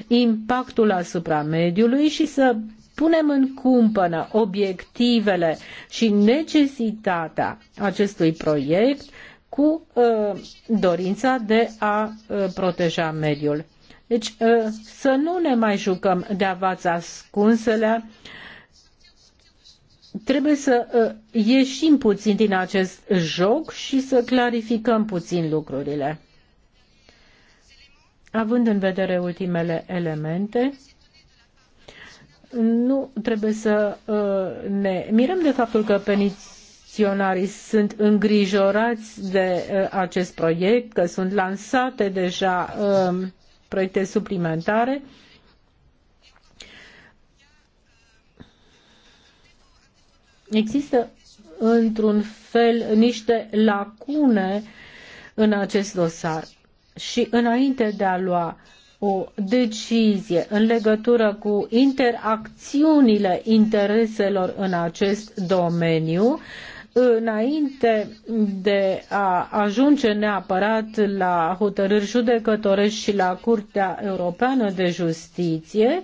impactul asupra mediului și să punem în cumpănă obiectivele și necesitatea acestui proiect cu uh, dorința de a uh, proteja mediul. Deci ă, să nu ne mai jucăm de avați ascunselea, trebuie să ă, ieșim puțin din acest joc și să clarificăm puțin lucrurile. Având în vedere ultimele elemente, nu trebuie să ă, ne mirăm de faptul că petiționarii sunt îngrijorați de acest proiect, că sunt lansate deja proiecte suplimentare. Există într-un fel niște lacune în acest dosar și înainte de a lua o decizie în legătură cu interacțiunile intereselor în acest domeniu, înainte de a ajunge neapărat la hotărâri judecătorești și la Curtea Europeană de Justiție,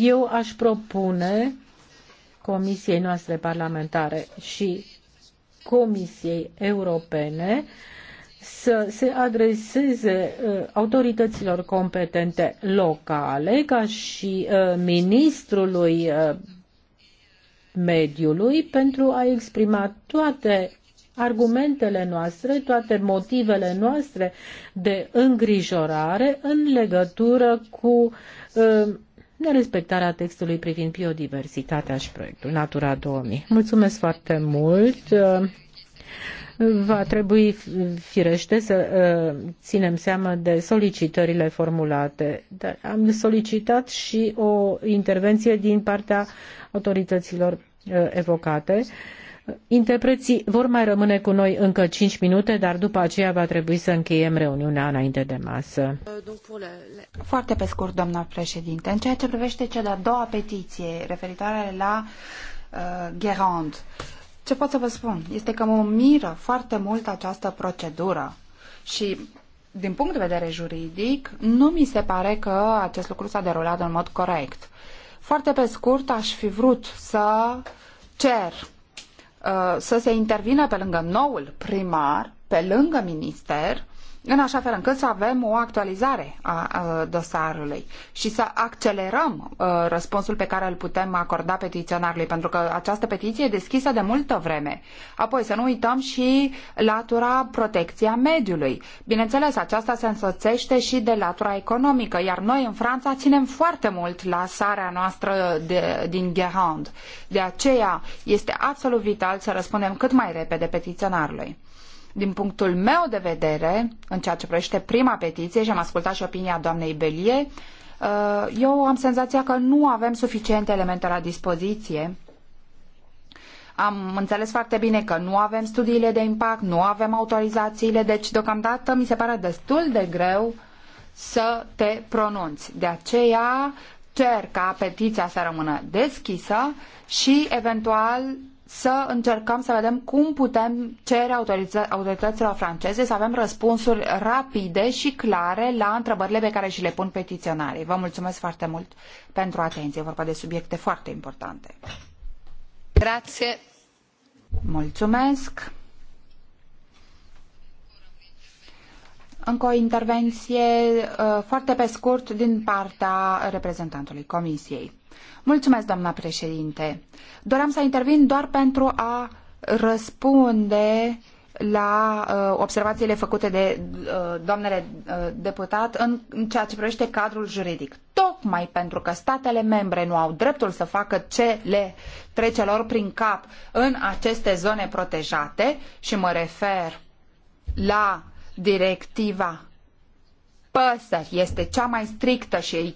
eu aș propune Comisiei noastre parlamentare și Comisiei Europene să se adreseze uh, autorităților competente locale ca și uh, ministrului uh, mediului pentru a exprima toate argumentele noastre, toate motivele noastre de îngrijorare în legătură cu uh, nerespectarea textului privind biodiversitatea și proiectul Natura 2000. Mulțumesc foarte mult! Uh, Va trebui, firește, să uh, ținem seama de solicitările formulate. Dar am solicitat și o intervenție din partea autorităților uh, evocate. Interpreții vor mai rămâne cu noi încă 5 minute, dar după aceea va trebui să încheiem reuniunea înainte de masă. Foarte pe scurt, doamna președinte, în ceea ce privește cea de-a doua petiție referitoare la uh, Gerand, uh, ce pot să vă spun este că mă miră foarte mult această procedură și din punct de vedere juridic, nu mi se pare că acest lucru s-a derulat în mod corect. Foarte pe scurt, aș fi vrut să cer uh, să se intervină pe lângă noul primar, pe lângă minister, în așa fel încât să avem o actualizare a dosarului și să accelerăm răspunsul pe care îl putem acorda petiționarului, pentru că această petiție e deschisă de multă vreme. Apoi să nu uităm și latura protecția mediului. Bineînțeles, aceasta se însoțește și de latura economică, iar noi în Franța ținem foarte mult la sarea noastră de, din Gerand. De aceea este absolut vital să răspundem cât mai repede petiționarului. Din punctul meu de vedere, în ceea ce privește prima petiție, și am ascultat și opinia doamnei Belie, uh, eu am senzația că nu avem suficiente elemente la dispoziție am înțeles foarte bine că nu avem studiile de impact, nu avem autorizațiile, deci deocamdată mi se pare destul de greu să te pronunți. De aceea cer ca petiția să rămână deschisă și eventual să încercăm să vedem cum putem cere autorităților franceze să avem răspunsuri rapide și clare la întrebările pe care și le pun petiționarii. Vă mulțumesc foarte mult pentru atenție. E vorba de subiecte foarte importante. Grație. Mulțumesc. Încă o intervenție uh, foarte pe scurt din partea reprezentantului Comisiei. Mulțumesc, doamna președinte. Doream să intervin doar pentru a răspunde la uh, observațiile făcute de uh, doamnele uh, deputat în, în ceea ce privește cadrul juridic. Tocmai pentru că statele membre nu au dreptul să facă ce le trece lor prin cap în aceste zone protejate și mă refer la directiva păsări este cea mai strictă și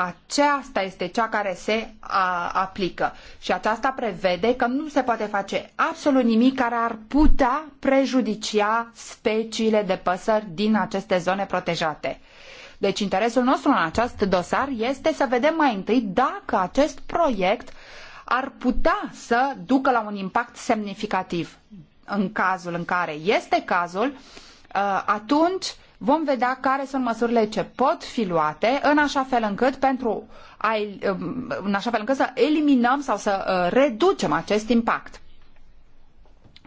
aceasta este cea care se a, aplică și aceasta prevede că nu se poate face absolut nimic care ar putea prejudicia speciile de păsări din aceste zone protejate. Deci interesul nostru în acest dosar este să vedem mai întâi dacă acest proiect ar putea să ducă la un impact semnificativ. În cazul în care este cazul, uh, atunci vom vedea care sunt măsurile ce pot fi luate în așa fel încât pentru a, um, în așa fel încât să eliminăm sau să uh, reducem acest impact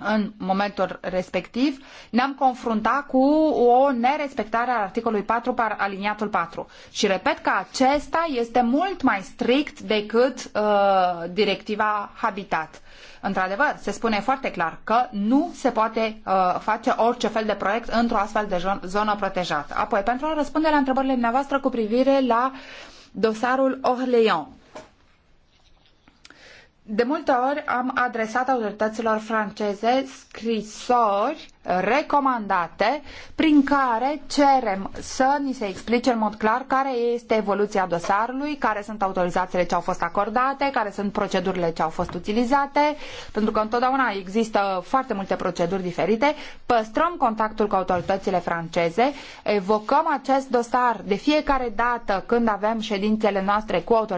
în momentul respectiv, ne-am confruntat cu o nerespectare a articolului 4, aliniatul 4. Și repet că acesta este mult mai strict decât uh, directiva Habitat. Într-adevăr, se spune foarte clar că nu se poate uh, face orice fel de proiect într-o astfel de zonă protejată. Apoi, pentru a răspunde la întrebările dumneavoastră cu privire la dosarul Orléans de multe ori am adresat autorităților franceze scrisori recomandate prin care cerem să ni se explice în mod clar care este evoluția dosarului, care sunt autorizațiile ce au fost acordate, care sunt procedurile ce au fost utilizate, pentru că întotdeauna există foarte multe proceduri diferite. Păstrăm contactul cu autoritățile franceze, evocăm acest dosar de fiecare dată când avem ședințele noastre cu autoritățile